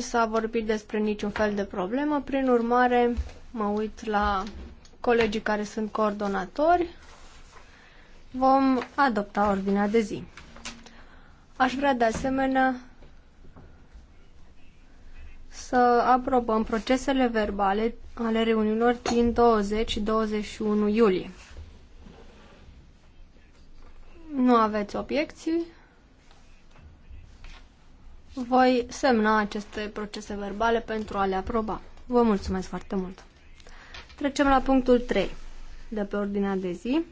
s-a vorbit despre niciun fel de problemă, prin urmare mă uit la colegii care sunt coordonatori. Vom adopta ordinea de zi. Aș vrea de asemenea să aprobăm procesele verbale ale reuniunilor din 20 și 21 iulie. Nu aveți obiecții? voi semna aceste procese verbale pentru a le aproba. Vă mulțumesc foarte mult! Trecem la punctul 3 de pe ordinea de zi.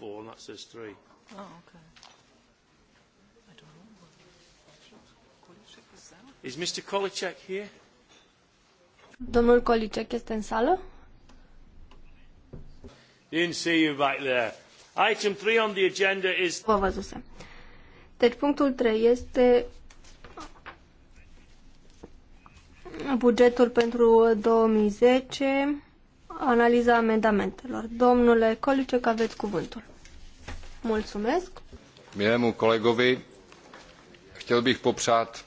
Oh, Domnul Kolicek este în sală? Didn't Item 3 on the agenda is... Vă văzusem. Deci punctul 3 este bugetul pentru 2010, analiza amendamentelor. Domnule Colice, aveți cuvântul. Mulțumesc. Milému kolegovi, chtěl bych popřát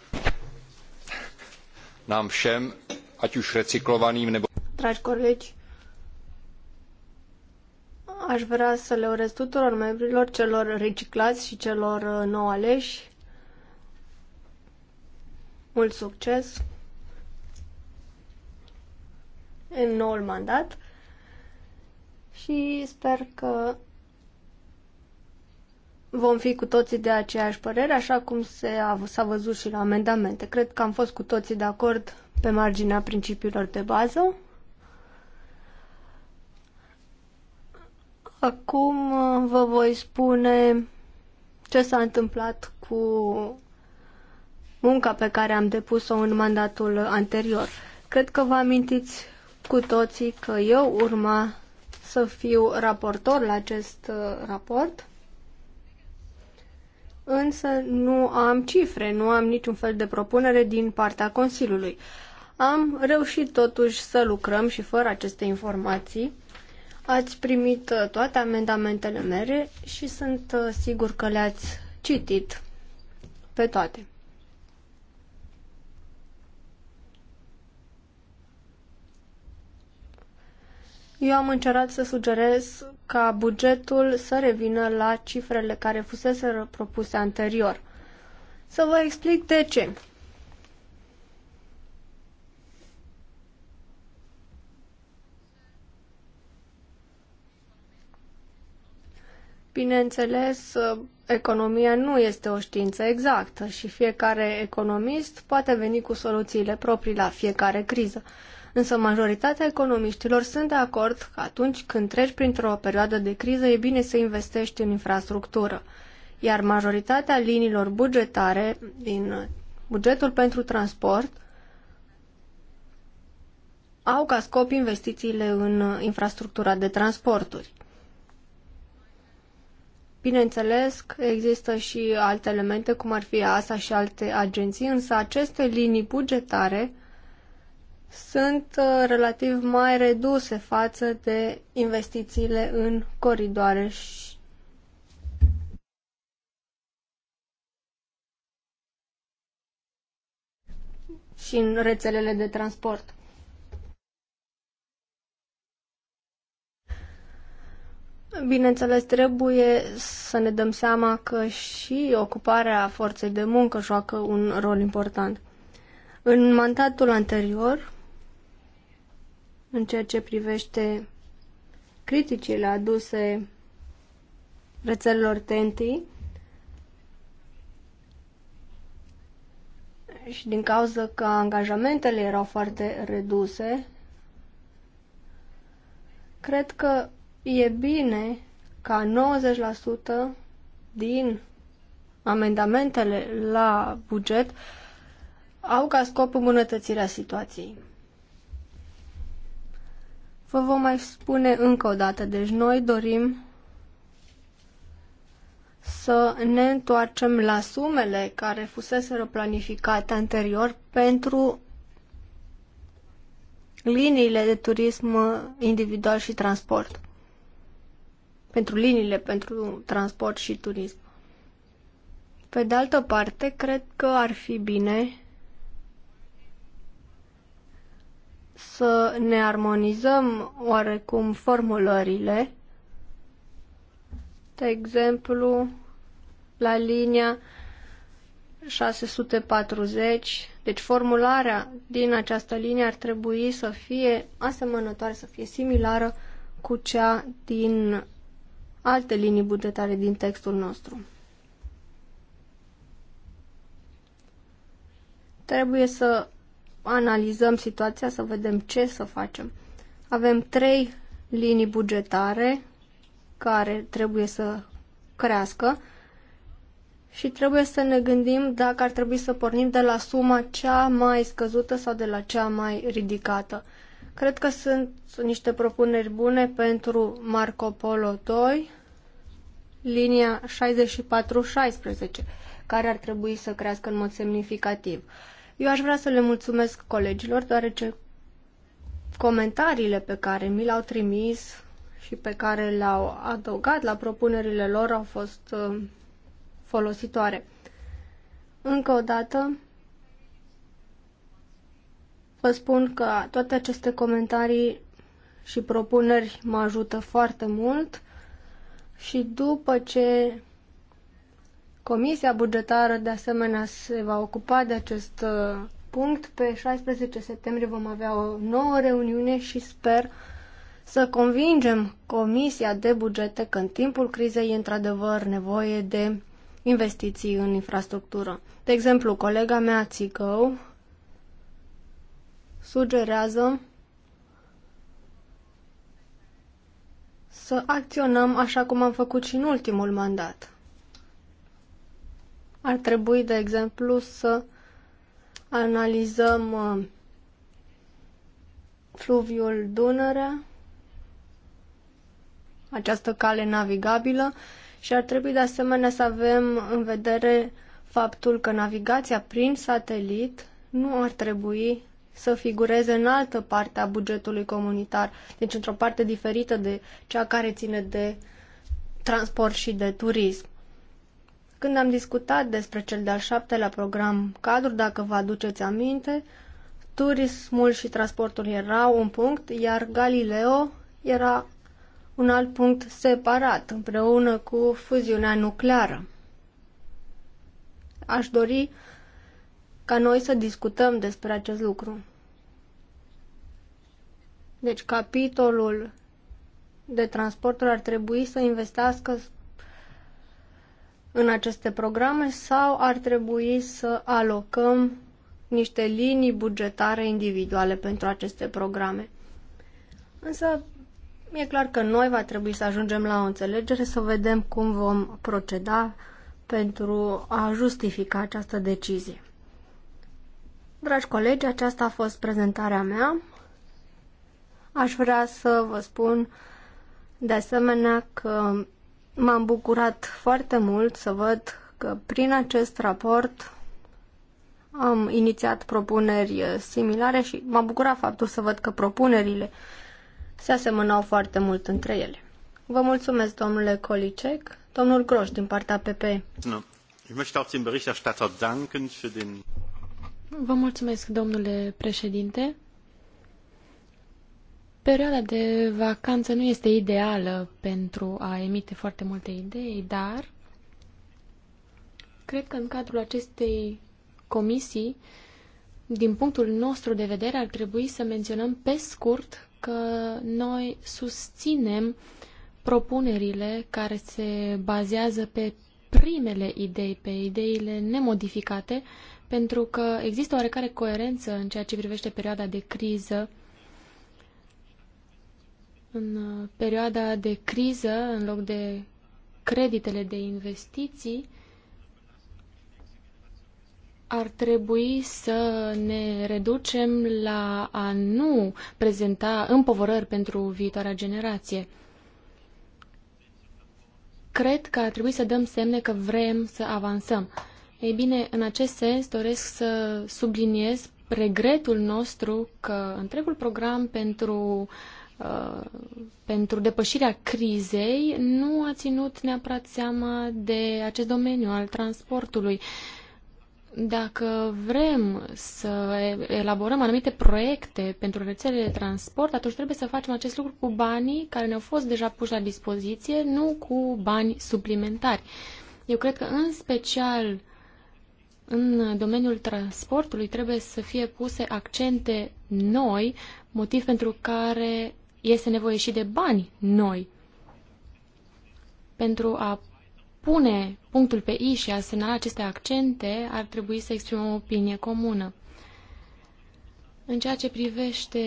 nám všem, ať už recyklovaným nebo... Dragi colegi, Aș vrea să le urez tuturor membrilor, celor reciclați și celor uh, nou aleși. Mult succes în noul mandat și sper că vom fi cu toții de aceeași părere, așa cum s-a văzut și la amendamente. Cred că am fost cu toții de acord pe marginea principiilor de bază. Acum uh, vă voi spune ce s-a întâmplat cu munca pe care am depus-o în mandatul anterior. Cred că vă amintiți cu toții că eu urma să fiu raportor la acest uh, raport, însă nu am cifre, nu am niciun fel de propunere din partea Consiliului. Am reușit totuși să lucrăm și fără aceste informații Ați primit uh, toate amendamentele mele și sunt uh, sigur că le-ați citit pe toate. Eu am încercat să sugerez ca bugetul să revină la cifrele care fusese propuse anterior. Să vă explic de ce. Bineînțeles, economia nu este o știință exactă și fiecare economist poate veni cu soluțiile proprii la fiecare criză. Însă majoritatea economiștilor sunt de acord că atunci când treci printr-o perioadă de criză e bine să investești în infrastructură. Iar majoritatea liniilor bugetare din bugetul pentru transport au ca scop investițiile în infrastructura de transporturi. Bineînțeles că există și alte elemente, cum ar fi ASA și alte agenții, însă aceste linii bugetare sunt uh, relativ mai reduse față de investițiile în coridoare și și în rețelele de transport. Bineînțeles, trebuie să ne dăm seama că și ocuparea forței de muncă joacă un rol important. În mandatul anterior, în ceea ce privește criticile aduse rețelelor TNT, și din cauza că angajamentele erau foarte reduse, cred că E bine ca 90% din amendamentele la buget au ca scop îmbunătățirea situației. Vă vom mai spune încă o dată, deci noi dorim să ne întoarcem la sumele care fuseseră planificate anterior pentru liniile de turism individual și transport pentru liniile pentru transport și turism. Pe de altă parte, cred că ar fi bine să ne armonizăm oarecum formulările. De exemplu, la linia 640, deci formularea din această linie ar trebui să fie asemănătoare, să fie similară cu cea din alte linii bugetare din textul nostru. Trebuie să analizăm situația, să vedem ce să facem. Avem trei linii bugetare care trebuie să crească și trebuie să ne gândim dacă ar trebui să pornim de la suma cea mai scăzută sau de la cea mai ridicată. Cred că sunt niște propuneri bune pentru Marco Polo 2, linia 6416, care ar trebui să crească în mod semnificativ. Eu aș vrea să le mulțumesc colegilor, deoarece comentariile pe care mi le-au trimis și pe care le-au adăugat la propunerile lor au fost uh, folositoare. Încă o dată, Vă spun că toate aceste comentarii și propuneri mă ajută foarte mult și după ce Comisia Bugetară de asemenea se va ocupa de acest uh, punct, pe 16 septembrie vom avea o nouă reuniune și sper să convingem Comisia de Bugete că în timpul crizei e într-adevăr nevoie de investiții în infrastructură. De exemplu, colega mea, Țicău, sugerează să acționăm așa cum am făcut și în ultimul mandat. Ar trebui, de exemplu, să analizăm uh, fluviul Dunăre, această cale navigabilă, și ar trebui de asemenea să avem în vedere faptul că navigația prin satelit nu ar trebui să figureze în altă parte a bugetului comunitar, deci într-o parte diferită de cea care ține de transport și de turism. Când am discutat despre cel de-al șaptelea program cadru, dacă vă aduceți aminte, turismul și transportul erau un punct, iar Galileo era un alt punct separat, împreună cu fuziunea nucleară. Aș dori ca noi să discutăm despre acest lucru. Deci capitolul de transport ar trebui să investească în aceste programe sau ar trebui să alocăm niște linii bugetare individuale pentru aceste programe. Însă e clar că noi va trebui să ajungem la o înțelegere, să vedem cum vom proceda pentru a justifica această decizie. Dragi colegi, aceasta a fost prezentarea mea. Aș vrea să vă spun de asemenea că m-am bucurat foarte mult să văd că prin acest raport am inițiat propuneri similare și m-a bucurat faptul să văd că propunerile se asemănau foarte mult între ele. Vă mulțumesc, domnule Kolicek. Domnul Groș, din partea PP. No. Ich möchte auch dem Berichterstatter danken für den Vă mulțumesc, domnule președinte. Perioada de vacanță nu este ideală pentru a emite foarte multe idei, dar cred că în cadrul acestei comisii, din punctul nostru de vedere, ar trebui să menționăm pe scurt că noi susținem propunerile care se bazează pe primele idei, pe ideile nemodificate, uh, pentru că există oarecare coerență în ceea ce privește perioada de criză. În uh, perioada de criză, în loc de creditele de investiții, ar trebui să ne reducem la a nu prezenta împovărări pentru viitoarea generație. Cred că ar trebui să dăm semne că vrem să avansăm. Ei bine, în acest sens doresc să subliniez regretul nostru că întregul program pentru, uh, pentru depășirea crizei nu a ținut neapărat seama de acest domeniu al transportului. Dacă vrem să elaborăm anumite proiecte pentru rețelele de transport, atunci trebuie să facem acest lucru cu banii care ne-au fost deja puși la dispoziție, nu cu bani suplimentari. Eu cred că, în special, în domeniul transportului trebuie să fie puse accente noi, motiv pentru care este nevoie și de bani noi. Pentru a pune punctul pe I și a semnala aceste accente, ar trebui să exprimăm o opinie comună. În ceea ce privește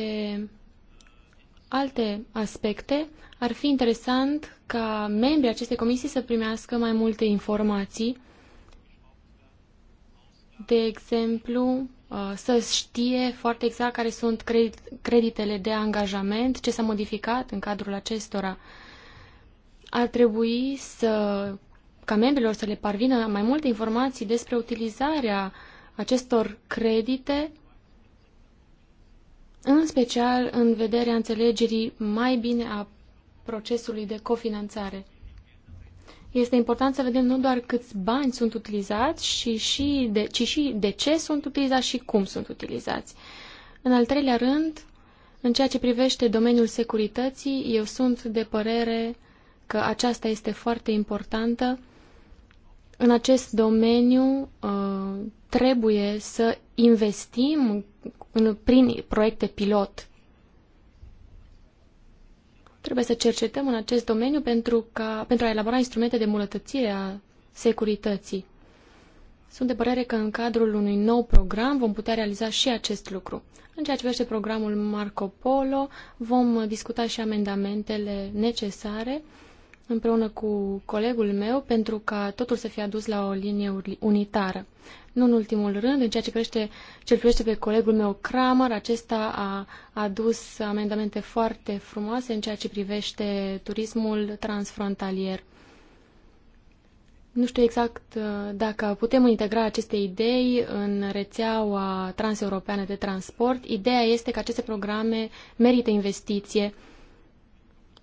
alte aspecte, ar fi interesant ca membrii acestei comisii să primească mai multe informații de exemplu, uh, să știe foarte exact care sunt creditele de angajament, ce s-a modificat în cadrul acestora. Ar trebui să, ca membrilor să le parvină mai multe informații despre utilizarea acestor credite, în special în vederea înțelegerii mai bine a procesului de cofinanțare. Este important să vedem nu doar câți bani sunt utilizați, și, și de, ci și de ce sunt utilizați și cum sunt utilizați. În al treilea rând, în ceea ce privește domeniul securității, eu sunt de părere că aceasta este foarte importantă. În acest domeniu uh, trebuie să investim prin proiecte pilot Trebuie să cercetăm în acest domeniu pentru, ca, pentru a elabora instrumente de îmbunătățire a securității. Sunt de părere că în cadrul unui nou program vom putea realiza și acest lucru. În ceea ce privește programul Marco Polo, vom discuta și amendamentele necesare împreună cu colegul meu pentru ca totul să fie adus la o linie unitară. Nu în ultimul rând, în ceea ce crește, cel privește pe colegul meu Kramer, acesta a adus amendamente foarte frumoase în ceea ce privește turismul transfrontalier. Nu știu exact uh, dacă putem integra aceste idei în rețeaua transeuropeană de transport. Ideea este că aceste programe merită investiție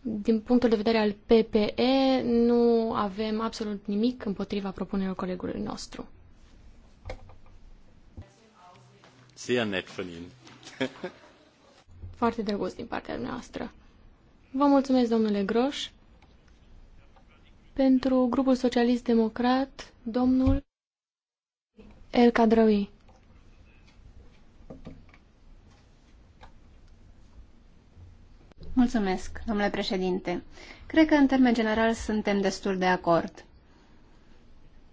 din punctul de vedere al PPE, nu avem absolut nimic împotriva propunerilor colegului nostru. Sehr nett von Ihnen. Foarte drăguț din partea noastră. Vă mulțumesc, domnule Groș. Pentru grupul socialist-democrat, domnul El Cadrăuie. Mulțumesc, domnule președinte. Cred că, în termen general, suntem destul de acord.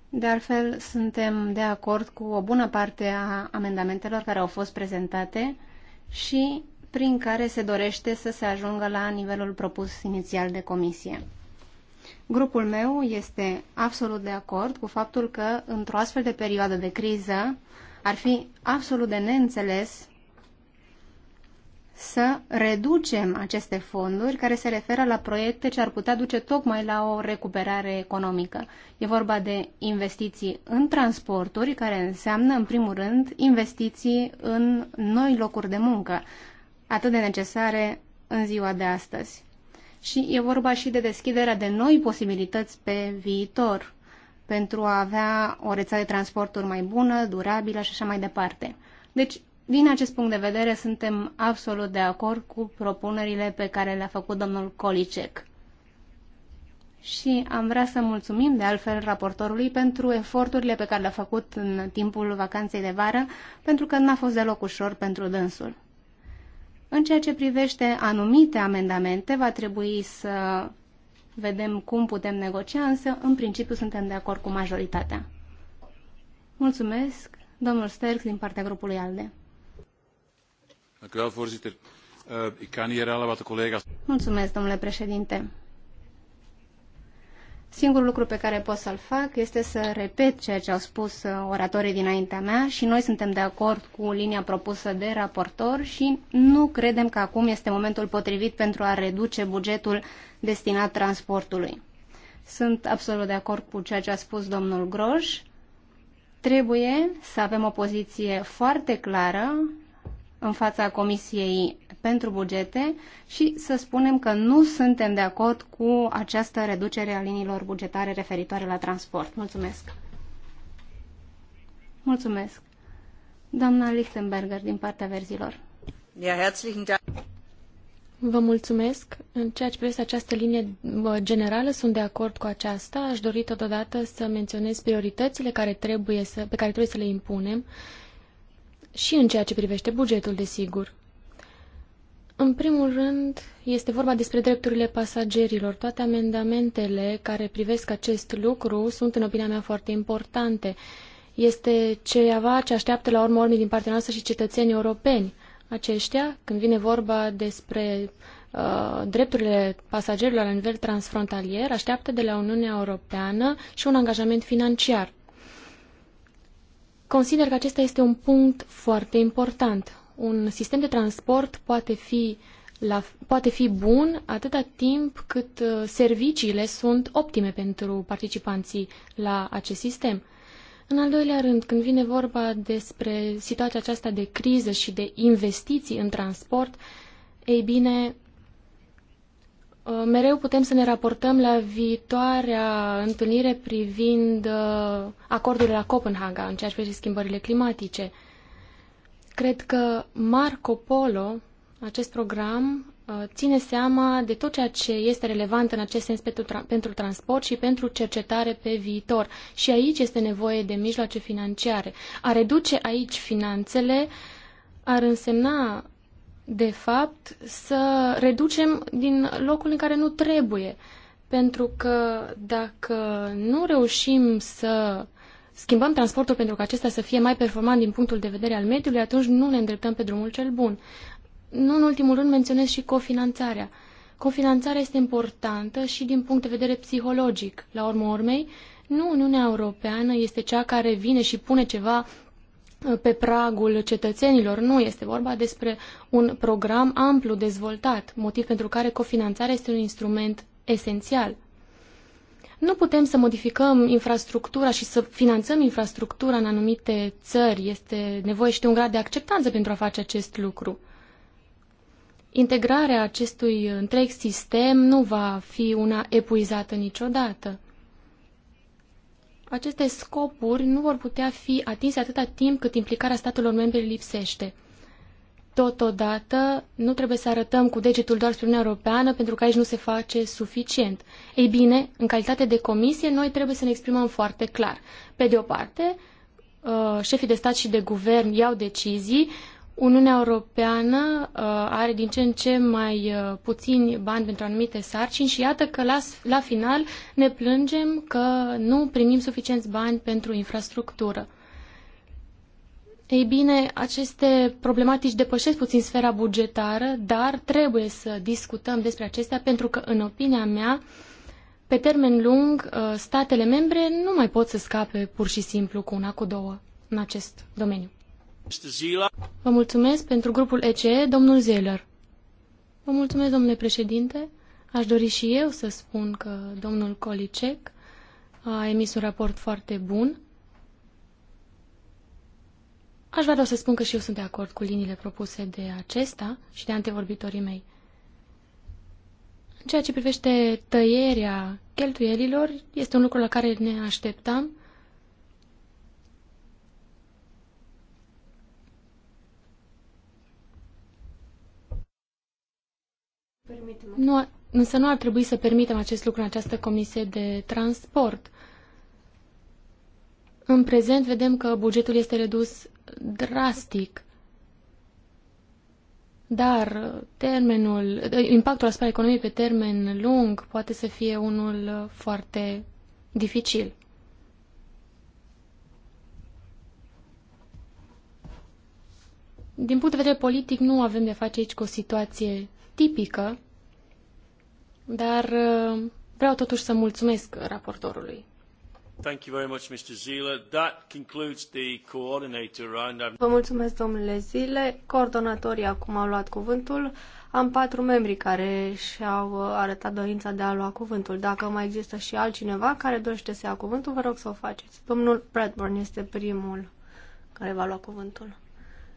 De altfel, suntem de acord cu o bună parte a amendamentelor care au fost prezentate și prin care se dorește să se ajungă la nivelul propus inițial de comisie. Grupul meu este absolut de acord cu faptul că, într-o astfel de perioadă de criză, ar fi absolut de neînțeles să reducem aceste fonduri care se referă la proiecte ce ar putea duce tocmai la o recuperare economică. E vorba de investiții în transporturi, care înseamnă, în primul rând, investiții în noi locuri de muncă, atât de necesare în ziua de astăzi. Și e vorba și de deschiderea de noi posibilități pe viitor, pentru a avea o rețea de transporturi mai bună, durabilă și așa mai departe. Deci, din acest punct de vedere, suntem absolut de acord cu propunerile pe care le-a făcut domnul Kolicek. Și am vrea să mulțumim de altfel raportorului pentru eforturile pe care le-a făcut în timpul vacanței de vară, pentru că n-a fost deloc ușor pentru dânsul. În ceea ce privește anumite amendamente, va trebui să vedem cum putem negocia, însă în principiu suntem de acord cu majoritatea. Mulțumesc, domnul Sterks din partea grupului ALDE. Eh, domnule președinte. Singurul lucru pe care pot să-l fac este să repet ceea ce au spus eh, oratorii dinaintea mea și noi suntem de acord cu linia propusă de raportor și nu credem că acum este momentul potrivit pentru a reduce bugetul destinat transportului. Sunt absolut de acord cu ceea ce a spus domnul Groj. Trebuie să avem o poziție foarte clară în fața Comisiei pentru bugete și să spunem că nu suntem de acord cu această reducere a liniilor bugetare referitoare la transport. Mulțumesc! Mulțumesc! Doamna Lichtenberger, din partea verzilor. Vă mulțumesc. În ceea ce privește această linie generală, sunt de acord cu aceasta. Aș dori totodată să menționez prioritățile care trebuie să, pe care trebuie să le impunem și în ceea ce privește bugetul, desigur. În primul rând, este vorba despre drepturile pasagerilor. Toate amendamentele care privesc acest lucru sunt, în opinia mea, foarte importante. Este ceva ce așteaptă la urmă din partea noastră și cetățenii europeni. Aceștia, când vine vorba despre uh, drepturile pasagerilor la nivel transfrontalier, așteaptă de la Uniunea Europeană și un angajament financiar. Consider că acesta este un punct foarte important. Un sistem de transport poate fi, la, poate fi bun atâta timp cât uh, serviciile sunt optime pentru participanții la acest sistem. În al doilea rând, când vine vorba despre situația aceasta de criză și de investiții în transport, ei bine, Uh, mereu putem să ne raportăm la viitoarea întâlnire privind uh, acordurile la Copenhaga în ceea ce privește schimbările climatice. Cred că Marco Polo, acest program, uh, ține seama de tot ceea ce este relevant în acest sens pentru, tra pentru transport și pentru cercetare pe viitor. Și aici este nevoie de mijloace financiare. A reduce aici finanțele ar însemna de fapt, să reducem din locul în care nu trebuie. Pentru că dacă nu reușim să schimbăm transportul pentru că acesta să fie mai performant din punctul de vedere al mediului, atunci nu ne îndreptăm pe drumul cel bun. Nu în ultimul rând menționez și cofinanțarea. Cofinanțarea este importantă și din punct de vedere psihologic. La urmă urmei, nu Uniunea Europeană este cea care vine și pune ceva pe pragul cetățenilor. Nu este vorba despre un program amplu dezvoltat, motiv pentru care cofinanțarea este un instrument esențial. Nu putem să modificăm infrastructura și să finanțăm infrastructura în anumite țări. Este nevoie și de un grad de acceptanță pentru a face acest lucru. Integrarea acestui întreg sistem nu va fi una epuizată niciodată aceste scopuri nu vor putea fi atinse atâta timp cât implicarea statelor membre lipsește. Totodată, nu trebuie să arătăm cu degetul doar spre Uniunea Europeană, pentru că aici nu se face suficient. Ei bine, în calitate de comisie, noi trebuie să ne exprimăm foarte clar. Pe de o parte, uh, șefii de stat și de guvern iau decizii Uniunea Europeană uh, are din ce în ce mai uh, puțini bani pentru anumite sarcini și iată că la, la final ne plângem că nu primim suficienți bani pentru infrastructură. Ei bine, aceste problematici depășesc puțin sfera bugetară, dar trebuie să discutăm despre acestea pentru că, în opinia mea, pe termen lung, uh, statele membre nu mai pot să scape pur și simplu cu una, cu două în acest domeniu. Vă mulțumesc pentru grupul ECE, domnul Zeller. Vă mulțumesc, domnule președinte. Aș dori și eu să spun că domnul Kolicek a emis un raport foarte bun. Aș vrea doar să spun că și eu sunt de acord cu liniile propuse de acesta și de antevorbitorii mei. În ceea ce privește tăierea cheltuielilor, este un lucru la care ne așteptam Nu, însă nu ar trebui să permitem acest lucru în această comisie de transport. În prezent vedem că bugetul este redus drastic. Dar termenul, impactul asupra economiei pe termen lung poate să fie unul foarte dificil. Din punct de vedere politic, nu avem de face aici cu o situație tipică, dar uh, vreau totuși să mulțumesc raportorului. Vă mulțumesc, domnule Zile. Coordonatorii acum au luat cuvântul. Am patru membri care și-au uh, arătat dorința de a lua cuvântul. Dacă mai există și altcineva care dorește să ia cuvântul, vă rog să o faceți. Domnul Bradburn este primul care va lua cuvântul.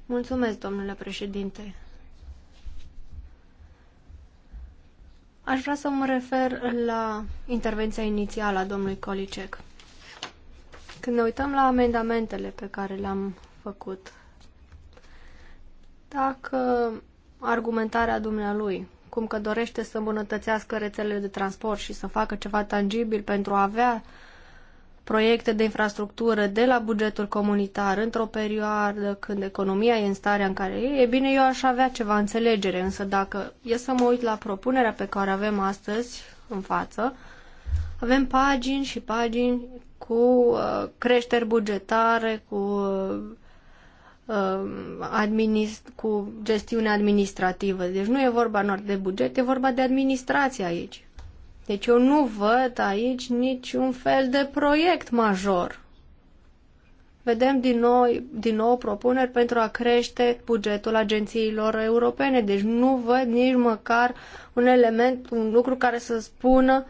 Mulțumesc, domnule președinte. Aș vrea să mă refer la intervenția inițială a domnului Colicec. Când ne uităm la amendamentele pe care le-am făcut, dacă argumentarea dumnealui, cum că dorește să îmbunătățească rețelele de transport și să facă ceva tangibil pentru a avea uh, proiecte de infrastructură de la bugetul comunitar într-o perioadă când economia e în starea în care e, e bine, eu aș avea ceva înțelegere, însă dacă e să mă uit la propunerea pe care avem astăzi în față, avem pagini și pagini cu uh, creșteri bugetare, cu uh, um, administ- cu gestiune administrativă. Deci nu e vorba doar de buget, e vorba de administrație aici. Deci eu nu văd aici niciun fel de proiect major. Vedem din nou, din nou propuneri pentru a crește bugetul agențiilor europene, deci nu văd nici măcar un element, un lucru care să spună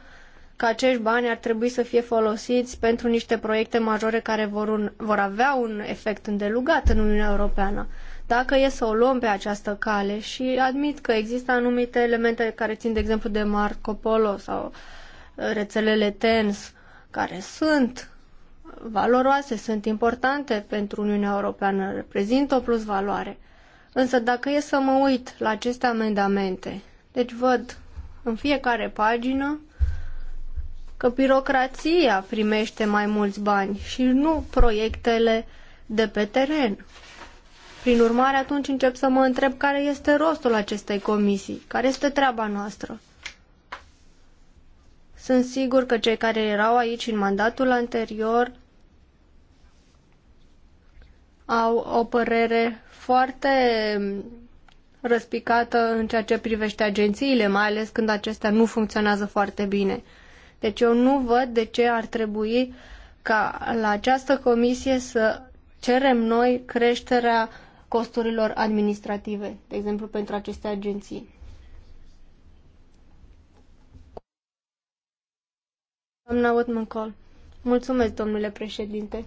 că acești bani ar trebui să fie folosiți pentru niște proiecte majore care vor, un, vor avea un efect îndelugat în Uniunea Europeană. Dacă e să o luăm pe această cale și admit că există anumite elemente care țin, de exemplu, de Marco Polo sau uh, rețelele TENS, care sunt valoroase, sunt importante pentru Uniunea Europeană, reprezintă o plus valoare. Însă dacă e să mă uit la aceste amendamente, deci văd în fiecare pagină că birocrația primește mai mulți bani și nu proiectele de pe teren. Prin urmare, atunci încep să mă întreb care este rostul acestei comisii, care este treaba noastră. Sunt sigur că cei care erau aici în mandatul anterior au o părere foarte răspicată în ceea ce privește agențiile, mai ales când acestea nu funcționează foarte bine. Deci eu nu văd de ce ar trebui ca la această comisie să cerem noi creșterea costurilor administrative, de exemplu, pentru aceste agenții. Doamna Otmancol, mulțumesc, domnule președinte.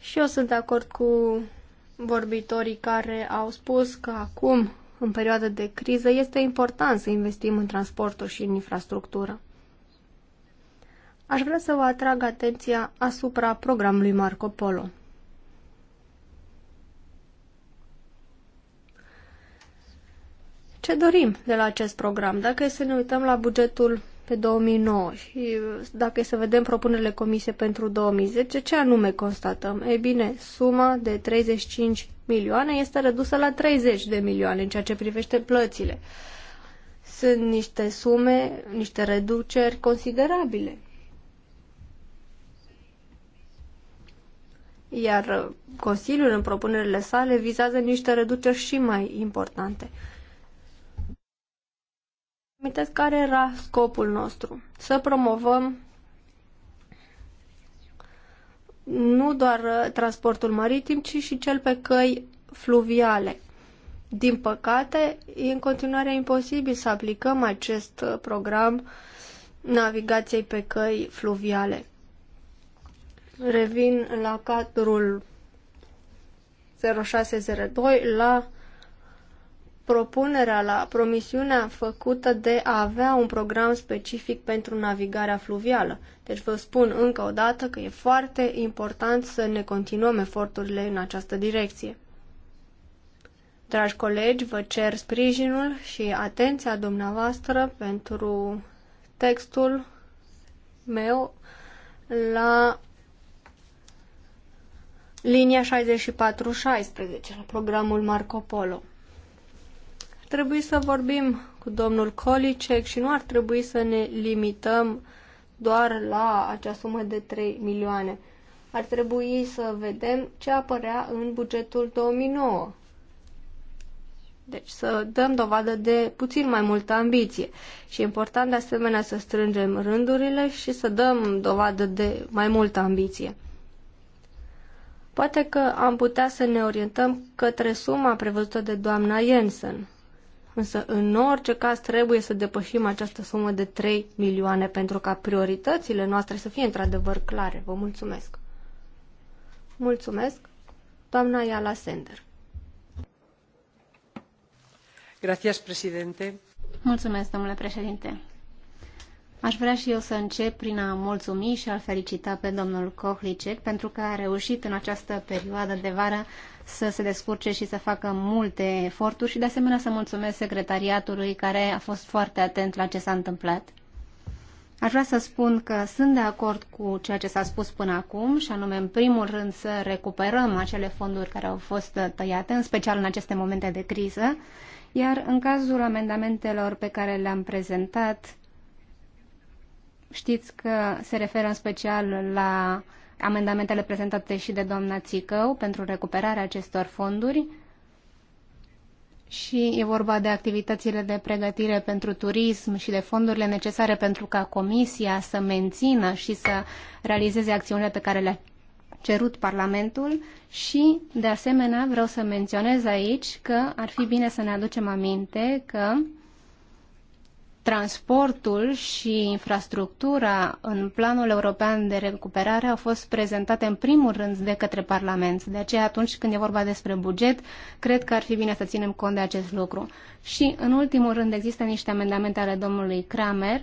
Și eu sunt de acord cu vorbitorii care au spus că acum, în perioada de criză, este important să investim în transportul și în infrastructură. Aș vrea să vă atrag atenția asupra programului Marco Polo. Ce dorim de la acest program? Dacă e să ne uităm la bugetul pe 2009 și dacă e să vedem propunerile comise pentru 2010, ce anume constatăm? Ei bine, suma de 35 milioane este redusă la 30 de milioane în ceea ce privește plățile. Sunt niște sume, niște reduceri considerabile. iar uh, Consiliul, în propunerile sale, vizează niște reduceri și mai importante. Amintesc care era scopul nostru? Să promovăm nu doar uh, transportul maritim, ci și cel pe căi fluviale. Din păcate, e în continuare imposibil să aplicăm acest uh, program navigației pe căi fluviale. Revin la cadrul 0602 la propunerea, la promisiunea făcută de a avea un program specific pentru navigarea fluvială. Deci vă spun încă o dată că e foarte important să ne continuăm eforturile în această direcție. Dragi colegi, vă cer sprijinul și atenția dumneavoastră pentru textul meu la linia 6416 la programul Marco Polo. Ar trebui să vorbim cu domnul Kolicek și nu ar trebui să ne limităm doar la acea sumă de 3 milioane. Ar trebui să vedem ce apărea în bugetul 2009. Deci să dăm dovadă de puțin mai multă ambiție. Și e important de asemenea să strângem rândurile și să dăm dovadă de mai multă ambiție. Poate că am putea să ne orientăm către suma prevăzută de doamna Jensen. Însă, în orice caz, trebuie să depășim această sumă de 3 milioane pentru ca prioritățile noastre să fie într-adevăr clare. Vă mulțumesc! Mulțumesc, doamna Iala Sender. Gracias, presidente. Mulțumesc, domnule președinte. Aș vrea și eu să încep prin a mulțumi și a felicita pe domnul Kohlicek pentru că a reușit în această perioadă de vară să se descurce și să facă multe eforturi și de asemenea să mulțumesc secretariatului care a fost foarte atent la ce s-a întâmplat. Aș vrea să spun că sunt de acord cu ceea ce s-a spus până acum și anume în primul rând să recuperăm acele fonduri care au fost tăiate, în special în aceste momente de criză, iar în cazul amendamentelor pe care le-am prezentat, Știți că se referă în special la amendamentele prezentate și de doamna Țicău pentru recuperarea acestor fonduri și e vorba de activitățile de pregătire pentru turism și de fondurile necesare pentru ca Comisia să mențină și să realizeze acțiunile pe care le-a cerut Parlamentul și, de asemenea, vreau să menționez aici că ar fi bine să ne aducem aminte că transportul și infrastructura în planul european de recuperare au fost prezentate în primul rând de către Parlament. De aceea, atunci când e vorba despre buget, cred că ar fi bine să ținem cont de acest lucru. Și, în ultimul rând, există niște amendamente ale domnului Kramer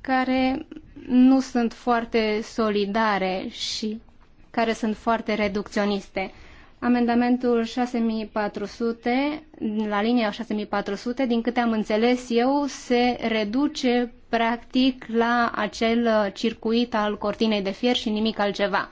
care nu sunt foarte solidare și care sunt foarte reducționiste. Amendamentul 6400, la linia 6400, din câte am înțeles eu, se reduce practic la acel circuit al cortinei de fier și nimic altceva.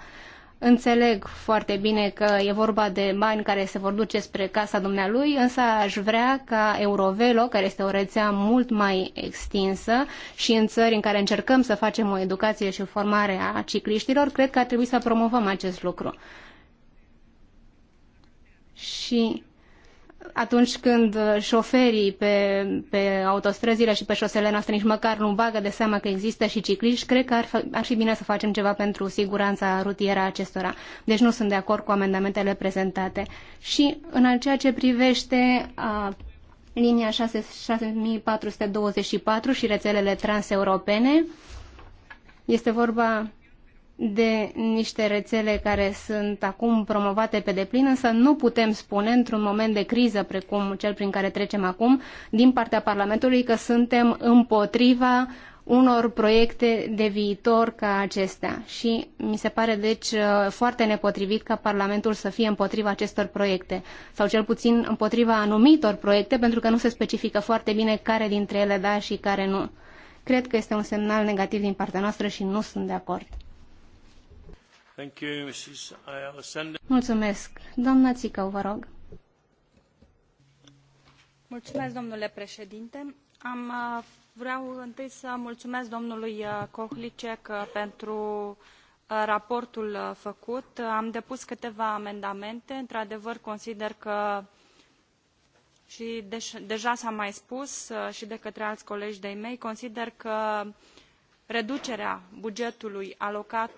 Înțeleg foarte bine că e vorba de bani care se vor duce spre casa dumnealui, însă aș vrea ca Eurovelo, care este o rețea mult mai extinsă și în țări în care încercăm să facem o educație și o formare a cicliștilor, cred că ar trebui să promovăm acest lucru și atunci când uh, șoferii pe, pe autostrăzile și pe șoselele noastre nici măcar nu bagă de seama că există și cicliști, cred că ar, ar fi bine să facem ceva pentru siguranța rutieră a acestora. Deci nu sunt de acord cu amendamentele prezentate. Și în ceea ce privește a, uh, linia 6424 și rețelele transeuropene, este vorba de niște rețele care sunt acum promovate pe deplin, însă nu putem spune într-un moment de criză precum cel prin care trecem acum din partea Parlamentului că suntem împotriva unor proiecte de viitor ca acestea. Și mi se pare deci uh, foarte nepotrivit ca Parlamentul să fie împotriva acestor proiecte, sau cel puțin împotriva anumitor proiecte, pentru că nu se specifică foarte bine care dintre ele da și care nu. Cred că este un semnal negativ din partea noastră și nu sunt de acord. Thank you, Mrs. Mulțumesc. Doamna Țicău, vă rog. Mulțumesc, domnule președinte. Am, uh, vreau întâi să mulțumesc domnului uh, Kohlicek uh, pentru raportul făcut. Am depus câteva amendamente. Într-adevăr, consider că și deja s-a mai spus și de către alți colegi de-ai mei, consider că reducerea bugetului alocat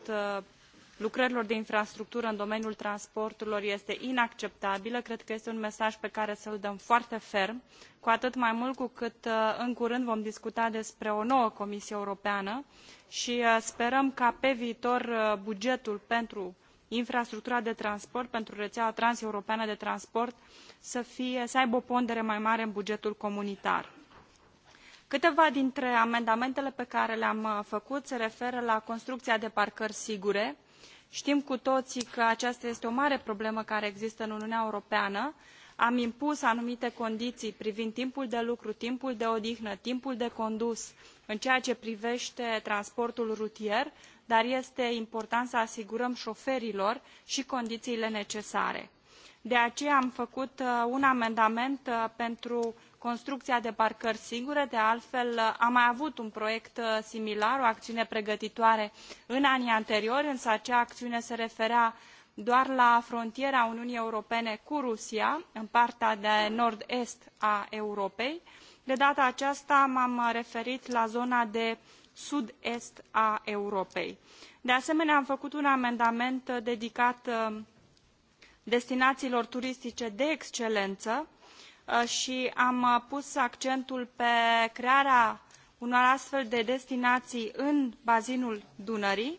lucrărilor de infrastructură în domeniul transporturilor este inacceptabilă cred că este un mesaj pe care să l dăm foarte ferm cu atât mai mult cu cât uh, în curând vom discuta despre o nouă comisie europeană i uh, sperăm ca pe viitor uh, bugetul pentru infrastructura de transport pentru reeaua transeuropeană de transport să, fie, să aibă o pondere mai mare în bugetul comunitar. câteva dintre amendamentele pe care le am făcut se referă la construcia de parcări sigure tim cu toii că aceasta este o mare problemă care există în uniunea europeană am impus anumite condiii privind timpul de lucru timpul de odihnă timpul de condus în ceea ce privete transportul rutier dar este important să asigurăm oferilor i condiiile necesare de aceea am făcut uh, un amendament uh, pentru construcția de parcări sigure. De altfel, am mai avut un proiect uh, similar, o acțiune pregătitoare în anii anteriori, însă acea acțiune se referea doar la frontiera Uniunii Europene cu Rusia, în partea de nord-est a Europei. De data aceasta m-am referit la zona de sud-est a Europei. De asemenea, am făcut un amendament uh, dedicat uh, destinațiilor turistice de excelență, Uh, și am uh, pus accentul pe crearea unor astfel de destinații în bazinul Dunării.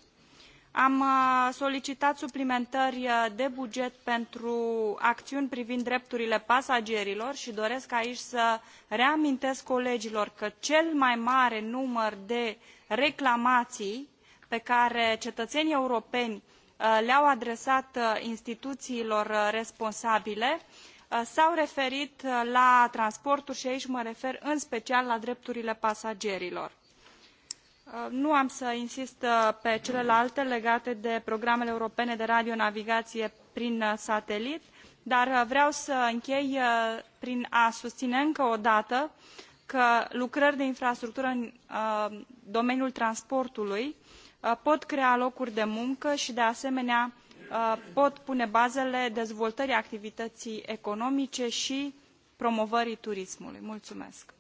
Am uh, solicitat suplimentări de buget pentru acțiuni privind drepturile pasagerilor și doresc aici să reamintesc colegilor că cel mai mare număr de reclamații pe care cetățenii europeni le-au adresat instituțiilor responsabile uh, Uh, s-au referit uh, la transporturi și aici mă refer în special la drepturile pasagerilor. Uh, nu am să insist pe celelalte legate de programele europene de radionavigaie prin satelit, dar vreau să închei prin a susține încă o dată că lucrări de infrastructură în domeniul transportului pot crea locuri de muncă și, de asemenea, Uh, pot pune bazele dezvoltării activității economice și promovării turismului. Mulțumesc!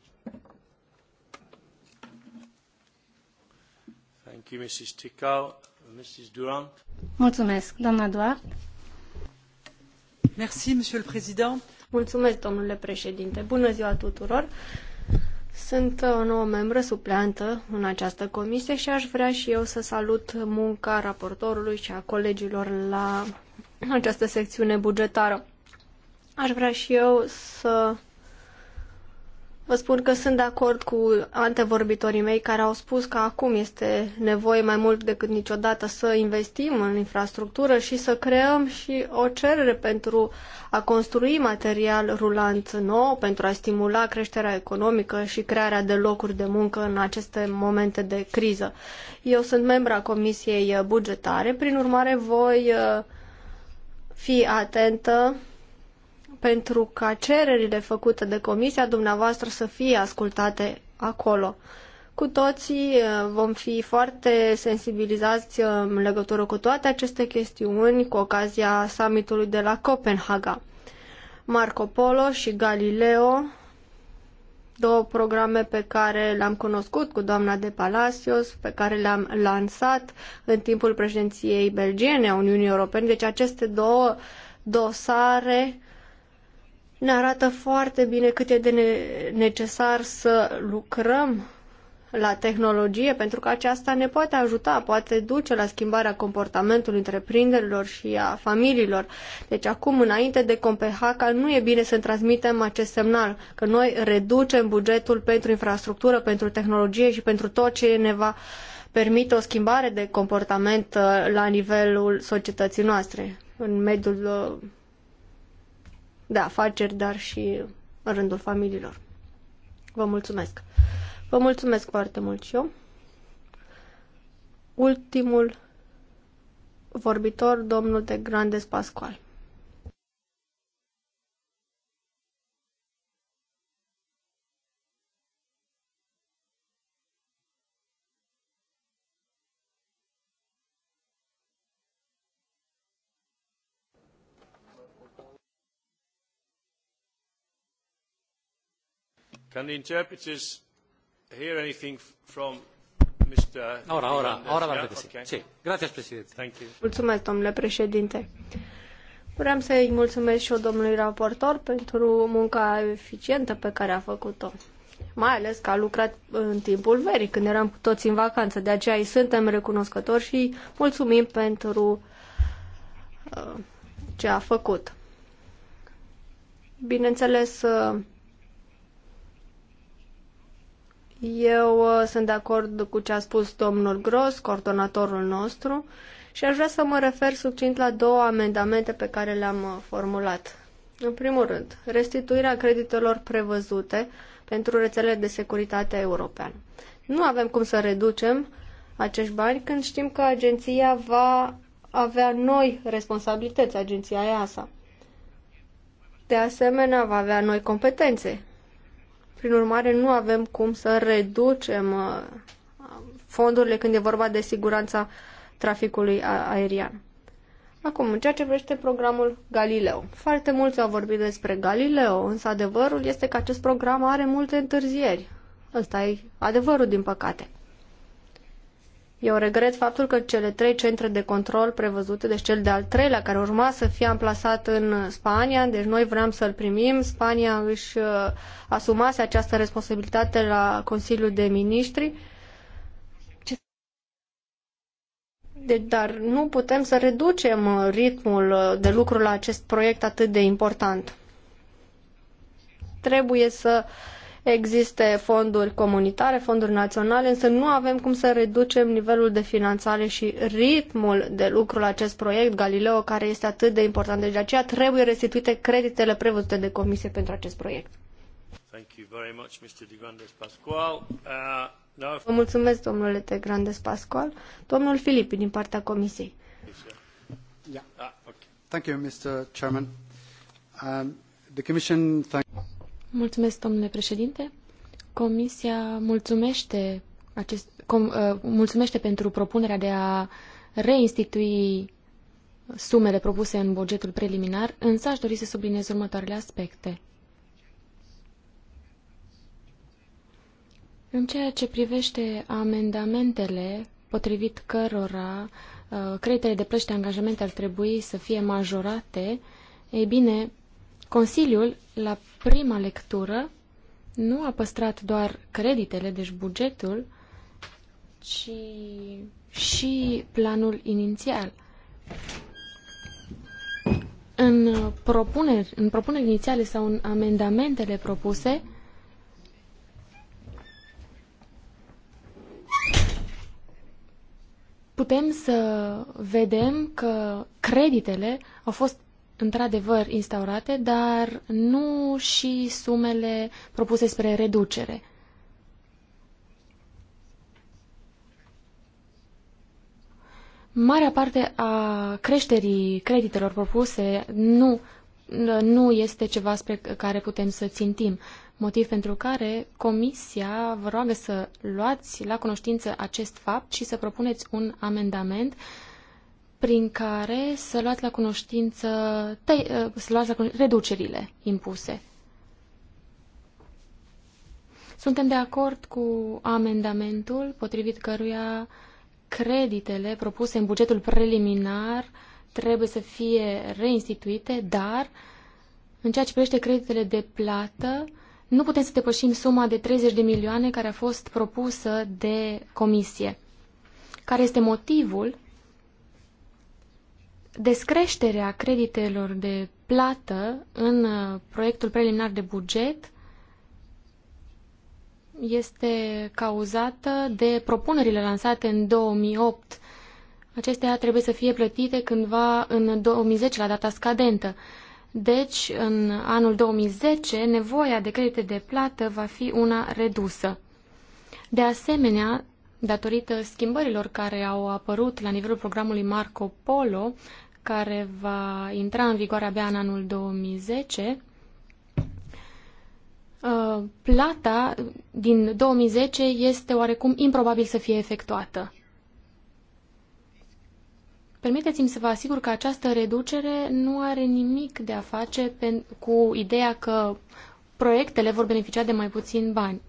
Mulțumesc, doamna Duarte. Mulțumesc, domnule președinte. Bună ziua tuturor. Sunt uh, o nouă membră supleantă în această comisie și aș vrea și eu să salut munca raportorului și a colegilor la această secțiune bugetară. Aș vrea și eu să Vă spun că sunt de acord cu antevorbitorii mei care au spus că acum este nevoie mai mult decât niciodată să investim în infrastructură și să creăm și o cerere pentru a construi material rulant nou, pentru a stimula creșterea economică și crearea de locuri de muncă în aceste momente de criză. Eu sunt membra Comisiei Bugetare, prin urmare voi uh, fi atentă pentru ca cererile făcute de comisia dumneavoastră să fie ascultate acolo. Cu toții uh, vom fi foarte sensibilizați uh, în legătură cu toate aceste chestiuni cu ocazia summitului de la Copenhaga. Marco Polo și Galileo, două programe pe care le-am cunoscut cu doamna de Palacios, pe care le-am lansat în timpul președinției belgiene a Uniunii Europene. Deci aceste două dosare ne arată foarte bine cât e de necesar să lucrăm la tehnologie, pentru că aceasta ne poate ajuta, poate duce la schimbarea comportamentului întreprinderilor și a familiilor. Deci acum, înainte de Compehaca, nu e bine să transmitem acest semnal că noi reducem bugetul pentru infrastructură, pentru tehnologie și pentru tot ce ne va permite o schimbare de comportament uh, la nivelul societății noastre, în mediul uh, de afaceri, dar și în rândul familiilor. Vă mulțumesc! Vă mulțumesc foarte mult și eu. Ultimul vorbitor, domnul de Grandes Pascual. Can the interpreters hear anything from Mr. Ora, ora, ora v Okay. Sí. Gracias, Thank you. Mulțumesc, domnule președinte. Vreau să-i mulțumesc și eu domnului raportor pentru munca eficientă pe care a făcut-o. Mai ales că a lucrat în timpul verii, când eram cu toți în vacanță. De aceea îi suntem recunoscători și mulțumim pentru uh, ce a făcut. Bineînțeles, uh, Eu uh, sunt de acord cu ce a spus domnul Gros, coordonatorul nostru, și aș vrea să mă refer succint la două amendamente pe care le-am uh, formulat. În primul rând, restituirea creditelor prevăzute pentru rețelele de securitate europeană. Nu avem cum să reducem acești bani când știm că agenția va avea noi responsabilități, agenția EASA. De asemenea, va avea noi competențe. Prin urmare, nu avem cum să reducem uh, fondurile când e vorba de siguranța traficului aerian. Acum, în ceea ce vrește programul Galileo. Foarte mulți au vorbit despre Galileo, însă adevărul este că acest program are multe întârzieri. Ăsta e adevărul, din păcate. Eu regret faptul că cele trei centre de control prevăzute, deci cel de-al treilea care urma să fie amplasat în Spania, deci noi vrem să-l primim, Spania își uh, asumase această responsabilitate la Consiliul de Ministri, Deci, dar nu putem să reducem uh, ritmul uh, de lucru la acest proiect atât de important. Trebuie să uh, Există fonduri comunitare, fonduri naționale, însă nu avem cum să reducem nivelul de finanțare și ritmul de lucru la acest proiect Galileo, care este atât de important. Deci de aceea trebuie restituite creditele prevăzute de comisie pentru acest proiect. Uh, Vă mulțumesc, domnule de Grandes Pascual. Domnul Filipi, din partea comisiei. Yeah. Ah, okay. Thank you, Mr. Chairman. Um, the Commission thank Mulțumesc, domnule președinte. Comisia mulțumește, acest, com, uh, mulțumește pentru propunerea de a reinstitui sumele propuse în bugetul preliminar, însă aș dori să subliniez următoarele aspecte. În ceea ce privește amendamentele potrivit cărora uh, creditele de plăți de angajamente ar trebui să fie majorate, ei bine, Consiliul, la prima lectură, nu a păstrat doar creditele, deci bugetul, ci și planul inițial. În propuneri, în propuneri inițiale sau în amendamentele propuse, putem să vedem că creditele au fost într-adevăr instaurate, dar nu și sumele propuse spre reducere. Marea parte a creșterii creditelor propuse nu, nu este ceva spre care putem să țintim, motiv pentru care Comisia vă roagă să luați la cunoștință acest fapt și să propuneți un amendament uh, prin care să luați la cunoștință tăi, ă, să luați la cunoștință, reducerile impuse. Suntem de acord cu amendamentul potrivit căruia creditele propuse în bugetul preliminar trebuie să fie reinstituite, dar în ceea ce privește creditele de plată, nu putem să depășim suma de 30 de milioane care a fost propusă de comisie. Care este motivul descreșterea creditelor de plată în uh, proiectul preliminar de buget este cauzată de propunerile lansate în 2008. Acestea trebuie să fie plătite cândva în 2010, la data scadentă. Deci, în anul 2010, nevoia de credite de plată va fi una redusă. De asemenea, datorită schimbărilor care au apărut la nivelul programului Marco Polo, care va intra în vigoare abia în anul 2010, uh, plata din 2010 este oarecum improbabil să fie efectuată. Permiteți-mi să vă asigur că această reducere nu are nimic de a face cu ideea că proiectele vor beneficia de mai puțin bani.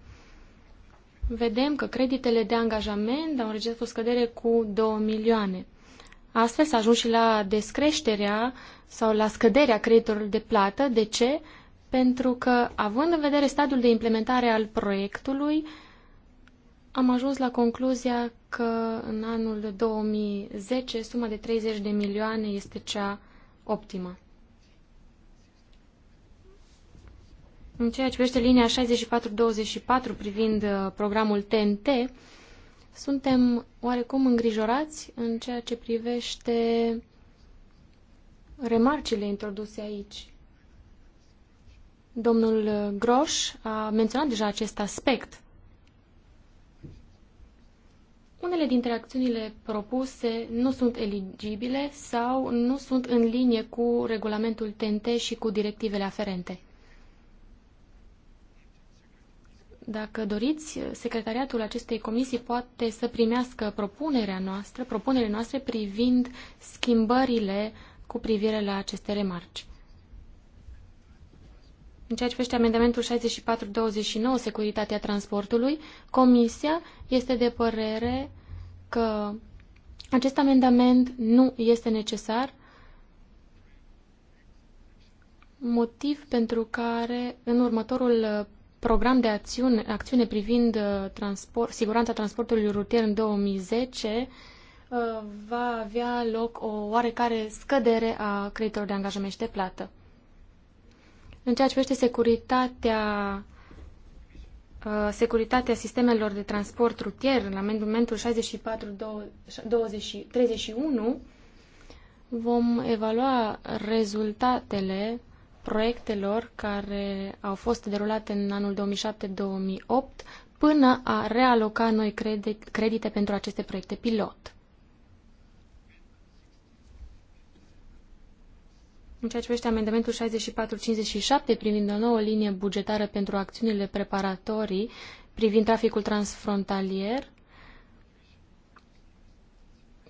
Vedem că creditele de angajament au înregistrat o scădere cu 2 milioane. Astfel s-a ajuns și la descreșterea sau la scăderea creditorului de plată. De ce? Pentru că, având în vedere stadiul de implementare al proiectului, am ajuns la concluzia că în anul 2010 suma de 30 de milioane este cea optimă. În ceea ce privește linia 6424 privind uh, programul TNT, suntem oarecum îngrijorați în ceea ce privește remarcile introduse aici. Domnul Groș a menționat deja acest aspect. Unele dintre acțiunile propuse nu sunt eligibile sau nu sunt în linie cu regulamentul TNT și cu directivele aferente. Dacă doriți, secretariatul acestei comisii poate să primească propunerea noastră, propunerile noastre privind schimbările cu privire la aceste remarci. În ceea ce privește amendamentul 6429, securitatea transportului, Comisia este de părere că acest amendament nu este necesar, motiv pentru care în următorul program de acțiune, acțiune privind uh, transport, siguranța transportului rutier în 2010 uh, va avea loc o oarecare scădere a creditelor de angajament și de plată. În ceea ce privește securitatea, uh, securitatea sistemelor de transport rutier, la amendamentul 64-31, vom evalua rezultatele proiectelor care au fost derulate în anul 2007-2008 până a realoca noi credite pentru aceste proiecte pilot. În ceea ce privește amendamentul 64-57 privind o nouă linie bugetară pentru acțiunile preparatorii privind traficul transfrontalier,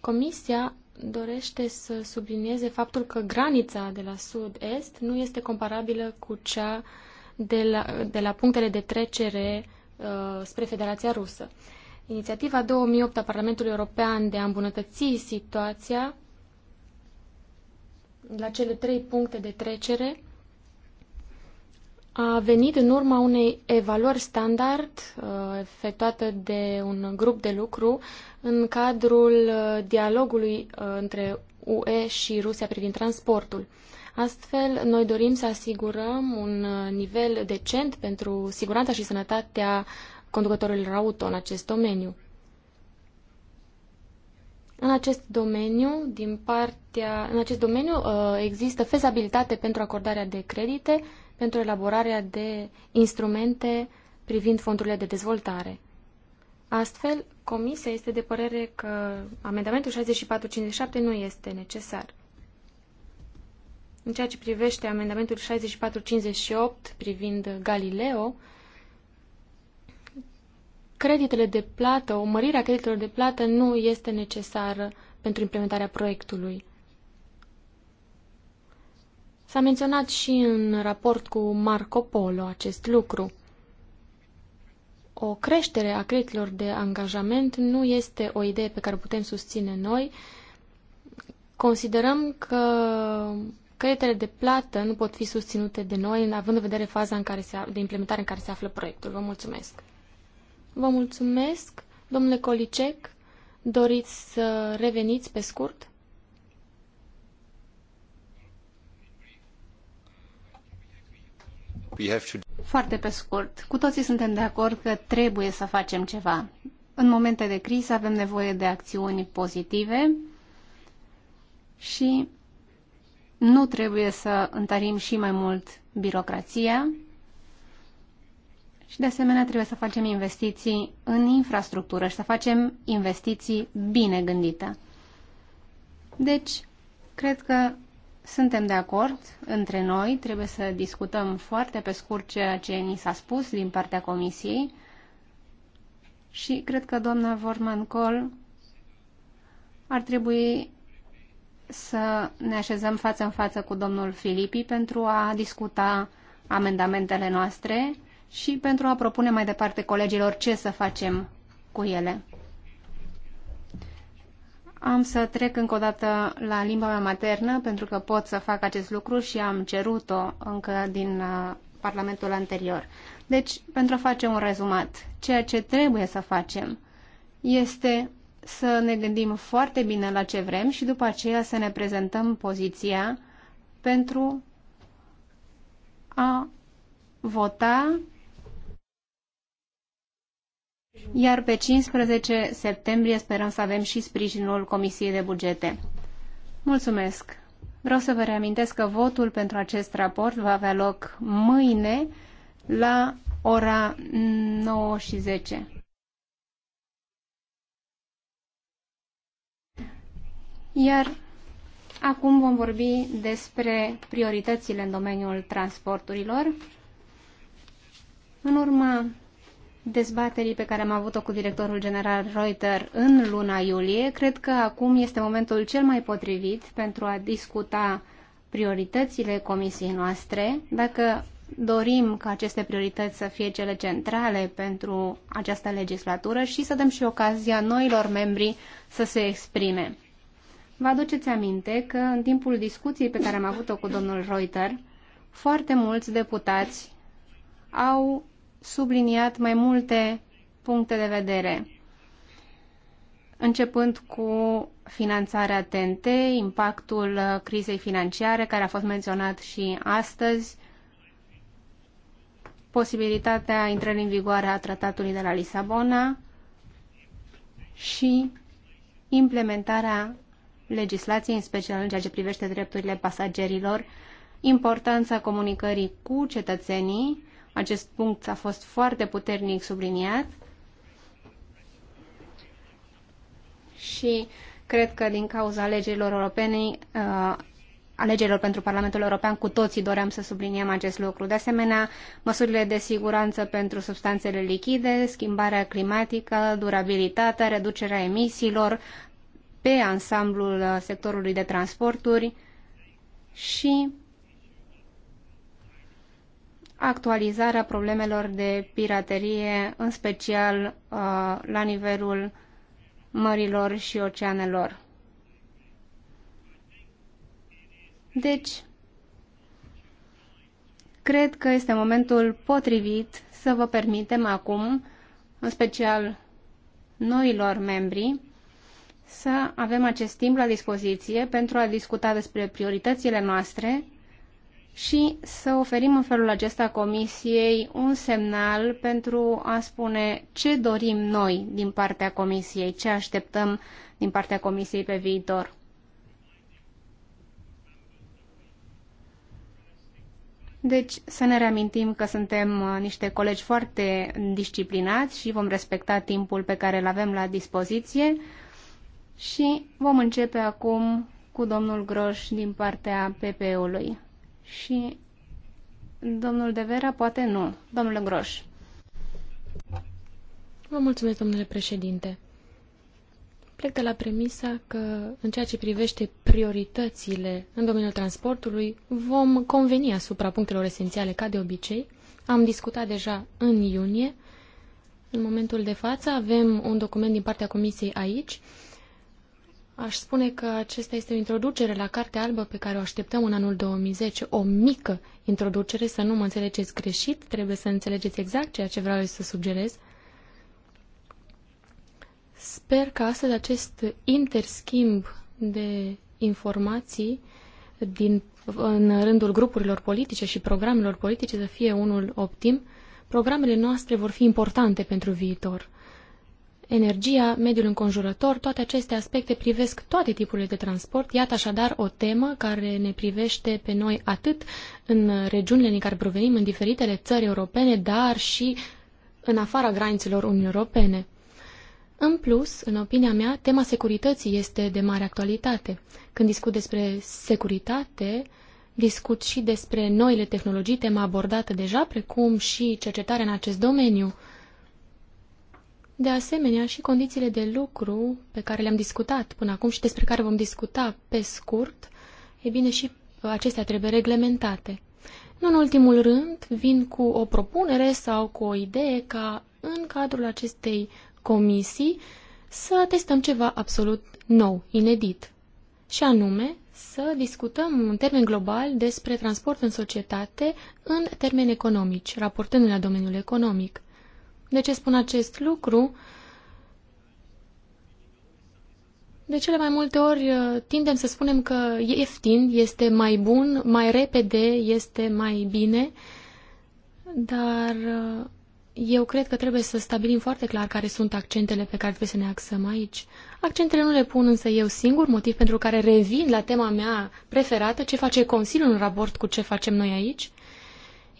Comisia dorește să sublinieze faptul că granița de la sud-est nu este comparabilă cu cea de la, de la punctele de trecere uh, spre Federația Rusă. Inițiativa 2008 a Parlamentului European de a îmbunătăți situația la cele trei puncte de trecere a venit în urma unei evaluări standard uh, efectuată de un grup de lucru în cadrul uh, dialogului uh, între UE și Rusia privind transportul. Astfel, noi dorim să asigurăm un nivel decent pentru siguranța și sănătatea conducătorilor auto în acest domeniu. În acest domeniu, din partea, în acest domeniu există fezabilitate pentru acordarea de credite, pentru elaborarea de instrumente privind fondurile de dezvoltare. Astfel, Comisia este de părere că amendamentul 6457 nu este necesar. În ceea ce privește amendamentul 6458 privind Galileo, creditele de plată, o mărire a creditelor de plată nu este necesară pentru implementarea proiectului. S-a menționat și în raport cu Marco Polo acest lucru. O creștere a creditelor de angajament nu este o idee pe care putem susține noi. Considerăm că creditele de plată nu pot fi susținute de noi, având în vedere faza în care se, de implementare în care se află proiectul. Vă mulțumesc! Vă mulțumesc, domnule Colicec. Doriți să reveniți pe scurt? Foarte pe scurt, cu toții suntem de acord că trebuie să facem ceva. În momente de criză avem nevoie de acțiuni pozitive și nu trebuie să întărim și mai mult birocrația și de asemenea trebuie să facem investiții în infrastructură și să facem investiții bine gândite. Deci, cred că suntem de acord între noi, trebuie să discutăm foarte pe scurt ceea ce ni s-a spus din partea Comisiei și cred că doamna Vorman Col ar trebui să ne așezăm față în față cu domnul Filipi pentru a discuta amendamentele noastre și pentru a propune mai departe colegilor ce să facem cu ele. Am să trec încă o dată la limba mea maternă, pentru că pot să fac acest lucru și am cerut-o încă din uh, Parlamentul anterior. Deci, pentru a face un rezumat, ceea ce trebuie să facem este să ne gândim foarte bine la ce vrem și după aceea să ne prezentăm poziția pentru a vota iar pe 15 septembrie sperăm să avem și sprijinul Comisiei de Bugete. Mulțumesc! Vreau să vă reamintesc că votul pentru acest raport va avea loc mâine la ora 9 și 10. Iar acum vom vorbi despre prioritățile în domeniul transporturilor. În urma dezbaterii pe care am avut-o cu directorul general Reuter în luna iulie, cred că acum este momentul cel mai potrivit pentru a discuta prioritățile comisiei noastre, dacă dorim ca aceste priorități să fie cele centrale pentru această legislatură și să dăm și ocazia noilor membri să se exprime. Vă aduceți aminte că în timpul discuției pe care am avut-o cu domnul Reuter, foarte mulți deputați au subliniat mai multe puncte de vedere, începând cu finanțarea TNT, impactul crizei financiare care a fost menționat și astăzi, posibilitatea intrării în vigoare a tratatului de la Lisabona și implementarea legislației, în special în ceea ce privește drepturile pasagerilor, importanța comunicării cu cetățenii acest punct a fost foarte puternic subliniat și cred că din cauza alegerilor europene, uh, alegerilor pentru Parlamentul European, cu toții doream să subliniem acest lucru. De asemenea, măsurile de siguranță pentru substanțele lichide, schimbarea climatică, durabilitatea, reducerea emisiilor pe ansamblul uh, sectorului de transporturi și actualizarea problemelor de piraterie, în special uh, la nivelul mărilor și oceanelor. Deci, cred că este momentul potrivit să vă permitem acum, în special noilor membri, să avem acest timp la dispoziție pentru a discuta despre prioritățile noastre și să oferim în felul acesta Comisiei un semnal pentru a spune ce dorim noi din partea Comisiei, ce așteptăm din partea Comisiei pe viitor. Deci să ne reamintim că suntem uh, niște colegi foarte disciplinați și vom respecta timpul pe care îl avem la dispoziție și vom începe acum cu domnul Groș din partea PP-ului și domnul De Vera poate nu. Domnule Groș. Vă mulțumesc, domnule președinte. Plec de la premisa că, în ceea ce privește prioritățile în domeniul transportului, vom conveni asupra punctelor esențiale, ca de obicei. Am discutat deja în iunie. În momentul de față avem un document din partea Comisiei aici Aș spune că acesta este o introducere la Cartea Albă pe care o așteptăm în anul 2010, o mică introducere, să nu mă înțelegeți greșit, trebuie să înțelegeți exact ceea ce vreau eu să sugerez. Sper că astăzi acest interschimb de informații din, în rândul grupurilor politice și programelor politice să fie unul optim. Programele noastre vor fi importante pentru viitor energia, mediul înconjurător, toate aceste aspecte privesc toate tipurile de transport. Iată așadar o temă care ne privește pe noi atât în regiunile din care provenim, în diferitele țări europene, dar și în afara granițelor Uniunii Europene. În plus, în opinia mea, tema securității este de mare actualitate. Când discut despre securitate, discut și despre noile tehnologii, tema abordată deja, precum și cercetarea în acest domeniu. De asemenea, și condițiile de lucru pe care le-am discutat până acum și despre care vom discuta pe scurt, e bine, și acestea trebuie reglementate. Nu în ultimul rând, vin cu o propunere sau cu o idee ca în cadrul acestei comisii să testăm ceva absolut nou, inedit, și anume să discutăm în termen global despre transport în societate în termeni economici, raportându-ne la domeniul economic. De ce spun acest lucru? De cele mai multe ori uh, tindem să spunem că ieftin este mai bun, mai repede este mai bine, dar uh, eu cred că trebuie să stabilim foarte clar care sunt accentele pe care trebuie să ne axăm aici. Accentele nu le pun însă eu singur, motiv pentru care revin la tema mea preferată, ce face Consiliul în raport cu ce facem noi aici.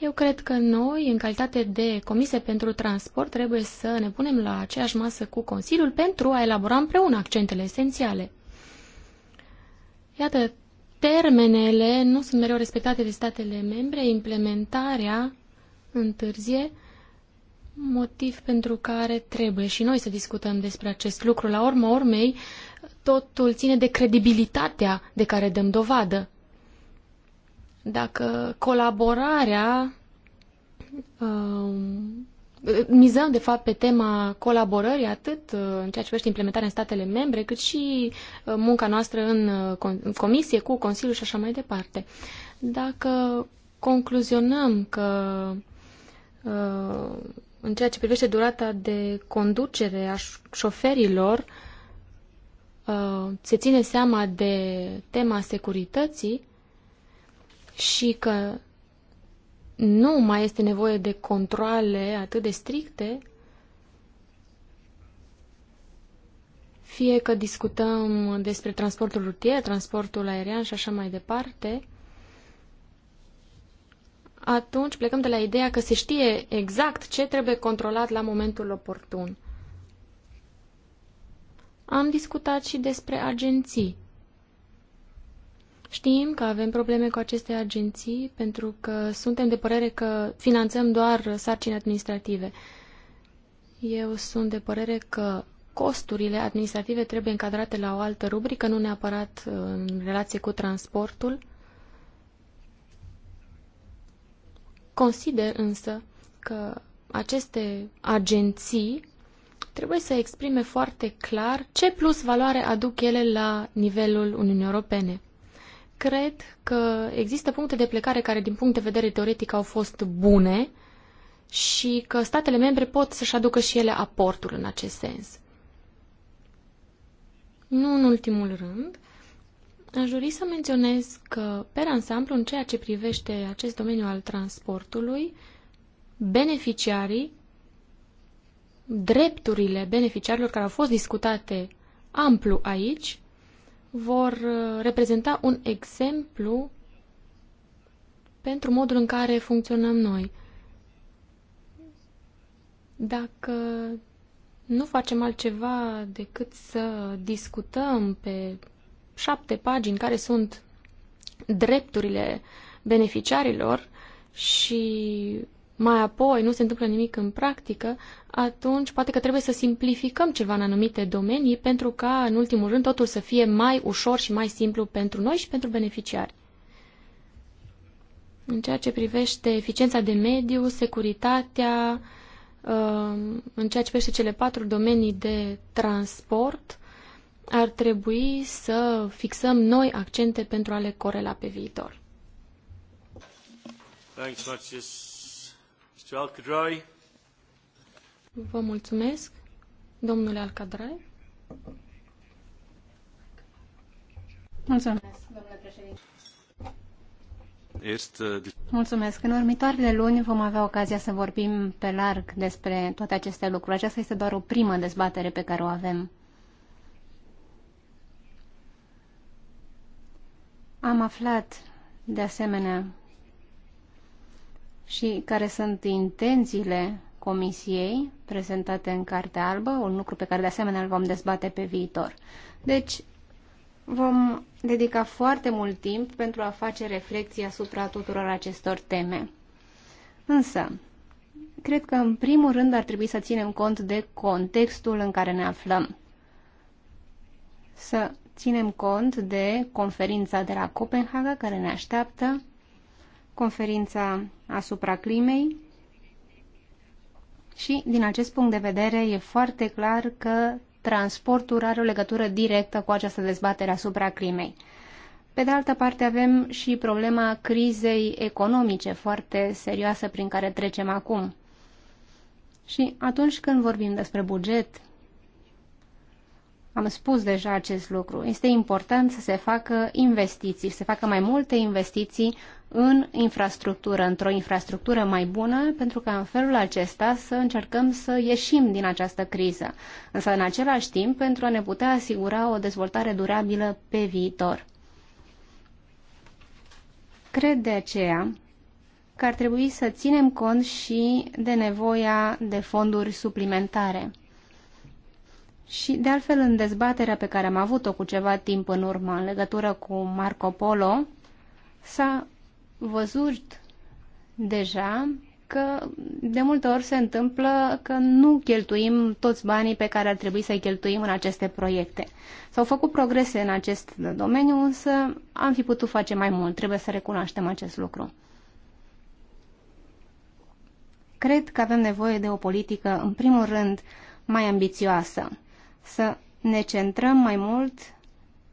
Eu cred că noi, în calitate de Comisie pentru Transport, trebuie să ne punem la aceeași masă cu Consiliul pentru a elabora împreună accentele esențiale. Iată, termenele nu sunt mereu respectate de statele membre, implementarea întârzie, motiv pentru care trebuie și noi să discutăm despre acest lucru. La urmă urmei, totul ține de credibilitatea de care dăm dovadă dacă colaborarea um, mizăm, de fapt, pe tema colaborării, atât uh, în ceea ce privește implementarea în statele membre, cât și uh, munca noastră uh, în comisie, cu Consiliul și așa mai departe. Dacă concluzionăm că în ceea ce privește durata de conducere a șoferilor, se ține seama de tema securității, și că nu mai este nevoie de controle atât de stricte, fie că discutăm despre transportul rutier, transportul aerian și așa mai departe, atunci plecăm de la ideea că se știe exact ce trebuie controlat la momentul oportun. Am discutat și despre agenții. Știm că avem probleme cu aceste agenții pentru că suntem de părere că finanțăm doar sarcini administrative. Eu sunt de părere că costurile administrative trebuie încadrate la o altă rubrică, nu neapărat uh, în relație cu transportul. Consider însă că aceste agenții trebuie să exprime foarte clar ce plus valoare aduc ele la nivelul Uniunii Europene cred că există puncte de plecare care, din punct de vedere teoretic, au fost bune și că statele membre pot să-și aducă și ele aportul în acest sens. Nu în ultimul rând, aș dori să menționez că, pe ansamblu, în ceea ce privește acest domeniu al transportului, beneficiarii, drepturile beneficiarilor care au fost discutate amplu aici, vor uh, reprezenta un exemplu pentru modul în care funcționăm noi. Dacă nu facem altceva decât să discutăm pe șapte pagini care sunt drepturile beneficiarilor și mai apoi nu se întâmplă nimic în practică, atunci poate că trebuie să simplificăm ceva în anumite domenii pentru ca, în ultimul rând, totul să fie mai ușor și mai simplu pentru noi și pentru beneficiari. În ceea ce privește eficiența de mediu, securitatea, um, în ceea ce privește cele patru domenii de transport, ar trebui să fixăm noi accente pentru a le corela pe viitor. Thanks, al -Khadrai. Vă mulțumesc, domnule Alcadrai. Mulțumesc, domnule președinte. Este... Uh, mulțumesc. În următoarele luni vom avea ocazia să vorbim pe larg despre toate aceste lucruri. Aceasta este doar o primă dezbatere pe care o avem. Am aflat, de asemenea, și care sunt intențiile Comisiei prezentate în Cartea Albă, un lucru pe care de asemenea îl vom dezbate pe viitor. Deci, vom dedica foarte mult timp pentru a face reflexii asupra tuturor acestor teme. Însă, cred că în primul rând ar trebui să ținem cont de contextul în care ne aflăm. Să ținem cont de conferința de la Copenhaga care ne așteaptă, conferința asupra climei și, din acest punct de vedere, e foarte clar că transportul are o legătură directă cu această dezbatere asupra climei. Pe de altă parte, avem și problema crizei economice foarte serioasă prin care trecem acum. Și atunci când vorbim despre buget am spus deja acest lucru. Este important să se facă investiții, să se facă mai multe investiții în infrastructură, într-o infrastructură mai bună, pentru că în felul acesta să încercăm să ieșim din această criză, însă în același timp pentru a ne putea asigura o dezvoltare durabilă pe viitor. Cred de aceea că ar trebui să ținem cont și de nevoia de fonduri suplimentare. Și, de altfel, în dezbaterea pe care am avut-o cu ceva timp în urmă în legătură cu Marco Polo, s-a văzut deja că de multe ori se întâmplă că nu cheltuim toți banii pe care ar trebui să-i cheltuim în aceste proiecte. S-au făcut progrese în acest domeniu, însă am fi putut face mai mult. Trebuie să recunoaștem acest lucru. Cred că avem nevoie de o politică, în primul rând, mai ambițioasă să ne centrăm mai mult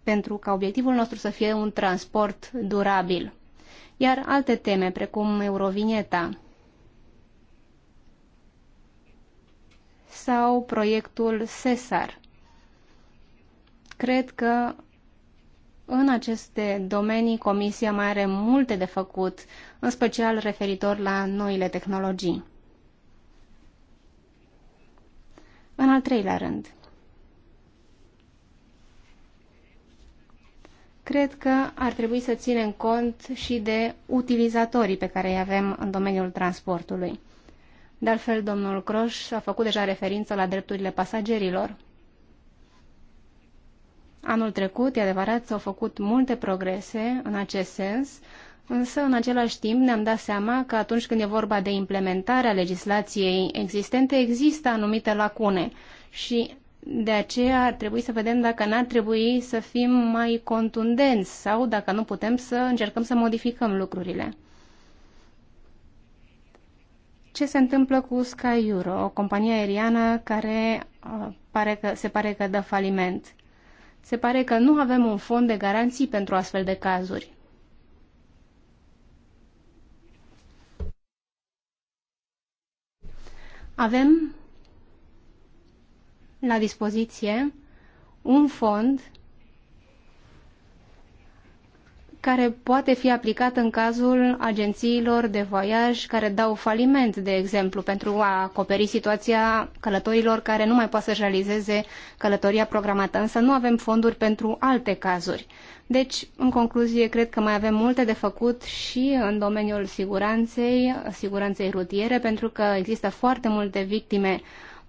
pentru ca obiectivul nostru să fie un transport durabil. Iar alte teme, precum Eurovineta sau proiectul Cesar, cred că în aceste domenii Comisia mai are multe de făcut, în special referitor la noile tehnologii. În al treilea rând, cred că ar trebui să ținem cont și de utilizatorii pe care îi avem în domeniul transportului. De altfel, domnul Croș a făcut deja referință la drepturile pasagerilor. Anul trecut, e adevărat, s-au făcut multe progrese în acest sens, însă în același timp ne-am dat seama că atunci când e vorba de implementarea legislației existente, există anumite lacune și de aceea ar trebui să vedem dacă n-ar trebui să fim mai contundenți sau dacă nu putem să încercăm să modificăm lucrurile. Ce se întâmplă cu Sky Euro, o companie aeriană care pare că, se pare că dă faliment? Se pare că nu avem un fond de garanții pentru astfel de cazuri. Avem la dispoziție un fond care poate fi aplicat în cazul agențiilor de voiaj care dau faliment, de exemplu, pentru a acoperi situația călătorilor care nu mai poate să-și realizeze călătoria programată, însă nu avem fonduri pentru alte cazuri. Deci, în concluzie, cred că mai avem multe de făcut și în domeniul siguranței, siguranței rutiere, pentru că există foarte multe victime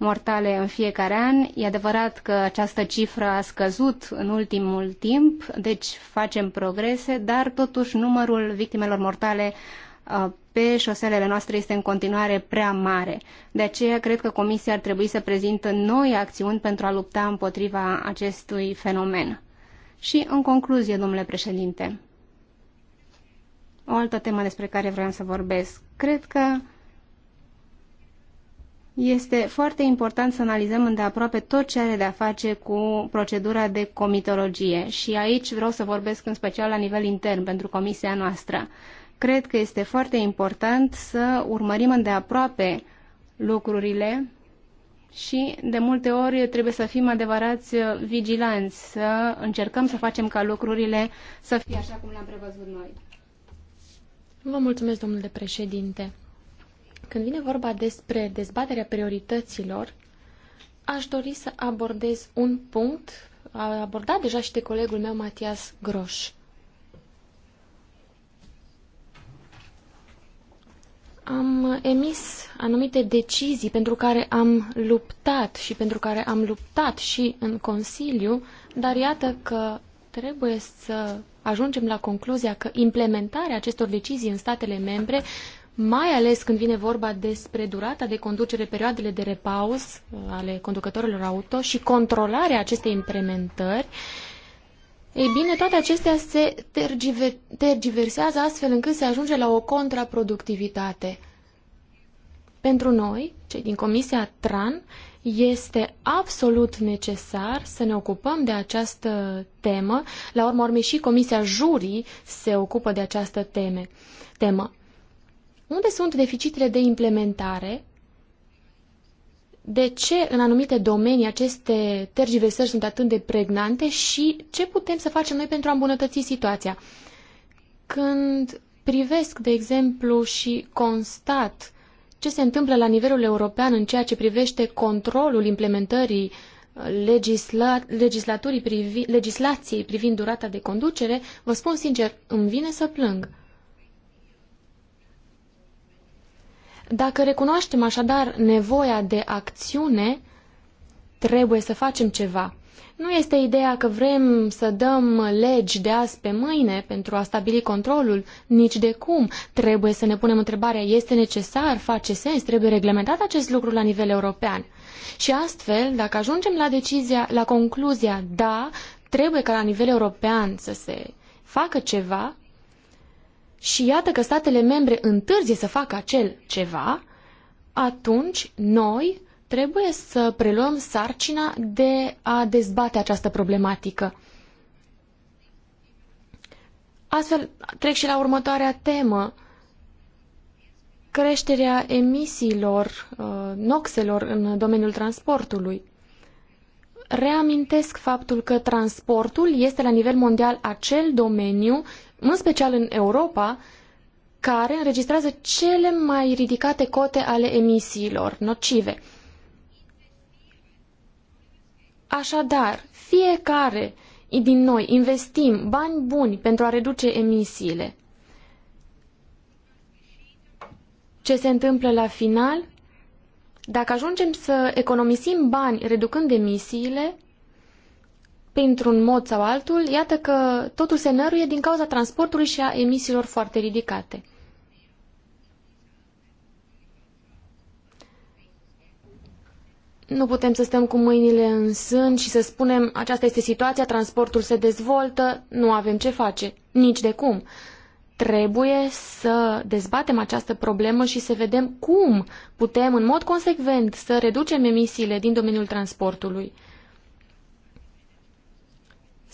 mortale în fiecare an. E adevărat că această cifră a scăzut în ultimul timp, deci facem progrese, dar totuși numărul victimelor mortale uh, pe șoselele noastre este în continuare prea mare. De aceea cred că Comisia ar trebui să prezintă noi acțiuni pentru a lupta împotriva acestui fenomen. Și în concluzie, domnule președinte, o altă temă despre care vreau să vorbesc. Cred că este foarte important să analizăm îndeaproape tot ce are de-a face cu procedura de comitologie și aici vreau să vorbesc în special la nivel intern pentru comisia noastră. Cred că este foarte important să urmărim îndeaproape lucrurile și de multe ori trebuie să fim adevărați vigilanți, să încercăm să facem ca lucrurile să fie așa cum le-am prevăzut noi. Vă mulțumesc, domnule președinte. Când vine vorba despre dezbaterea priorităților, aș dori să abordez un punct a abordat deja și de colegul meu Matias Groș. Am emis anumite decizii pentru care am luptat și pentru care am luptat și în Consiliu, dar iată că trebuie să ajungem la concluzia că implementarea acestor decizii în statele membre mai ales când vine vorba despre durata de conducere, perioadele de repaus uh, ale conducătorilor auto și controlarea acestei implementări, ei bine, toate acestea se tergiversează astfel încât se ajunge la o contraproductivitate. Pentru noi, cei din Comisia TRAN, este absolut necesar să ne ocupăm de această temă. La urmă urmei și Comisia Jurii se ocupă de această teme, temă unde sunt deficitele de implementare, de ce în anumite domenii aceste tergiversări sunt atât de pregnante și ce putem să facem noi pentru a îmbunătăți situația. Când privesc, de exemplu, și constat ce se întâmplă la nivelul european în ceea ce privește controlul implementării uh, legisla- legislaturii privi- legislației privind durata de conducere, vă spun sincer, îmi vine să plâng. Dacă recunoaștem așadar nevoia de acțiune, trebuie să facem ceva. Nu este ideea că vrem să dăm legi de azi pe mâine pentru a stabili controlul, nici de cum. Trebuie să ne punem întrebarea, este necesar, face sens, trebuie reglementat acest lucru la nivel european. Și astfel, dacă ajungem la decizia, la concluzia, da, trebuie ca la nivel european să se facă ceva, și iată că statele membre întârzie să facă acel ceva, atunci noi trebuie să preluăm sarcina de a dezbate această problematică. Astfel, trec și la următoarea temă. Creșterea emisiilor, uh, noxelor în domeniul transportului. Reamintesc faptul că transportul este la nivel mondial acel domeniu în special în Europa, care înregistrează cele mai ridicate cote ale emisiilor nocive. Așadar, fiecare din noi investim bani buni pentru a reduce emisiile. Ce se întâmplă la final? Dacă ajungem să economisim bani reducând emisiile, printr-un mod sau altul, iată că totul se năruie din cauza transportului și a emisiilor foarte ridicate. Nu putem să stăm cu mâinile în sân și să spunem aceasta este situația, transportul se dezvoltă, nu avem ce face, nici de cum. Trebuie să dezbatem această problemă și să vedem cum putem în mod consecvent să reducem emisiile din domeniul transportului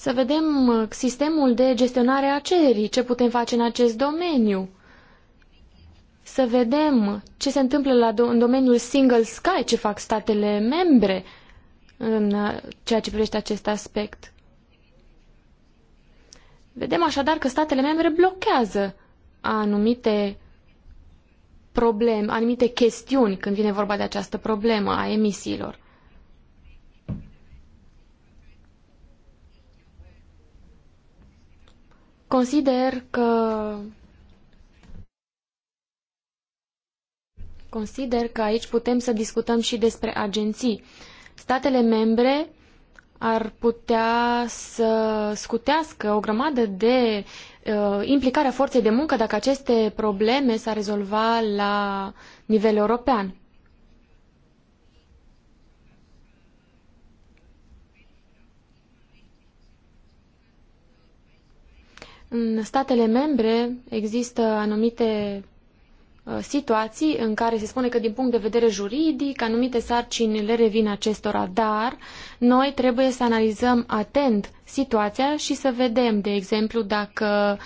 să vedem uh, sistemul de gestionare a cererii, ce putem face în acest domeniu, să vedem ce se întâmplă la do- în domeniul single sky, ce fac statele membre în uh, ceea ce privește acest aspect. Vedem așadar că statele membre blochează anumite probleme, anumite chestiuni când vine vorba de această problemă a emisiilor. Consider că Consider că aici putem să discutăm și despre agenții. Statele membre ar putea să scutească o grămadă de uh, implicarea forței de muncă dacă aceste probleme s-ar rezolva la nivel european. În statele membre există anumite uh, situații în care se spune că din punct de vedere juridic anumite sarcini le revin acestora, dar noi trebuie să analizăm atent situația și să vedem, de exemplu, dacă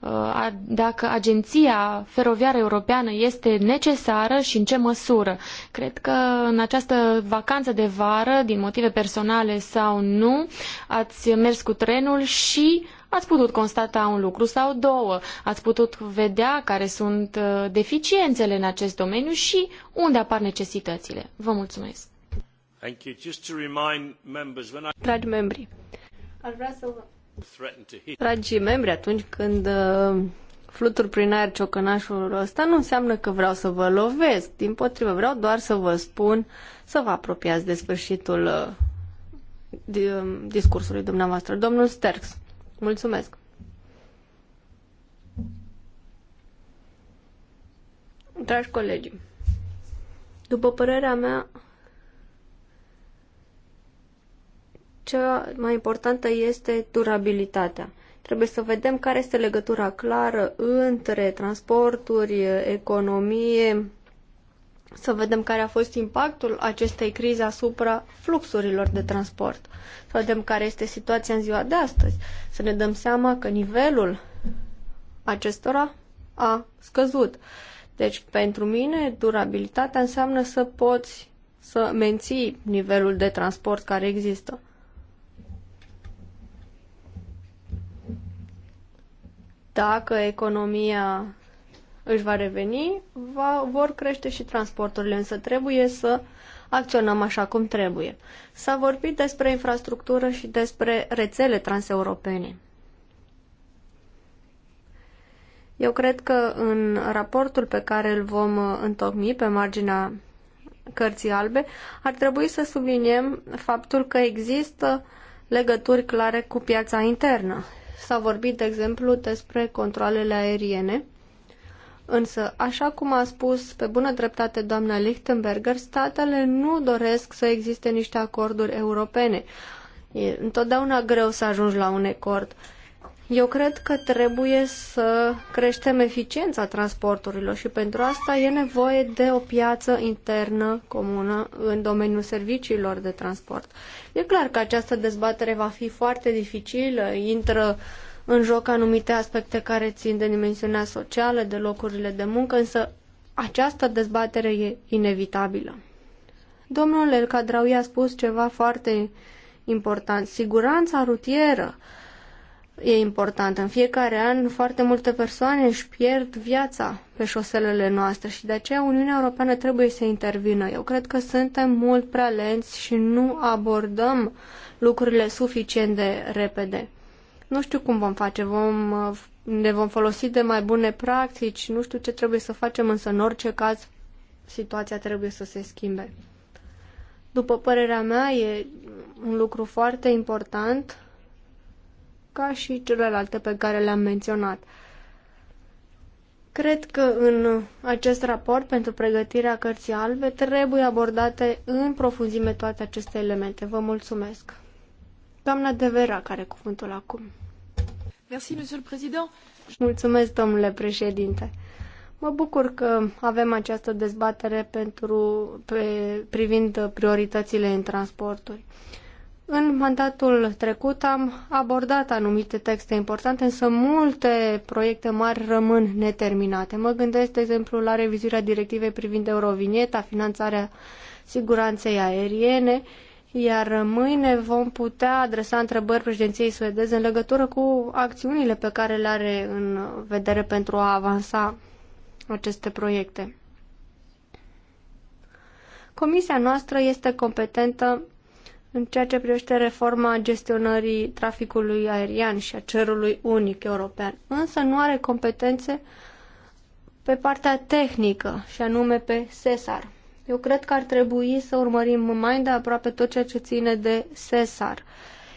uh, dacă agenția feroviară europeană este necesară și în ce măsură. Cred că în această vacanță de vară, din motive personale sau nu, ați mers cu trenul și ați putut constata un lucru sau două, ați putut vedea care sunt uh, deficiențele în acest domeniu și unde apar necesitățile. Vă mulțumesc! Thank you. Just to remind members, when I... Dragi membri, vrea să Dragi membri, atunci când uh, flutur prin aer ciocănașul ăsta, nu înseamnă că vreau să vă lovesc. Din potrivă, vreau doar să vă spun să vă apropiați de sfârșitul uh, discursului dumneavoastră. Domnul Sterks. Mulțumesc! Dragi colegi, după părerea mea, cea mai importantă este durabilitatea. Trebuie să vedem care este legătura clară între transporturi, economie, să vedem care a fost impactul acestei crize asupra fluxurilor de transport, să vedem care este situația în ziua de astăzi, să ne dăm seama că nivelul acestora a scăzut. Deci, pentru mine, durabilitatea înseamnă să poți să menții nivelul de transport care există. Dacă economia își va reveni, va, vor crește și transporturile, însă trebuie să acționăm așa cum trebuie. S-a vorbit despre infrastructură și despre rețele transeuropene. Eu cred că în raportul pe care îl vom întocmi pe marginea cărții albe, ar trebui să subliniem faptul că există legături clare cu piața internă. S-a vorbit, de exemplu, despre controlele aeriene Însă, așa cum a spus pe bună dreptate doamna Lichtenberger, statele nu doresc să existe niște acorduri europene. E întotdeauna greu să ajungi la un acord. Eu cred că trebuie să creștem eficiența transporturilor și pentru asta e nevoie de o piață internă comună în domeniul serviciilor de transport. E clar că această dezbatere va fi foarte dificilă, intră uh, în joc anumite aspecte care țin de dimensiunea socială, de locurile de muncă, însă această dezbatere e inevitabilă. Domnul El Cadraui a spus ceva foarte important. Siguranța rutieră e importantă. În fiecare an foarte multe persoane își pierd viața pe șoselele noastre și de aceea Uniunea Europeană trebuie să intervină. Eu cred că suntem mult prea lenți și nu abordăm lucrurile suficient de repede. Nu știu cum vom face, vom, ne vom folosi de mai bune practici, nu știu ce trebuie să facem, însă în orice caz situația trebuie să se schimbe. După părerea mea, e un lucru foarte important, ca și celelalte pe care le-am menționat. Cred că în acest raport pentru pregătirea cărții albe trebuie abordate în profunzime toate aceste elemente. Vă mulțumesc! Doamna Devera, care cuvântul acum. Merci, monsieur le président. Mulțumesc, domnule președinte. Mă bucur că avem această dezbatere pentru, pe, privind prioritățile în transporturi. În mandatul trecut am abordat anumite texte importante, însă multe proiecte mari rămân neterminate. Mă gândesc, de exemplu, la revizuirea directivei privind Eurovinieta, finanțarea siguranței aeriene, uh, iar mâine vom putea adresa întrebări președinției suedeze în legătură cu acțiunile pe care le are în vedere pentru a avansa aceste proiecte. Comisia noastră este competentă în ceea ce privește reforma gestionării traficului aerian și a cerului unic european, însă nu are competențe pe partea tehnică, și anume pe SESAR. Eu cred că ar trebui să urmărim mai de aproape tot ceea ce ține de SESAR.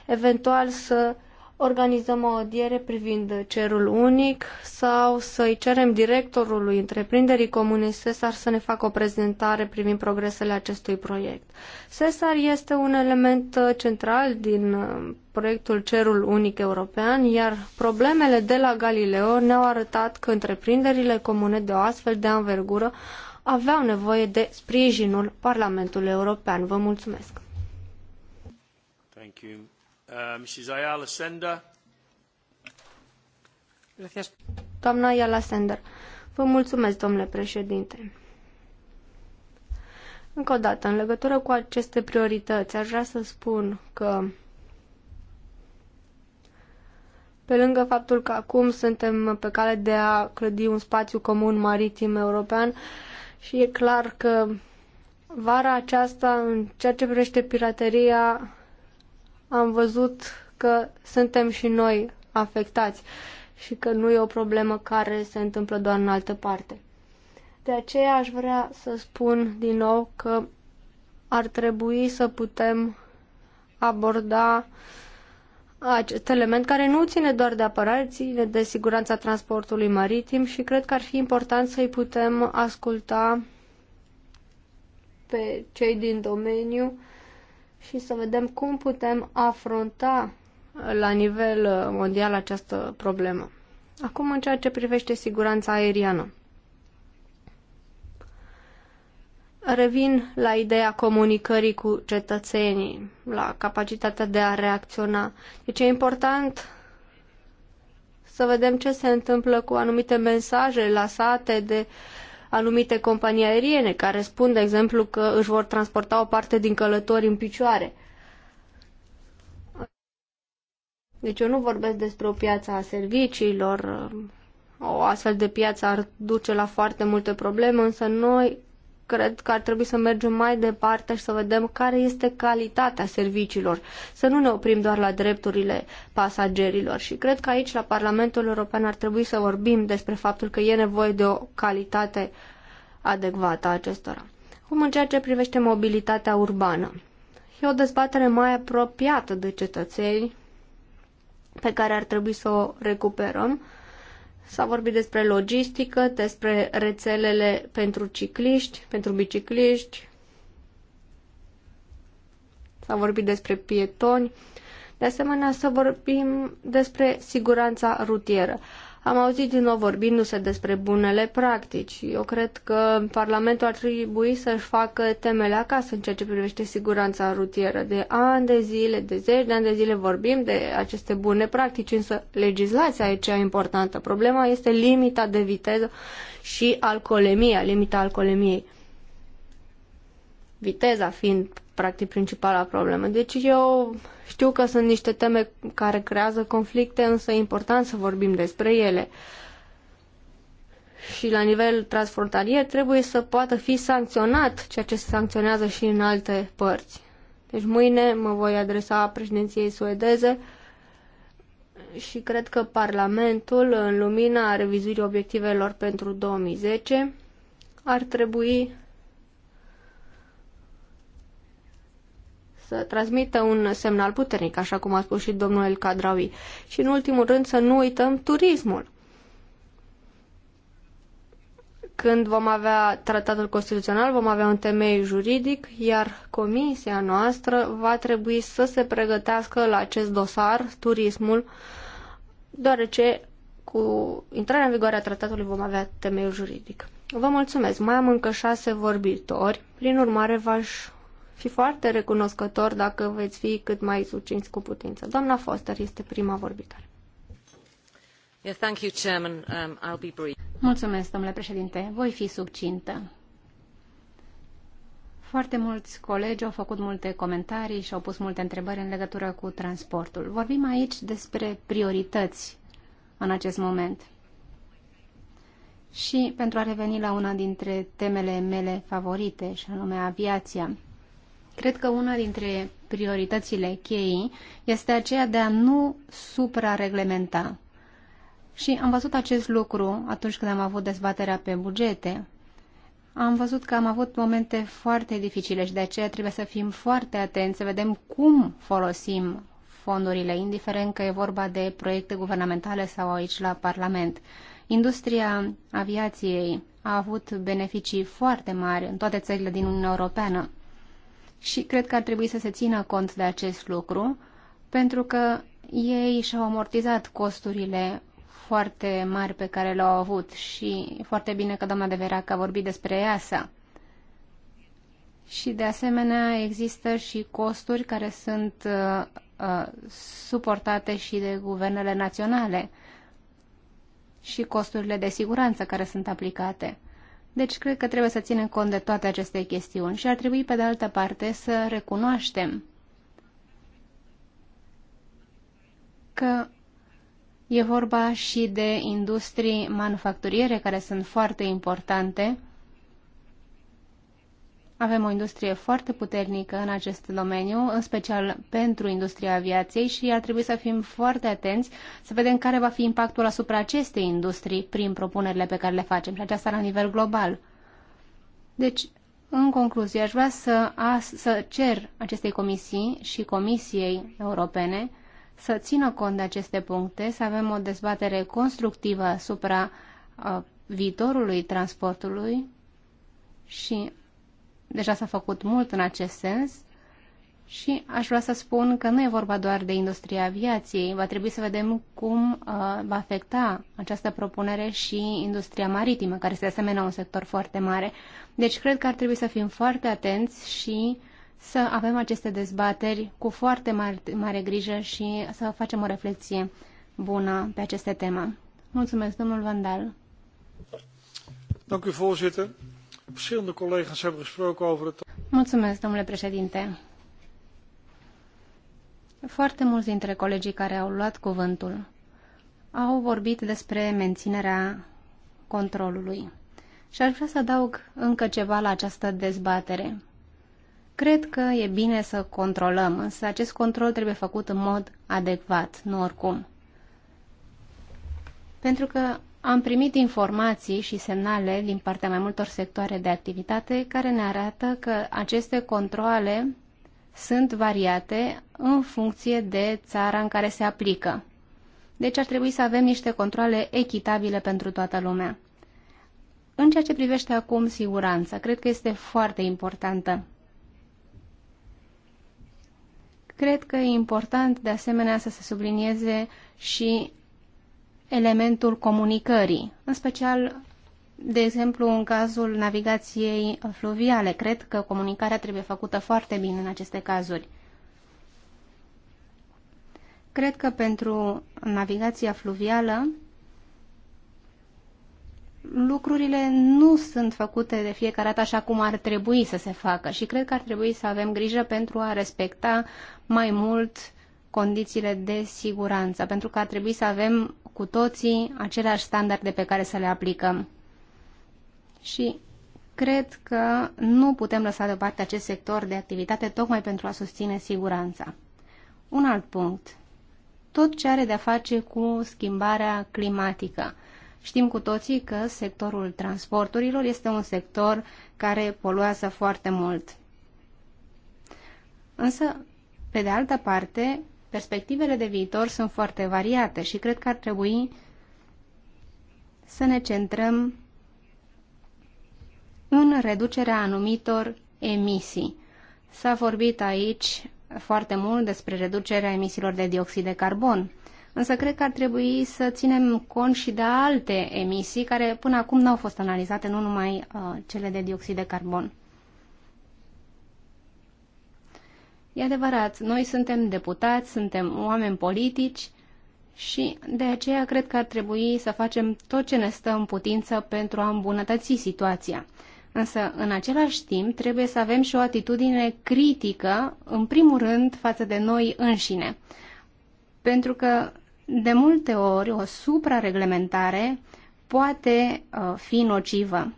Eventual să organizăm o audiere privind cerul unic sau să-i cerem directorului întreprinderii comune SESAR să ne facă o prezentare privind progresele acestui proiect. SESAR este un element uh, central din uh, proiectul Cerul Unic European, iar problemele de la Galileo ne-au arătat că întreprinderile comune de o astfel de anvergură aveau nevoie de sprijinul Parlamentului European. Vă mulțumesc! Thank you. Uh, Mrs. Ayala Sender. Doamna Ayala Sender. Vă mulțumesc, domnule președinte. Încă o dată, în legătură cu aceste priorități, aș vrea să spun că pe lângă faptul că acum suntem pe cale de a clădi un spațiu comun maritim european, uh, și e clar că vara aceasta, în ceea ce privește pirateria, am văzut că suntem și noi afectați și că nu e o problemă care se întâmplă doar în altă parte. De aceea aș vrea să spun din nou că ar trebui să putem aborda uh, acest element care nu ține doar de apărare, ține de siguranța transportului maritim și cred că ar fi important să-i putem asculta pe cei din domeniu și să vedem cum putem afronta la nivel mondial această problemă. Acum, în ceea ce privește siguranța aeriană. Revin la ideea comunicării cu cetățenii, la capacitatea de a reacționa. Deci e important să vedem ce se întâmplă cu anumite mesaje lăsate de anumite companii aeriene care spun, de exemplu, că își vor transporta o parte din călători în picioare. Deci eu nu vorbesc despre o piață a serviciilor, o astfel de piață ar duce la foarte multe probleme, însă noi cred că ar trebui să mergem mai departe și să vedem care este calitatea serviciilor, să nu ne oprim doar la drepturile pasagerilor. Și cred că aici, la Parlamentul European, ar trebui să vorbim despre faptul că e nevoie de o calitate adecvată a acestora. Cum în ceea ce privește mobilitatea urbană. E o dezbatere mai apropiată de cetățeni pe care ar trebui să o recuperăm S-a vorbit despre logistică, despre rețelele pentru cicliști, pentru bicicliști. S-a vorbit despre pietoni. De asemenea, să vorbim despre siguranța rutieră. Am auzit din nou vorbindu-se despre bunele practici. Eu cred că Parlamentul ar trebui să-și facă temele acasă în ceea ce privește siguranța rutieră. De ani de zile, de zeci de ani de zile vorbim de aceste bune practici, însă legislația e cea importantă. Problema este limita de viteză și alcoolemia, limita alcoolemiei viteza fiind practic principala problemă. Deci eu știu că sunt niște teme care creează conflicte, însă e important să vorbim despre ele. Și la nivel transfrontalier trebuie să poată fi sancționat ceea ce se sancționează și în alte părți. Deci mâine mă voi adresa președinției suedeze și cred că Parlamentul, în lumina revizuirii obiectivelor pentru 2010, ar trebui să transmită un semnal puternic, așa cum a spus și domnul El Cadraui. Și în ultimul rând să nu uităm turismul. Când vom avea tratatul constituțional, vom avea un temei juridic, iar comisia noastră va trebui să se pregătească la acest dosar, turismul, deoarece cu intrarea în vigoare a tratatului vom avea temeiul juridic. Vă mulțumesc. Mai am încă șase vorbitori, prin urmare v-aș fi foarte recunoscător dacă veți fi cât mai succinți cu putință. Doamna Foster este prima vorbitoare. Yeah, thank you, Chairman. Um, I'll be brief. Mulțumesc, domnule președinte. Voi fi succintă. Foarte mulți colegi au făcut multe comentarii și au pus multe întrebări în legătură cu transportul. Vorbim aici despre priorități în acest moment. Și pentru a reveni la una dintre temele mele favorite, și anume aviația. Cred că una dintre prioritățile cheii este aceea de a nu suprareglementa. Și am văzut acest lucru atunci când am avut dezbaterea pe bugete. Am văzut că am avut momente foarte dificile și de aceea trebuie să fim foarte atenți, să vedem cum folosim fondurile, indiferent că e vorba de proiecte guvernamentale sau aici la Parlament. Industria aviației a avut beneficii foarte mari în toate țările din Uniunea Europeană și cred că ar trebui să se țină cont de acest lucru, pentru că ei și-au amortizat costurile foarte mari pe care le-au avut și foarte bine că doamna de Verac a vorbit despre EASA. Și de asemenea există și costuri care sunt uh, uh, suportate și de guvernele naționale și costurile de siguranță care sunt aplicate. Deci cred că trebuie să ținem cont de toate aceste chestiuni și ar trebui, pe de altă parte, să recunoaștem că e vorba și de industrii manufacturiere care sunt foarte importante avem o industrie foarte puternică în acest domeniu, în special pentru industria aviației și ar trebui să fim foarte atenți să vedem care va fi impactul asupra acestei industrii prin propunerile pe care le facem și aceasta la nivel global. Deci, în concluzie, aș vrea să, as, să cer acestei comisii și Comisiei Europene să țină cont de aceste puncte, să avem o dezbatere constructivă asupra uh, viitorului transportului și Deja s-a făcut mult în acest sens și aș vrea să spun că nu e vorba doar de industria aviației. Va trebui să vedem cum uh, va afecta această propunere și industria maritimă, care este de asemenea un sector foarte mare. Deci cred că ar trebui să fim foarte atenți și să avem aceste dezbateri cu foarte mare, mare grijă și să facem o reflexie bună pe aceste teme. Mulțumesc, domnul Vandal. Dank u, voorzitter. Verschillende collega's hebben gesproken over het... Mulțumesc, domnule președinte. Foarte mulți dintre colegii care au luat cuvântul au vorbit despre menținerea controlului. Și aș vrea să adaug încă ceva la această dezbatere. Cred că e bine să controlăm, însă acest control trebuie făcut în mod adecvat, nu oricum. Pentru că am primit informații și semnale din partea mai multor sectoare de activitate care ne arată că aceste controle sunt variate în funcție de țara în care se aplică. Deci ar trebui să avem niște controle echitabile pentru toată lumea. În ceea ce privește acum siguranța, cred că este foarte importantă. Cred că e important de asemenea să se sublinieze și elementul comunicării, în special, de exemplu, în cazul navigației fluviale. Cred că comunicarea trebuie făcută foarte bine în aceste cazuri. Cred că pentru navigația fluvială lucrurile nu sunt făcute de fiecare dată așa cum ar trebui să se facă și cred că ar trebui să avem grijă pentru a respecta mai mult condițiile de siguranță, pentru că ar trebui să avem cu toții aceleași standarde pe care să le aplicăm. Și cred că nu putem lăsa deoparte acest sector de activitate tocmai pentru a susține siguranța. Un alt punct. Tot ce are de-a face cu schimbarea climatică. Știm cu toții că sectorul transporturilor este un sector care poluează foarte mult. Însă, pe de altă parte, Perspectivele de viitor sunt foarte variate și cred că ar trebui să ne centrăm în reducerea anumitor emisii. S-a vorbit aici foarte mult despre reducerea emisiilor de dioxid de carbon, însă cred că ar trebui să ținem cont și de alte emisii care până acum n-au fost analizate, nu numai uh, cele de dioxid de carbon. E adevărat, noi suntem deputați, suntem oameni politici și de aceea cred că ar trebui să facem tot ce ne stă în putință pentru a îmbunătăți situația. Însă, în același timp, trebuie să avem și o atitudine critică, în primul rând, față de noi înșine. Pentru că, de multe ori, o suprareglementare poate uh, fi nocivă.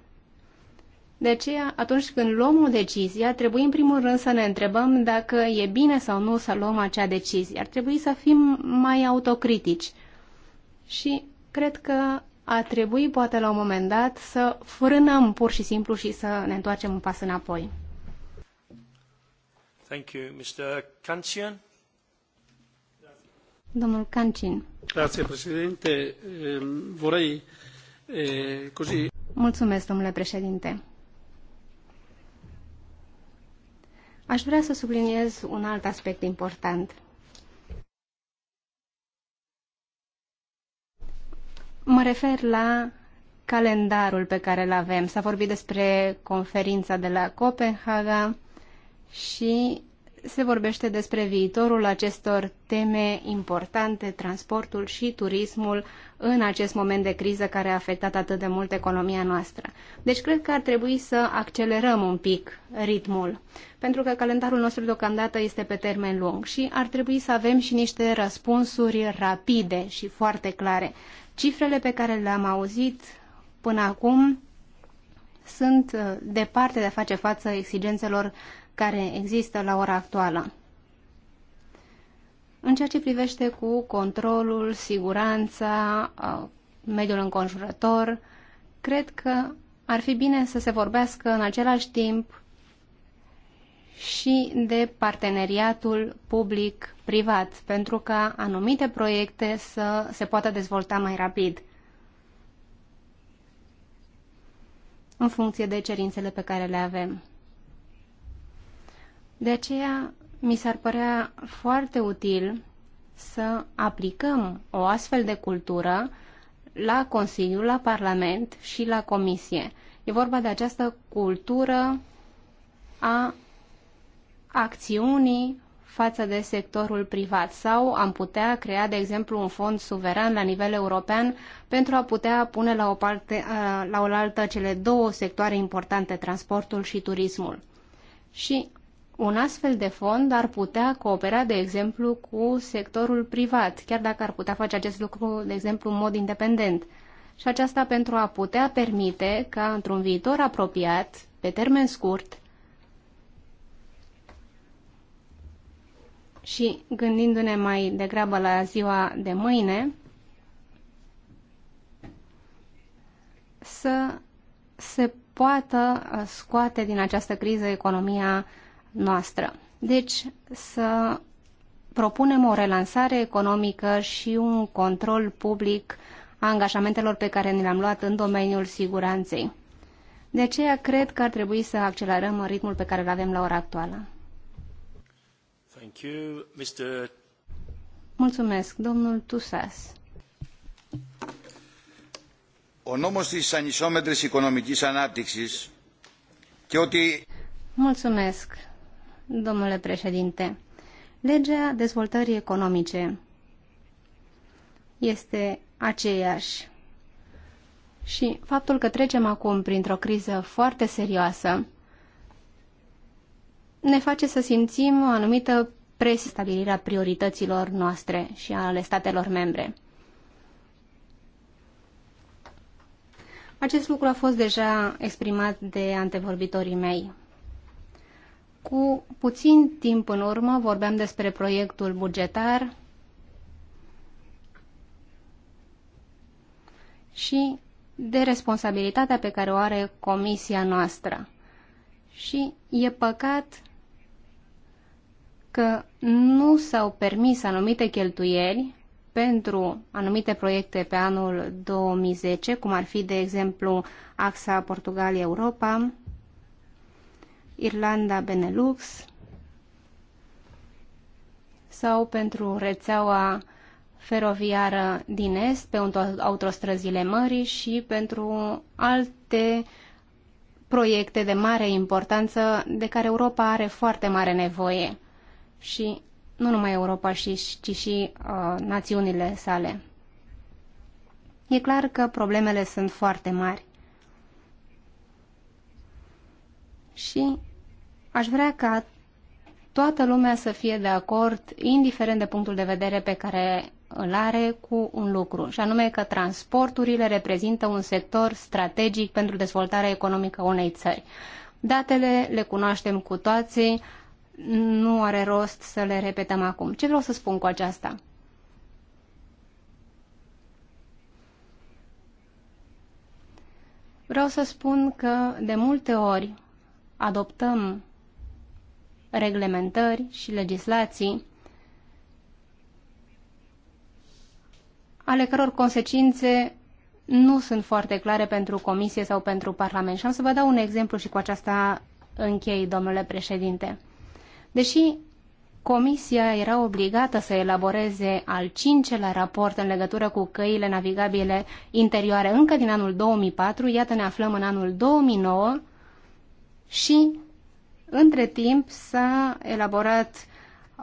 De aceea, atunci când luăm o decizie, ar trebui în primul rând să ne întrebăm dacă e bine sau nu să luăm acea decizie. Ar trebui să fim mai autocritici. Și cred că a trebui poate la un moment dat să frânăm pur și simplu și să ne întoarcem un pas înapoi. Thank you. Mr. Cancian? Domnul Cancin. Grazie, președinte. Ehm, vorrei eh, così... Mulțumesc, domnule președinte. Aș vrea să subliniez un alt aspect important. Mă refer la calendarul pe care îl avem. S-a vorbit despre conferința de la Copenhaga și se vorbește despre viitorul acestor teme importante, transportul și turismul, în acest moment de criză care a afectat atât de mult economia noastră. Deci cred că ar trebui să accelerăm un pic ritmul, pentru că calendarul nostru deocamdată este pe termen lung și ar trebui să avem și niște răspunsuri rapide și foarte clare. Cifrele pe care le-am auzit până acum sunt uh, departe de a face față exigențelor care există la ora actuală. În ceea ce privește cu controlul, siguranța, mediul înconjurător, cred că ar fi bine să se vorbească în același timp și de parteneriatul public-privat, pentru ca anumite proiecte să se poată dezvolta mai rapid în funcție de cerințele pe care le avem. De aceea, mi s-ar părea foarte util să aplicăm o astfel de cultură la Consiliu, la Parlament și la Comisie. E vorba de această cultură a acțiunii față de sectorul privat sau am putea crea, de exemplu, un fond suveran la nivel european pentru a putea pune la o parte, la oaltă cele două sectoare importante, transportul și turismul. Și un astfel de fond ar putea coopera, de exemplu, cu sectorul privat, chiar dacă ar putea face acest lucru, de exemplu, în mod independent. Și aceasta pentru a putea permite ca, într-un viitor apropiat, pe termen scurt, și gândindu-ne mai degrabă la ziua de mâine, să se poată scoate din această criză economia noastră. Deci să propunem o relansare economică și un control public a angajamentelor pe care ni le-am luat în domeniul siguranței. De aceea cred că ar trebui să accelerăm ritmul pe care îl avem la ora actuală. Thank you, Mr. Mulțumesc, domnul Tusas. Ο νόμος της ανισόμετρης οικονομικής ανάπτυξης και ότι... Mulțumesc, domnule președinte. Legea dezvoltării economice este aceeași. Și faptul că trecem acum printr-o criză foarte serioasă ne face să simțim o anumită prestabilirea priorităților noastre și ale statelor membre. Acest lucru a fost deja exprimat de antevorbitorii mei. Cu puțin timp în urmă vorbeam despre proiectul bugetar și de responsabilitatea pe care o are comisia noastră. Și e păcat că nu s-au permis anumite cheltuieli pentru anumite proiecte pe anul 2010, cum ar fi, de exemplu, AXA Portugalia-Europa, Irlanda Benelux sau pentru rețeaua feroviară din Est, pe autostrăzile mării și pentru alte proiecte de mare importanță de care Europa are foarte mare nevoie. Și nu numai Europa, ci și uh, națiunile sale. E clar că problemele sunt foarte mari. Și Aș vrea ca toată lumea să fie de acord, indiferent de punctul de vedere pe care îl are cu un lucru, și anume că transporturile reprezintă un sector strategic pentru dezvoltarea economică a unei țări. Datele le cunoaștem cu toții, nu are rost să le repetăm acum. Ce vreau să spun cu aceasta? Vreau să spun că de multe ori adoptăm reglementări și legislații ale căror consecințe nu sunt foarte clare pentru Comisie sau pentru Parlament. Și am să vă dau un exemplu și cu aceasta închei, domnule președinte. Deși Comisia era obligată să elaboreze al cincelea raport în legătură cu căile navigabile interioare încă din anul 2004, iată ne aflăm în anul 2009 și între timp s-a elaborat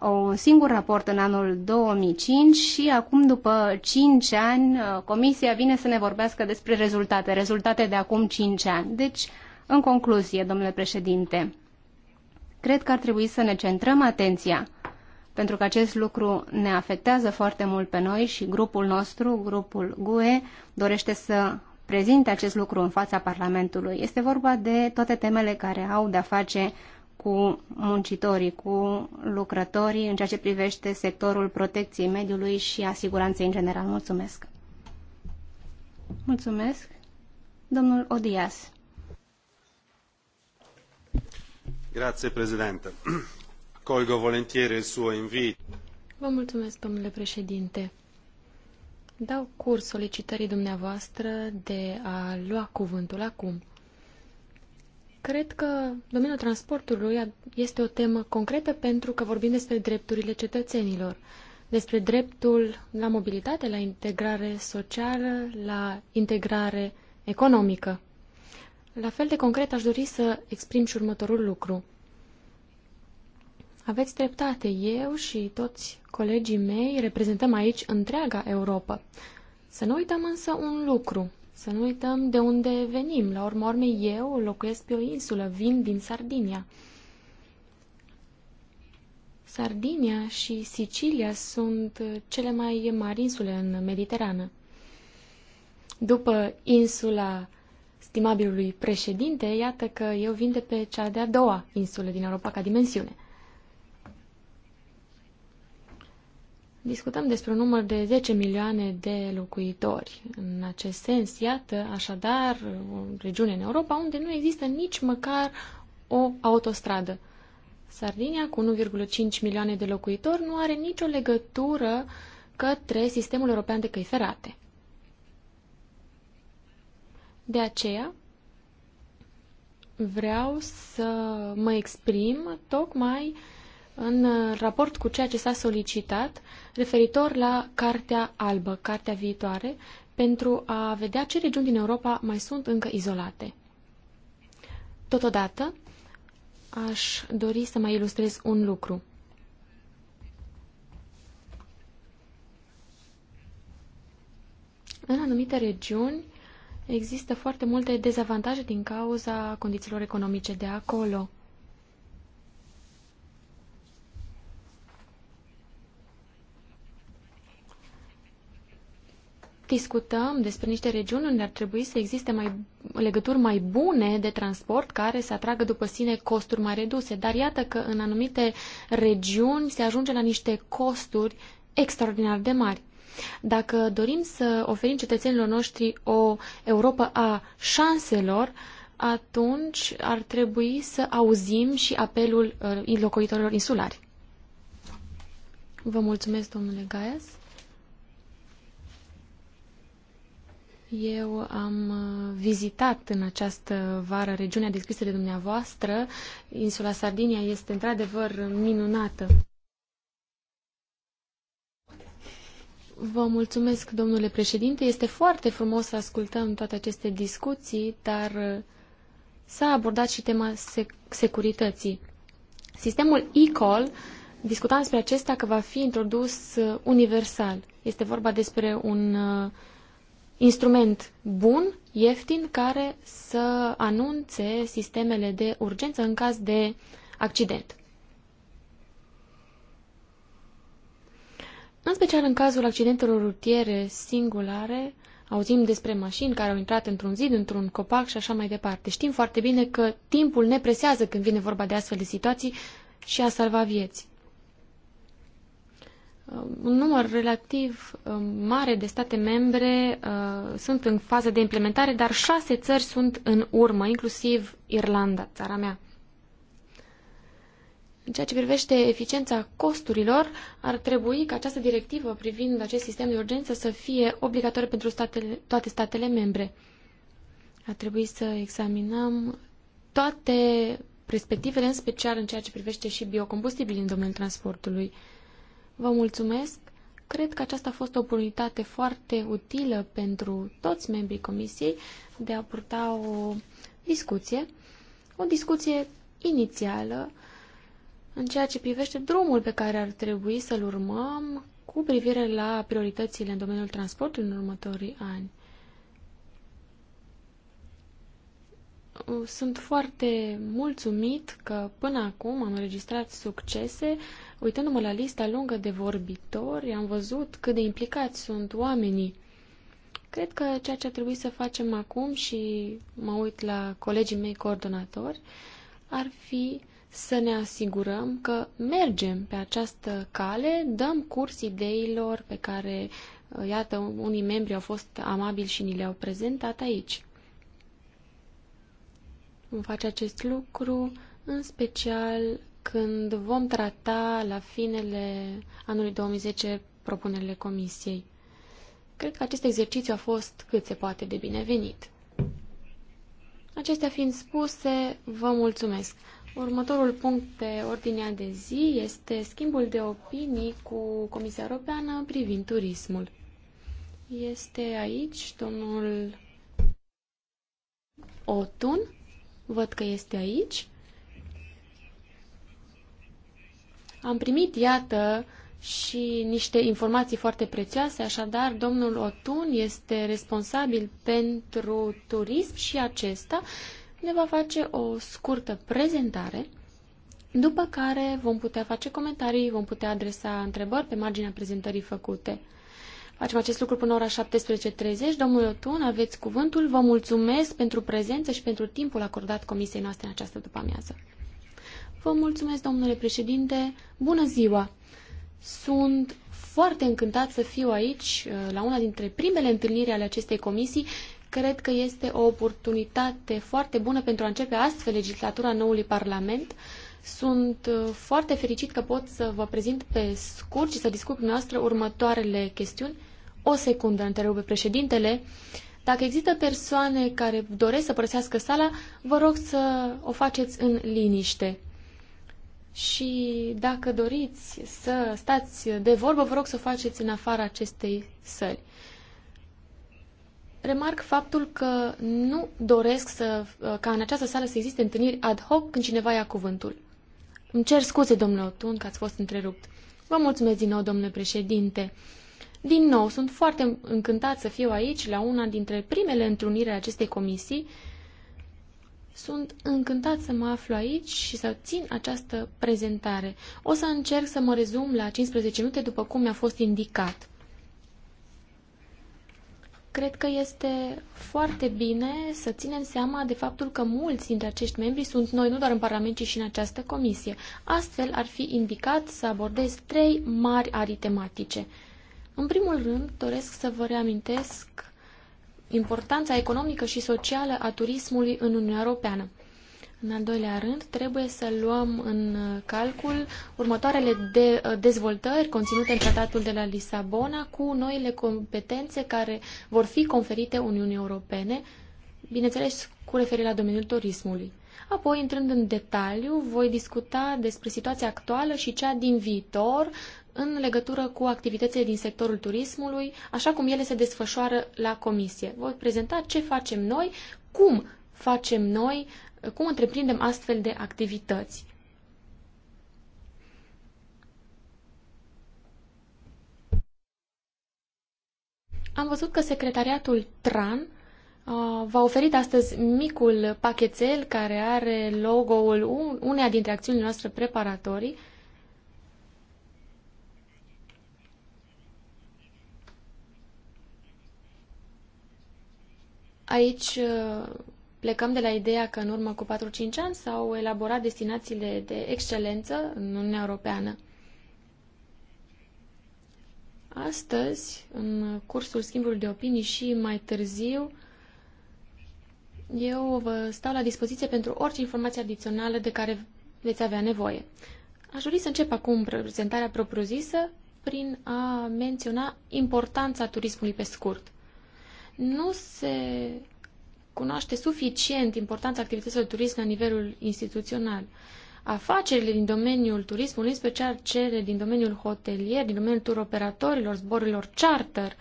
un singur raport în anul 2005 și acum, după 5 ani, uh, Comisia vine să ne vorbească despre rezultate, rezultate de acum 5 ani. Deci, în concluzie, domnule președinte, cred că ar trebui să ne centrăm atenția, pentru că acest lucru ne afectează foarte mult pe noi și grupul nostru, grupul GUE, dorește să prezinte acest lucru în fața Parlamentului. Este vorba de toate temele care au de-a face cu muncitorii, cu lucrătorii în ceea ce privește sectorul protecției mediului și a siguranței în general. Mulțumesc! Mulțumesc! Domnul Odias. Grazie, Presidente. Colgo volentieri il suo invito. Vă mulțumesc, domnule președinte. Dau curs solicitării dumneavoastră de a lua cuvântul acum. Cred că domeniul transportului este o temă concretă pentru că vorbim despre drepturile cetățenilor, despre dreptul la mobilitate, la integrare socială, la integrare economică. La fel de concret aș dori să exprim și următorul lucru. Aveți dreptate, eu și toți colegii mei reprezentăm aici întreaga Europa. Să nu uităm însă un lucru. Să nu uităm de unde venim. La urmă urmei, eu locuiesc pe o insulă, vin din Sardinia. Sardinia și Sicilia sunt cele mai mari insule în Mediterană. După insula stimabilului președinte, iată că eu vin de pe cea de-a doua insulă din Europa ca dimensiune. Discutăm despre un număr de 10 milioane de locuitori. În acest sens, iată, așadar, o regiune în Europa unde nu există nici măcar o autostradă. Sardinia, cu 1,5 milioane de locuitori, nu are nicio legătură către sistemul european de căi ferate. De aceea, vreau să mă exprim tocmai uh, în uh, raport cu ceea ce s-a solicitat referitor la Cartea Albă, Cartea Viitoare, pentru a vedea ce regiuni din Europa mai sunt încă izolate. Totodată, aș dori să mai ilustrez un lucru. În anumite regiuni există foarte multe dezavantaje din cauza condițiilor economice de acolo. discutăm despre niște regiuni unde ar trebui să existe mai, legături mai bune de transport care să atragă după sine costuri mai reduse. Dar iată că în anumite regiuni se ajunge la niște costuri extraordinar de mari. Dacă dorim să oferim cetățenilor noștri o Europa a șanselor, atunci ar trebui să auzim și apelul uh, locuitorilor insulari. Vă mulțumesc, domnule Gaias. Eu am uh, vizitat în această vară regiunea descrisă de dumneavoastră. Insula Sardinia este într-adevăr minunată. Vă mulțumesc, domnule președinte. Este foarte frumos să ascultăm toate aceste discuții, dar uh, s-a abordat și tema sec securității. Sistemul e-call, discutam despre acesta că va fi introdus uh, universal. Este vorba despre un uh, instrument bun, ieftin, care să anunțe sistemele de urgență în caz de accident. În special în cazul accidentelor rutiere singulare, auzim despre mașini care au intrat într-un zid, într-un copac și așa mai departe. Știm foarte bine că timpul ne presează când vine vorba de astfel de situații și a salva vieți. Uh, un număr relativ uh, mare de state membre uh, sunt în fază de implementare, dar șase țări sunt în urmă, inclusiv Irlanda, țara mea. În ceea ce privește eficiența costurilor, ar trebui ca această directivă privind acest sistem de urgență să fie obligatorie pentru statele, toate statele membre. Ar trebui să examinăm toate perspectivele, în special în ceea ce privește și biocombustibili în domeniul transportului. Uh, Vă mulțumesc. Cred că aceasta a fost o oportunitate foarte utilă pentru toți membrii comisiei de a purta o discuție, o discuție inițială în ceea ce privește drumul pe care ar trebui să-l urmăm cu privire la prioritățile în domeniul transportului în următorii ani. Sunt foarte mulțumit că până acum am înregistrat succese Uitându-mă la lista lungă de vorbitori, am văzut cât de implicați sunt oamenii. Cred că ceea ce trebuie să facem acum și mă uit la colegii mei coordonatori ar fi să ne asigurăm că mergem pe această cale, dăm curs ideilor pe care, iată, unii membri au fost amabili și ni le-au prezentat aici. Vom face acest lucru în special când vom trata la finele anului 2010 propunerile comisiei. Cred că acest exercițiu a fost cât se poate de binevenit. Acestea fiind spuse, vă mulțumesc. Următorul punct pe ordinea de zi este schimbul de opinii cu Comisia Europeană privind turismul. Este aici domnul Otun. Văd că este aici. Am primit, iată, și niște informații foarte prețioase, așadar domnul Otun este responsabil pentru turism și acesta ne va face o scurtă prezentare, după care vom putea face comentarii, vom putea adresa întrebări pe marginea prezentării făcute. Facem acest lucru până ora 17.30. Domnul Otun, aveți cuvântul. Vă mulțumesc pentru prezență și pentru timpul acordat comisiei noastre în această după-amiază. Vă mulțumesc, domnule președinte. Bună ziua! Sunt foarte încântat să fiu aici, uh, la una dintre primele întâlniri ale acestei comisii. Cred că este o oportunitate foarte bună pentru a începe astfel legislatura noului Parlament. Sunt uh, foarte fericit că pot să vă prezint pe scurt și să discut cu noastră următoarele chestiuni. O secundă, întrerupe președintele. Dacă există persoane care doresc să părăsească sala, vă rog să o faceți în liniște și dacă doriți să stați de vorbă, vă rog să o faceți în afara acestei săli. Remarc faptul că nu doresc să, ca în această sală să existe întâlniri ad hoc când cineva ia cuvântul. Îmi cer scuze, domnule Otun, că ați fost întrerupt. Vă mulțumesc din nou, domnule președinte. Din nou, sunt foarte încântat să fiu aici la una dintre primele întruniri ale acestei comisii sunt încântat să mă aflu aici și să țin această prezentare. O să încerc să mă rezum la 15 minute după cum mi-a fost indicat. Cred că este foarte bine să ținem seama de faptul că mulți dintre acești membri sunt noi, nu doar în Parlament, ci și în această comisie. Astfel ar fi indicat să abordez trei mari arii tematice. În primul rând, doresc să vă reamintesc importanța economică și socială a turismului în Uniunea Europeană. În al doilea rând, trebuie să luăm în calcul următoarele de, uh, dezvoltări conținute în tratatul de la Lisabona cu noile competențe care vor fi conferite Uniunii Europene, bineînțeles cu referire la domeniul turismului. Apoi, intrând în detaliu, voi discuta despre situația actuală și cea din viitor în legătură cu activitățile din sectorul turismului, așa cum ele se desfășoară la comisie. Voi prezenta ce facem noi, cum facem noi, cum întreprindem astfel de activități. Am văzut că secretariatul TRAN uh, V-a oferit astăzi micul pachetel care are logo-ul uneia dintre acțiunile noastre preparatorii Aici uh, plecăm de la ideea că în urmă cu 4-5 ani s-au elaborat destinațiile de excelență în Uniunea Europeană. Astăzi, în cursul schimbului de opinii și mai târziu, eu vă stau la dispoziție pentru orice informație adițională de care veți avea nevoie. Aș dori să încep acum prezentarea propriu-zisă prin a menționa importanța turismului pe scurt nu se cunoaște suficient importanța activităților turism la nivelul instituțional. Afacerile din domeniul turismului, în special cele din domeniul hotelier, din domeniul tur operatorilor, zborurilor charter,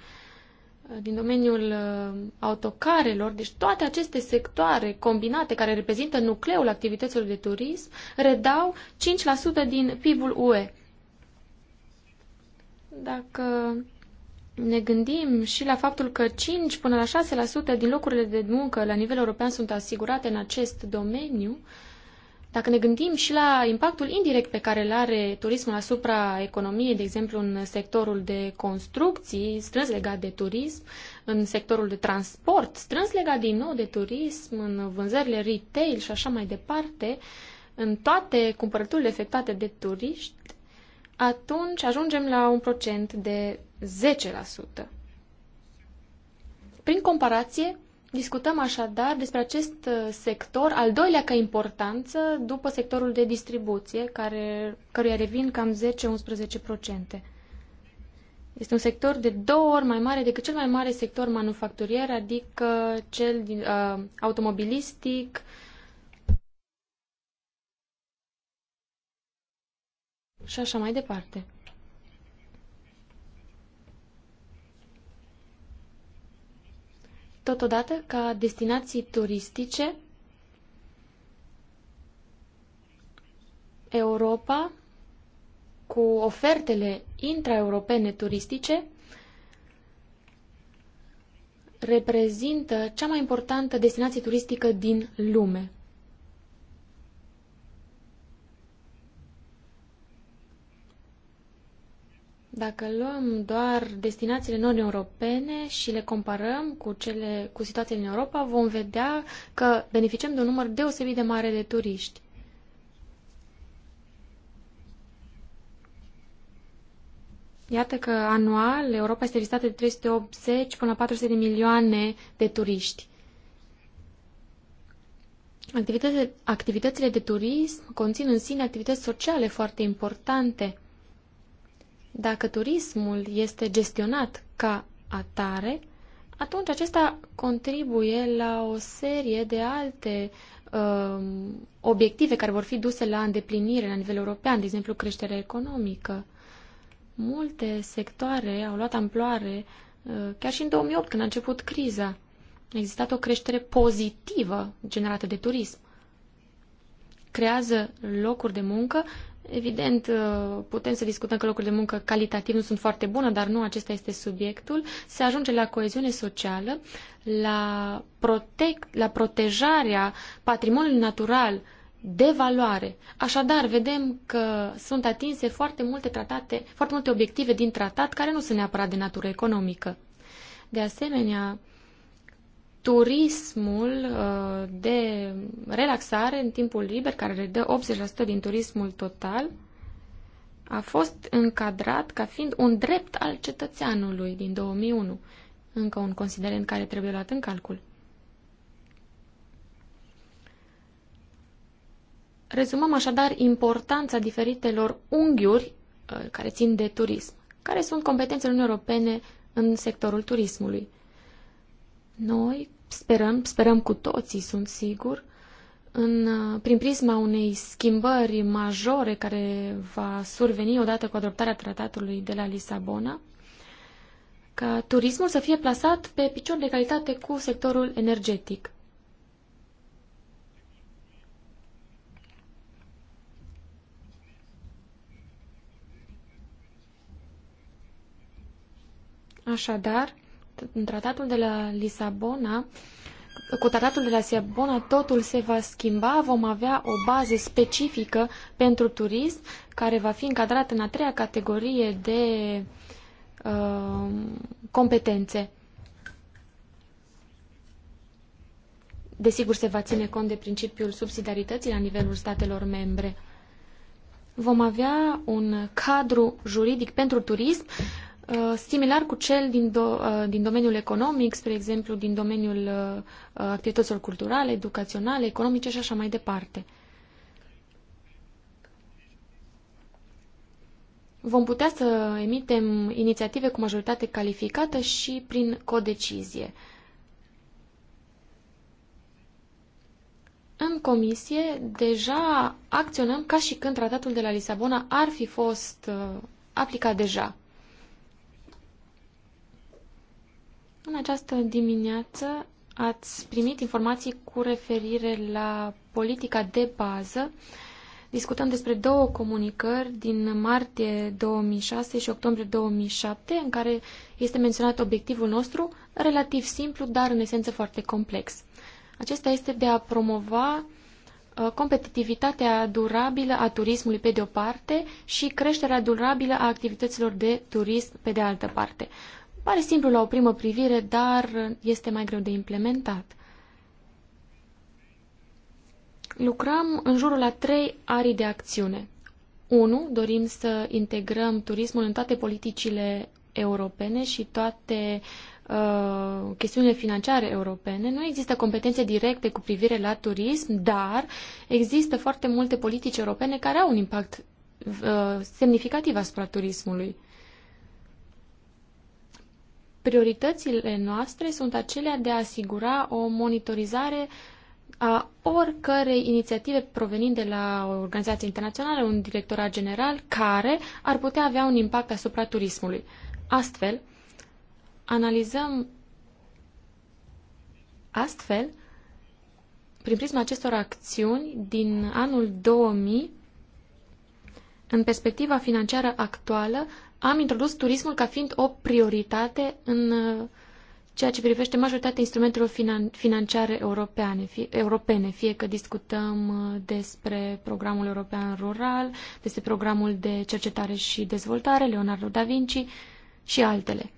din domeniul uh, autocarelor, deci toate aceste sectoare combinate care reprezintă nucleul activităților de turism, redau 5% din PIB-ul UE. Dacă ne gândim și la faptul că 5 până la 6% din locurile de muncă la nivel european sunt asigurate în acest domeniu, dacă ne gândim și la impactul indirect pe care îl are turismul asupra economiei, de exemplu în sectorul de construcții, strâns legat de turism, în sectorul de transport, strâns legat din nou de turism, în vânzările retail și așa mai departe, în toate cumpărăturile efectuate de turiști, atunci ajungem la un procent de 10%. Prin comparație, discutăm așadar despre acest uh, sector, al doilea ca importanță, după sectorul de distribuție, care, căruia revin cam 10-11%. Este un sector de două ori mai mare decât cel mai mare sector manufacturier, adică cel din, uh, automobilistic. Și așa mai departe. totodată ca destinații turistice Europa cu ofertele intraeuropene turistice reprezintă cea mai importantă destinație turistică din lume. Dacă luăm doar destinațiile non-europene și le comparăm cu, cele, cu situația din Europa, vom vedea că beneficiem de un număr deosebit de mare de turiști. Iată că anual Europa este vizitată de 380 până la 400 de milioane de turiști. Activitățile, activitățile de turism conțin în sine activități sociale foarte importante – dacă turismul este gestionat ca atare, atunci acesta contribuie la o serie de alte uh, obiective care vor fi duse la îndeplinire la nivel european, de exemplu creșterea economică. Multe sectoare au luat amploare uh, chiar și în 2008 când a început criza. A existat o creștere pozitivă generată de turism. Creează locuri de muncă Evident, uh, putem să discutăm că locurile de muncă calitativ nu sunt foarte bune, dar nu acesta este subiectul. Se ajunge la coeziune socială, la, protec- la protejarea patrimoniului natural de valoare. Așadar, vedem că sunt atinse foarte multe, tratate, foarte multe obiective din tratat care nu sunt neapărat de natură economică. De asemenea, turismul uh, de relaxare în timpul liber, care redă 80% din turismul total, a fost încadrat ca fiind un drept al cetățeanului din 2001, încă un considerent care trebuie luat în calcul. Rezumăm așadar importanța diferitelor unghiuri uh, care țin de turism, care sunt competențele Uniunii Europene în sectorul turismului. Noi sperăm, sperăm cu toții, sunt sigur, în, prin prisma unei schimbări majore care va surveni odată cu adoptarea tratatului de la Lisabona, ca turismul să fie plasat pe picior de calitate cu sectorul energetic. Așadar, în tratatul de la Lisabona, cu tratatul de la Lisabona totul se va schimba, vom avea o bază specifică pentru turism care va fi încadrată în a treia categorie de uh, competențe. Desigur, se va ține cont de principiul subsidiarității la nivelul statelor membre. Vom avea un cadru juridic pentru turism uh, Uh, similar cu cel din, do, uh, din domeniul economic, spre exemplu, din domeniul uh, activităților culturale, educaționale, economice și așa mai departe. Vom putea să emitem inițiative cu majoritate calificată și prin codecizie. În comisie deja acționăm ca și când tratatul de la Lisabona ar fi fost aplicat deja. În această dimineață ați primit informații cu referire la politica de bază. Discutăm despre două comunicări din martie 2006 și octombrie 2007, în care este menționat obiectivul nostru, relativ simplu, dar în esență foarte complex. Acesta este de a promova uh, competitivitatea durabilă a turismului pe de o parte și creșterea durabilă a activităților de turism pe de altă parte. Pare simplu la o primă privire, dar este mai greu de implementat. Lucrăm în jurul la trei arii de acțiune. 1. Dorim să integrăm turismul în toate politicile europene și toate uh, chestiunile financiare europene. Nu există competențe directe cu privire la turism, dar există foarte multe politici europene care au un impact uh, semnificativ asupra turismului. Prioritățile noastre sunt acelea de a asigura o monitorizare a oricărei inițiative provenind de la o organizație internațională, un directorat general, care ar putea avea un impact asupra turismului. Astfel, analizăm astfel, prin prisma acestor acțiuni, din anul 2000, în perspectiva financiară actuală, am introdus turismul ca fiind o prioritate în uh, ceea ce privește majoritatea instrumentelor finan- financiare europeane, fie, europene, fie că discutăm uh, despre programul european rural, despre programul de cercetare și dezvoltare, Leonardo da Vinci și altele.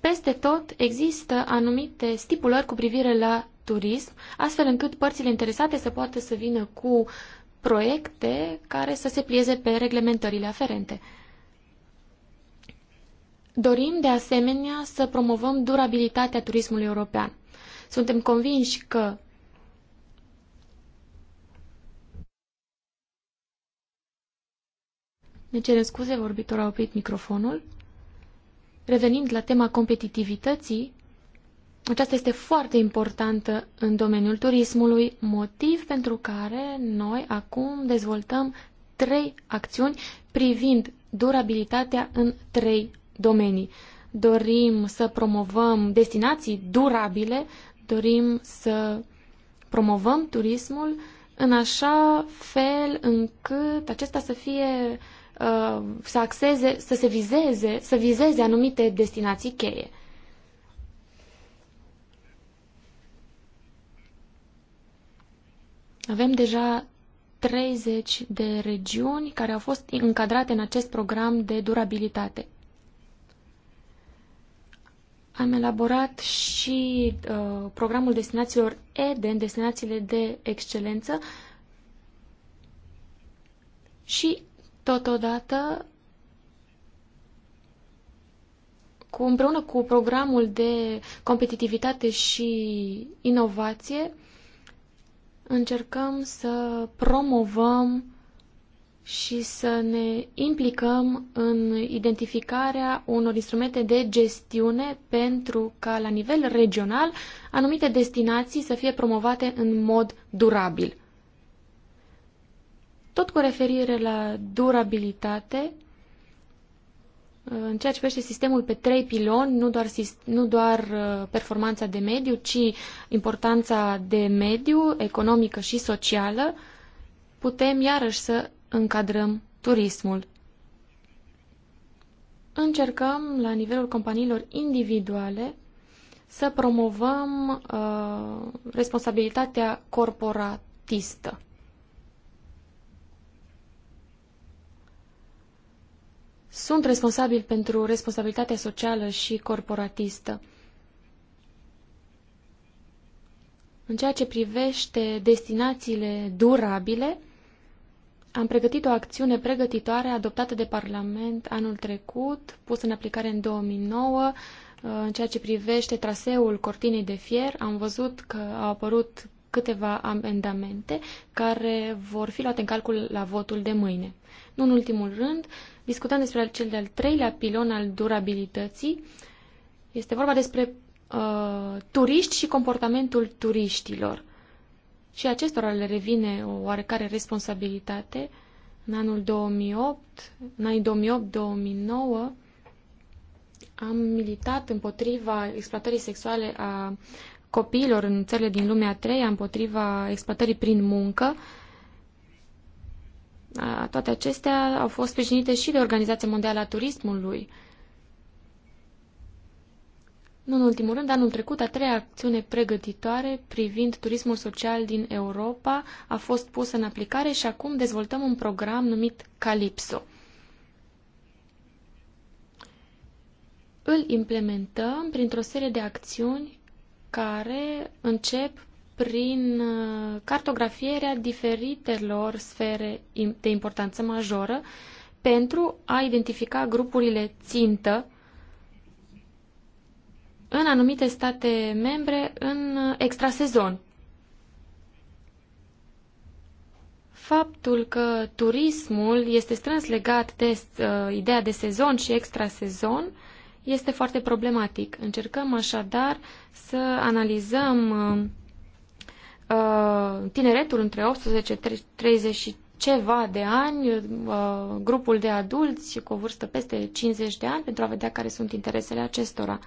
Peste tot există anumite stipulări cu privire la turism, astfel încât părțile interesate să poată să vină cu uh, proiecte care să se plieze pe reglementările aferente. Dorim, de asemenea, să promovăm durabilitatea turismului european. Suntem convinși că Ne cerem scuze, vorbitor a oprit microfonul. Revenind la tema competitivității, aceasta este foarte importantă în domeniul turismului, motiv pentru care noi acum dezvoltăm trei acțiuni privind durabilitatea în trei domenii. Dorim să promovăm destinații durabile, dorim să promovăm turismul în așa fel încât acesta să fie uh, să axeze, să se vizeze, să vizeze anumite destinații cheie. Avem deja 30 de regiuni care au fost încadrate în acest program de durabilitate. Am elaborat și uh, programul destinațiilor EDEN, destinațiile de excelență, și totodată cu, împreună cu programul de competitivitate și inovație, încercăm să promovăm și să ne implicăm în identificarea unor instrumente de gestiune pentru ca la nivel regional anumite destinații să fie promovate în mod durabil. Tot cu referire la durabilitate, în ceea ce privește sistemul pe trei piloni, nu doar, nu doar uh, performanța de mediu, ci importanța de mediu, economică și socială, putem iarăși să încadrăm turismul. Încercăm, la nivelul companiilor individuale, să promovăm uh, responsabilitatea corporatistă. sunt responsabili pentru responsabilitatea socială și corporatistă. În ceea ce privește destinațiile durabile, am pregătit o acțiune pregătitoare adoptată de Parlament anul trecut, pusă în aplicare în 2009, în ceea ce privește traseul cortinei de fier. Am văzut că au apărut câteva amendamente care vor fi luate în calcul la votul de mâine. Nu în ultimul rând, discutăm despre cel de-al treilea pilon al durabilității. Este vorba despre uh, turiști și comportamentul turiștilor. Și acestora le revine o oarecare responsabilitate. În anul 2008, în anii 2008-2009, am militat împotriva exploatării sexuale a copiilor în țările din lumea a treia, împotriva exploatării prin muncă toate acestea au fost sprijinite și de Organizația Mondială a Turismului. Nu în ultimul rând, anul trecut, a treia acțiune pregătitoare privind turismul social din Europa a fost pusă în aplicare și acum dezvoltăm un program numit Calypso. Îl implementăm printr-o serie de acțiuni care încep prin uh, cartografierea diferitelor sfere de importanță majoră pentru a identifica grupurile țintă în anumite state membre în uh, extrasezon. Faptul că turismul este strâns legat de uh, ideea de sezon și extrasezon este foarte problematic. Încercăm așadar să analizăm uh, Uh, tineretul între 18 30 și ceva de ani, uh, grupul de adulți cu o vârstă peste 50 de ani, pentru a vedea care sunt interesele acestora.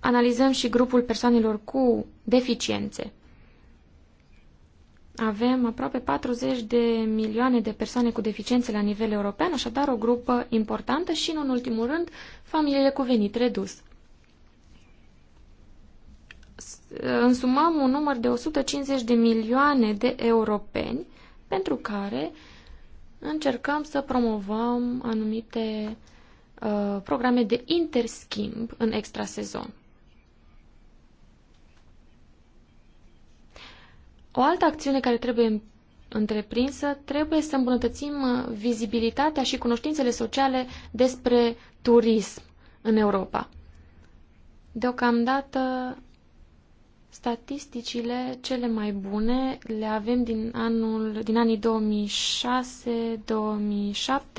Analizăm și grupul persoanelor cu deficiențe. Avem aproape 40 de milioane de persoane cu deficiențe la nivel european, așadar o grupă importantă și, în ultimul rând, familiile cu venit redus însumăm un număr de 150 de milioane de europeni pentru care încercăm să promovăm anumite uh, programe de interschimb în extrasezon. O altă acțiune care trebuie întreprinsă trebuie să îmbunătățim uh, vizibilitatea și cunoștințele sociale despre turism în Europa. Deocamdată Statisticile cele mai bune le avem din, anul, din anii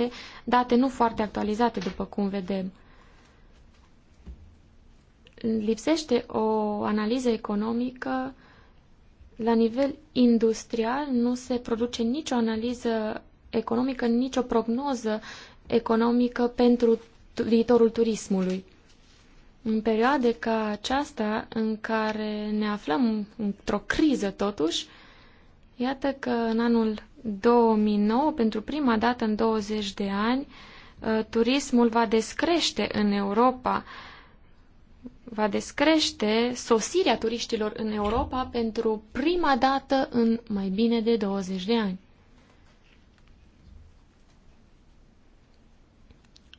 2006-2007, date nu foarte actualizate, după cum vedem. Lipsește o analiză economică la nivel industrial, nu se produce nicio analiză economică, nicio prognoză economică pentru viitorul turismului. În perioade ca aceasta, în care ne aflăm într-o criză totuși, iată că în anul 2009, pentru prima dată în 20 de ani, ă, turismul va descrește în Europa, va descrește sosirea turiștilor în Europa pentru prima dată în mai bine de 20 de ani.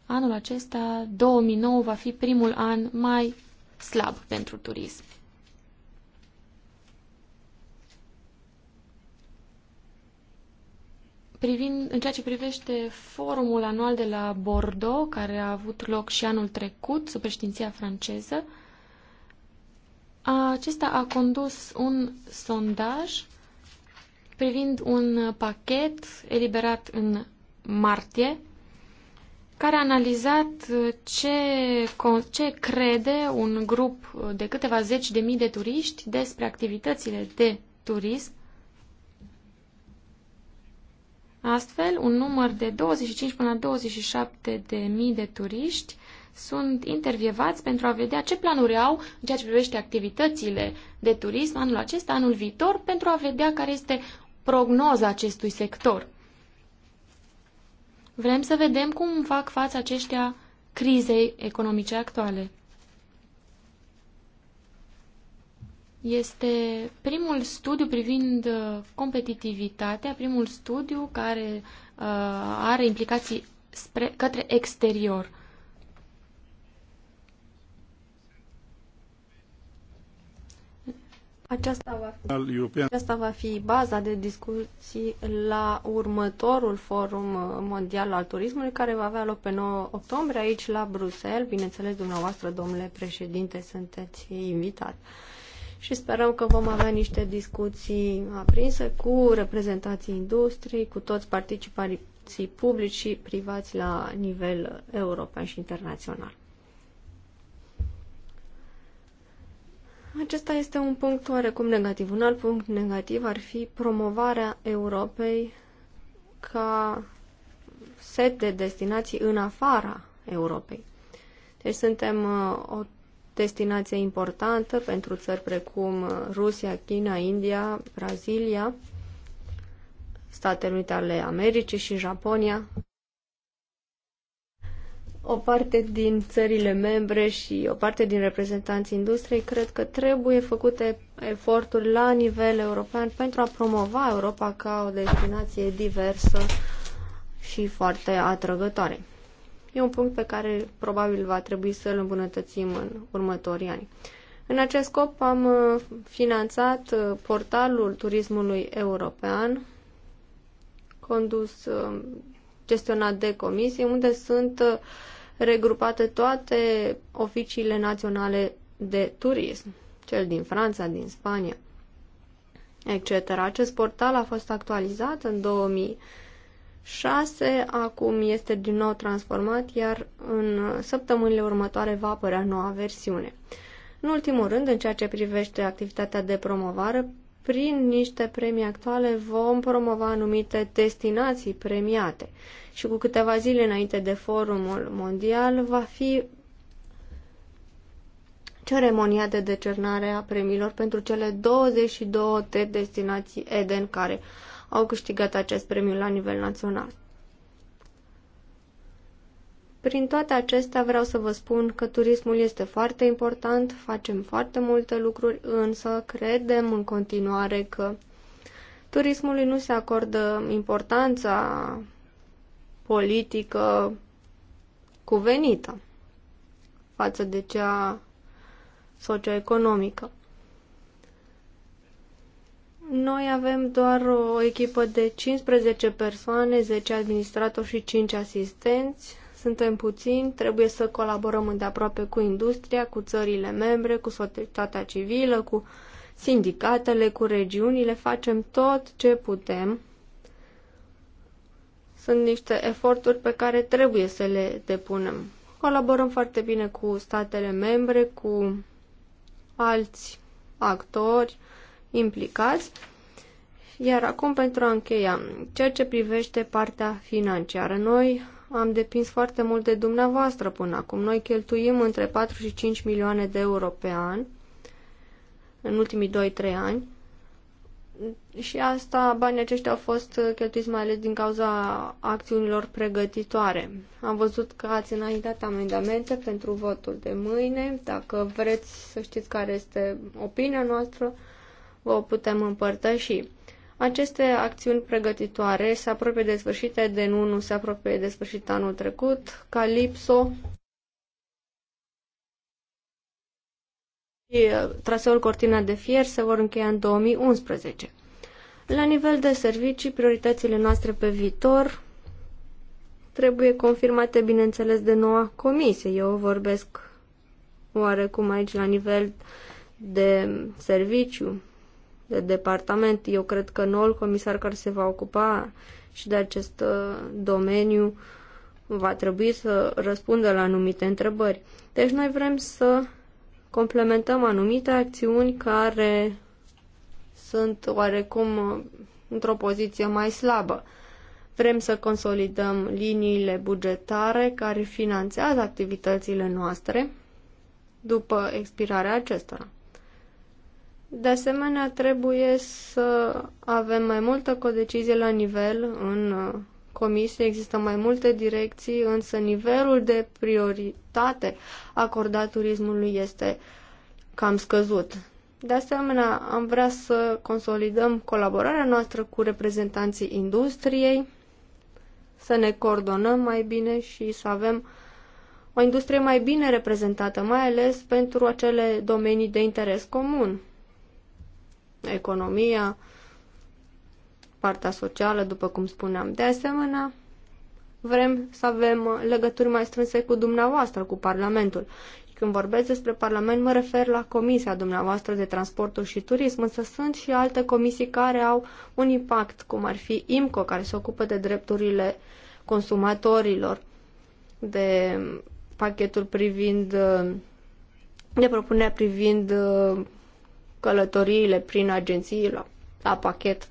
anul acesta, 2009, va fi primul an mai slab pentru turism. Privind, în ceea ce privește forumul anual de la Bordeaux, care a avut loc și anul trecut, sub președinția franceză, acesta a condus un sondaj privind un pachet eliberat în martie care a analizat uh, ce, ce crede un grup de câteva zeci de mii de turiști despre activitățile de turism. Astfel, un număr de 25 până la 27 de mii de turiști sunt intervievați pentru a vedea ce planuri au în ceea ce privește activitățile de turism anul acesta, anul viitor, pentru a vedea care este prognoza acestui sector. Vrem să vedem cum fac față aceștia crizei economice actuale. Este primul studiu privind uh, competitivitatea, primul studiu care uh, are implicații spre, către exterior. Aceasta va, fi, aceasta va fi baza de discuții la următorul forum mondial al turismului care va avea loc pe 9 octombrie aici la Bruxelles. Bineînțeles, dumneavoastră, domnule președinte, sunteți invitat. Și sperăm că vom avea niște discuții aprinse cu reprezentanții industriei, cu toți participanții publici și privați la nivel european și internațional. Acesta este un punct oarecum negativ. Un alt punct negativ ar fi promovarea Europei ca set de destinații în afara Europei. Deci suntem uh, o destinație importantă pentru țări precum uh, Rusia, China, India, Brazilia, Statele Unite ale Americii și Japonia o parte din țările membre și o parte din reprezentanții industriei cred că trebuie făcute eforturi la nivel european pentru a promova Europa ca o destinație diversă și foarte atrăgătoare. E un punct pe care probabil va trebui să-l îmbunătățim în următorii ani. În acest scop am uh, finanțat uh, portalul turismului european, condus, uh, gestionat de comisie, unde sunt regrupate toate oficiile naționale de turism, cel din Franța, din Spania, etc. Acest portal a fost actualizat în 2006, acum este din nou transformat, iar în săptămânile următoare va apărea noua versiune. În ultimul rând, în ceea ce privește activitatea de promovare, prin niște premii actuale vom promova anumite destinații premiate. Și cu câteva zile înainte de forumul mondial va fi ceremonia de decernare a premiilor pentru cele 22 de destinații Eden care au câștigat acest premiu la nivel național. Prin toate acestea vreau să vă spun că turismul este foarte important, facem foarte multe lucruri, însă credem în continuare că turismului nu se acordă importanța politică cuvenită față de cea socioeconomică. Noi avem doar o echipă de 15 persoane, 10 administratori și 5 asistenți. Suntem puțini, trebuie să colaborăm îndeaproape cu industria, cu țările membre, cu societatea civilă, cu sindicatele, cu regiunile, facem tot ce putem. Sunt niște eforturi pe care trebuie să le depunem. Colaborăm foarte bine cu statele membre, cu alți actori implicați. Iar acum pentru a încheia, ceea ce privește partea financiară, noi am depins foarte mult de dumneavoastră până acum. Noi cheltuim între 4 și 5 milioane de euro pe an în ultimii 2-3 ani și asta, banii aceștia au fost cheltuiți mai ales din cauza acțiunilor pregătitoare. Am văzut că ați înaintat amendamente pentru votul de mâine. Dacă vreți să știți care este opinia noastră, vă o putem împărtăși. Aceste acțiuni pregătitoare se apropie de sfârșit, nu nu se apropie de sfârșit anul trecut, Calypso și uh, traseul Cortina de Fier se vor încheia în 2011. La nivel de servicii, prioritățile noastre pe viitor trebuie confirmate, bineînțeles, de noua comisie. Eu vorbesc oarecum aici la nivel de serviciu, de departament. Eu cred că noul comisar care se va ocupa și de acest uh, domeniu va trebui să răspundă la anumite întrebări. Deci noi vrem să complementăm anumite acțiuni care sunt oarecum uh, într-o poziție mai slabă. Vrem să consolidăm liniile bugetare care finanțează activitățile noastre după expirarea acestora. De asemenea, trebuie să avem mai multă codecizie la nivel în uh, comisie, există mai multe direcții, însă nivelul de prioritate acordat turismului este cam scăzut. De asemenea, am vrea să consolidăm colaborarea noastră cu reprezentanții industriei, să ne coordonăm mai bine și să avem o industrie mai bine reprezentată, mai ales pentru acele domenii de interes comun, economia, partea socială, după cum spuneam. De asemenea, vrem să avem legături mai strânse cu dumneavoastră, cu Parlamentul. Și când vorbesc despre Parlament, mă refer la Comisia dumneavoastră de Transportul și Turism, însă sunt și alte comisii care au un impact, cum ar fi IMCO, care se ocupă de drepturile consumatorilor, de pachetul privind, de propunerea privind călătoriile prin agenții la, la pachet.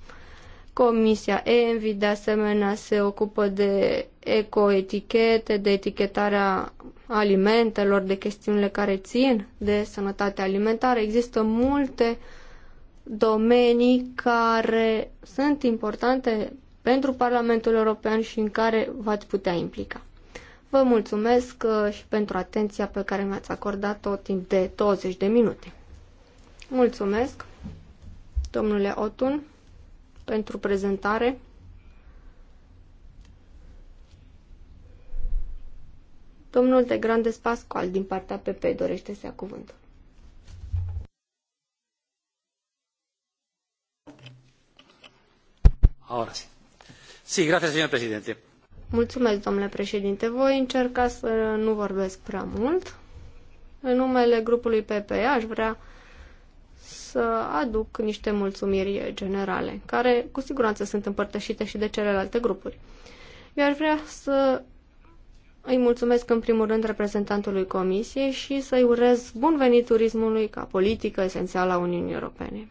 Comisia ENVI de asemenea se ocupă de ecoetichete, de etichetarea alimentelor, de chestiunile care țin de sănătatea alimentară. Există multe domenii care sunt importante pentru Parlamentul European și în care v-ați putea implica. Vă mulțumesc uh, și pentru atenția pe care mi-ați acordat-o timp de 20 de minute. Mulțumesc, domnule Otun, pentru prezentare. Domnul de Grandes Pascual din partea PP dorește să ia cuvântul. Ahora sí. Sí, gracias, señor presidente. Mulțumesc, domnule președinte. Voi încerca să nu vorbesc prea mult. În numele grupului PP aș vrea să aduc niște mulțumiri generale, care cu siguranță sunt împărtășite și de celelalte grupuri. Eu ar vrea să îi mulțumesc în primul rând reprezentantului Comisiei și să-i urez bun venit turismului ca politică esențială a Uniunii Europene.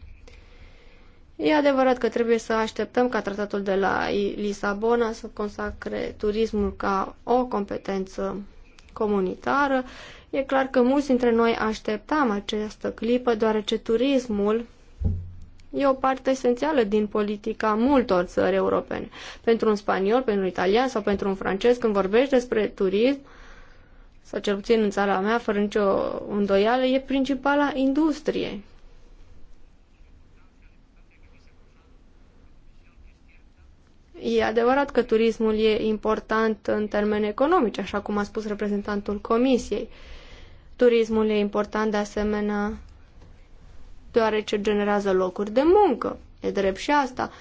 E adevărat că trebuie să așteptăm ca tratatul de la Lisabona să consacre turismul ca o competență comunitară. E clar că mulți dintre noi așteptam această clipă, deoarece turismul e o parte esențială din politica multor țări europene. Pentru un spaniol, pentru un italian sau pentru un francez, când vorbești despre turism, sau cel puțin în țara mea, fără nicio îndoială, e principala industrie E adevărat că turismul e important în termeni economici, așa cum a spus reprezentantul Comisiei. Turismul e important de asemenea deoarece generează locuri de muncă. E drept și asta.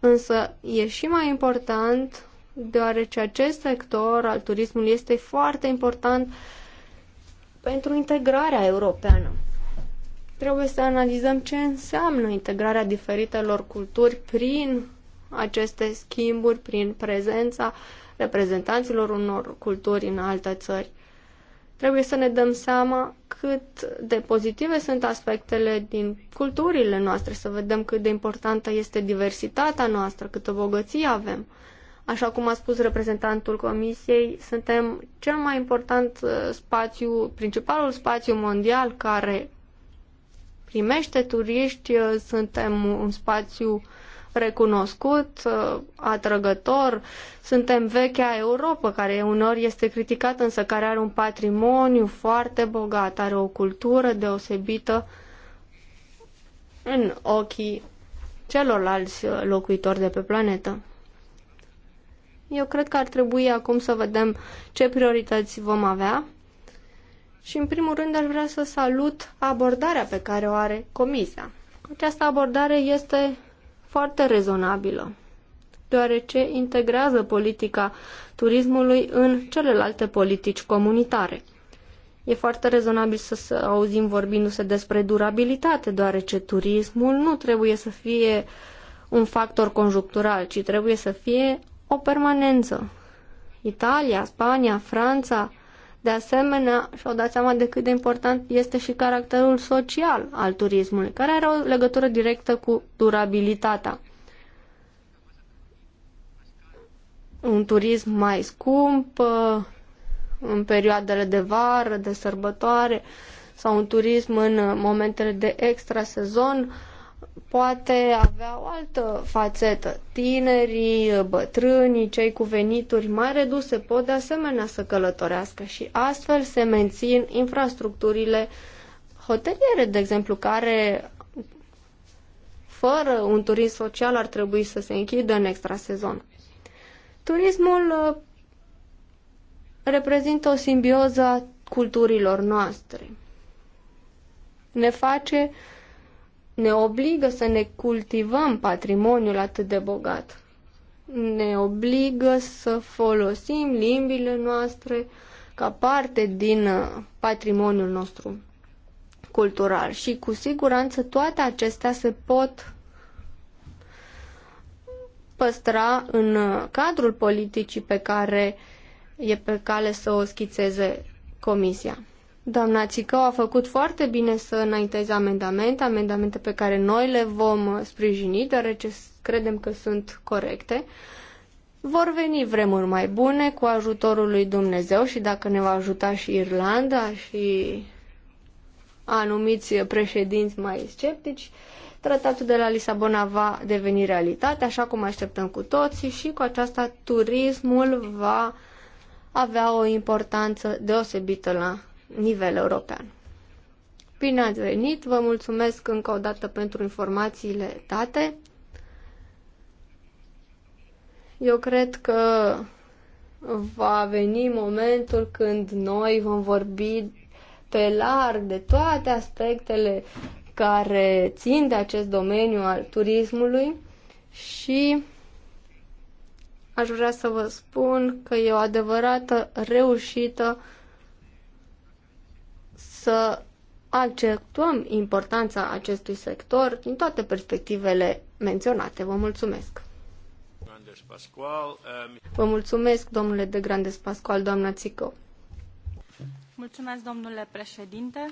Însă e și mai important deoarece acest sector al turismului este foarte important pentru integrarea europeană. Trebuie să analizăm ce înseamnă integrarea diferitelor culturi prin aceste schimburi prin prezența reprezentanților unor culturi în alte țări. Trebuie să ne dăm seama cât de pozitive sunt aspectele din culturile noastre, să vedem cât de importantă este diversitatea noastră, câtă bogăție avem. Așa cum a spus reprezentantul Comisiei, suntem cel mai important uh, spațiu, principalul spațiu mondial care primește turiști, uh, suntem un spațiu recunoscut, uh, atrăgător. Suntem vechea Europa, care uneori este criticată, însă care are un patrimoniu foarte bogat, are o cultură deosebită în ochii celorlalți uh, locuitori de pe planetă. Eu cred că ar trebui acum să vedem ce priorități vom avea și, în primul rând, aș vrea să salut abordarea pe care o are Comisia. Această abordare este foarte rezonabilă, deoarece integrează politica turismului în celelalte politici comunitare. E foarte rezonabil să, să auzim vorbindu-se despre durabilitate, deoarece turismul nu trebuie să fie un factor conjunctural, ci trebuie să fie o permanență. Italia, Spania, Franța de asemenea, și-au dat seama de cât de important este și caracterul social al turismului, care are o legătură directă cu durabilitatea. Un turism mai scump uh, în perioadele de vară, de sărbătoare sau un turism în momentele de extra sezon poate avea o altă fațetă. Tinerii, bătrânii, cei cu venituri mai reduse pot de asemenea să călătorească și astfel se mențin infrastructurile hoteliere, de exemplu, care fără un turism social ar trebui să se închidă în extrasezon. Turismul uh, reprezintă o simbioză a culturilor noastre. Ne face uh, ne obligă să ne cultivăm patrimoniul atât de bogat. Ne obligă să folosim limbile noastre ca parte din uh, patrimoniul nostru cultural și cu siguranță toate acestea se pot păstra în uh, cadrul politicii pe care e pe cale să o schițeze Comisia. Doamna Țicău a făcut foarte bine să înainteze amendamente, amendamente pe care noi le vom sprijini, deoarece credem că sunt corecte. Vor veni vremuri mai bune cu ajutorul lui Dumnezeu și dacă ne va ajuta și Irlanda și anumiți președinți mai sceptici, tratatul de la Lisabona va deveni realitate, așa cum așteptăm cu toții și cu aceasta turismul va avea o importanță deosebită la nivel european. Bine ați venit, vă mulțumesc încă o dată pentru informațiile date. Eu cred că va veni momentul când noi vom vorbi pe larg de toate aspectele care țin de acest domeniu al turismului și aș vrea să vă spun că e o adevărată reușită să acceptăm importanța acestui sector din toate perspectivele menționate. Vă mulțumesc! Um, Vă mulțumesc, domnule de Grandes Pascual, doamna Țică. Mulțumesc, domnule președinte.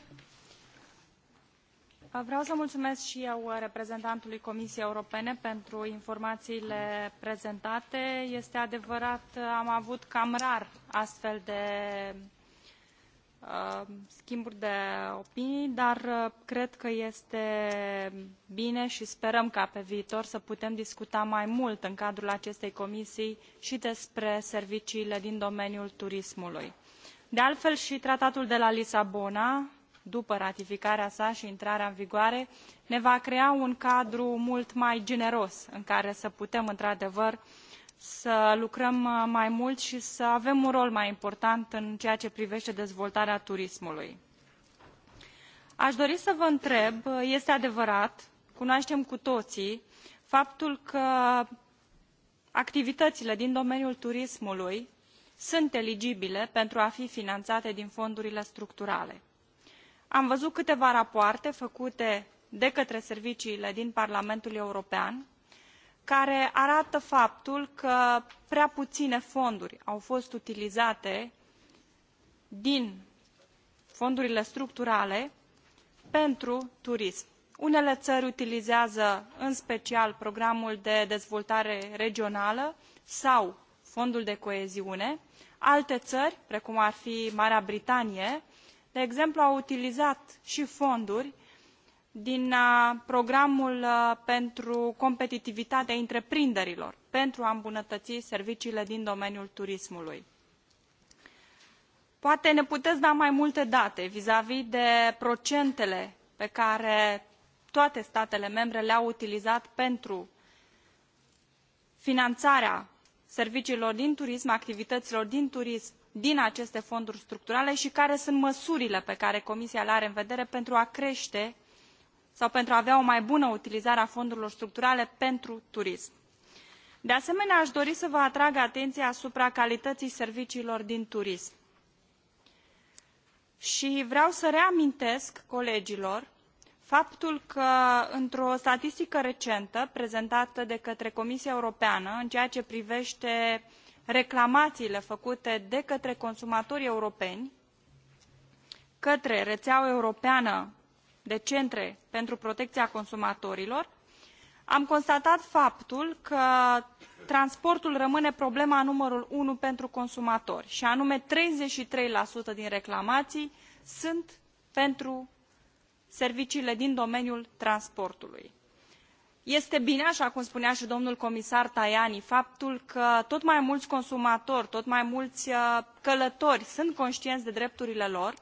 Vreau să mulțumesc și eu reprezentantului Comisiei Europene pentru informațiile prezentate. Este adevărat, am avut cam rar astfel de Uh, schimburi de opinii, dar uh, cred că este bine și sperăm ca pe viitor să putem discuta mai mult în cadrul acestei comisii și despre serviciile din domeniul turismului. De altfel și tratatul de la Lisabona, după ratificarea sa și intrarea în vigoare, ne va crea un cadru mult mai generos în care să putem într-adevăr să lucrăm uh, mai mult și să avem un rol mai important în ceea ce privește dezvoltarea turismului. Aș dori să vă întreb, uh, este adevărat, cunoaștem cu toții, faptul că activitățile din domeniul turismului sunt eligibile pentru a fi finanțate din fondurile structurale. Am văzut câteva rapoarte făcute de către serviciile din Parlamentul European care arată faptul că prea puține fonduri au fost utilizate din fondurile structurale pentru turism. Unele țări utilizează în special programul de dezvoltare regională sau fondul de coeziune. Alte țări, precum ar fi Marea Britanie, de exemplu, au utilizat și fonduri din uh, programul uh, pentru competitivitatea întreprinderilor pentru a îmbunătăți serviciile din domeniul turismului. Poate ne puteți da mai multe date vizavi de procentele pe care toate statele membre le-au utilizat pentru finanțarea serviciilor din turism, activităților din turism din aceste fonduri structurale și care sunt măsurile pe care Comisia le are în vedere pentru a crește sau pentru a avea o mai bună utilizare a fondurilor structurale pentru turism. de asemenea a dori să vă atrag atenia asupra calităii serviciilor din turism i vreau să reamintesc colegilor faptul că într o statistică recentă prezentată de către comisia europeană în ceea ce privete reclamaiile făcute de către consumatorii europeni către reeaua europeană de centre pentru protecia consumatorilor am constatat faptul că transportul rămâne problema numărul unu pentru consumatori i anume treizeci și trei din reclamaii sunt pentru serviciile din domeniul transportului. este bine aa cum spunea i domnul comisar tajani faptul că tot mai muli consumatori tot mai muli uh, călători sunt contieni de drepturile lor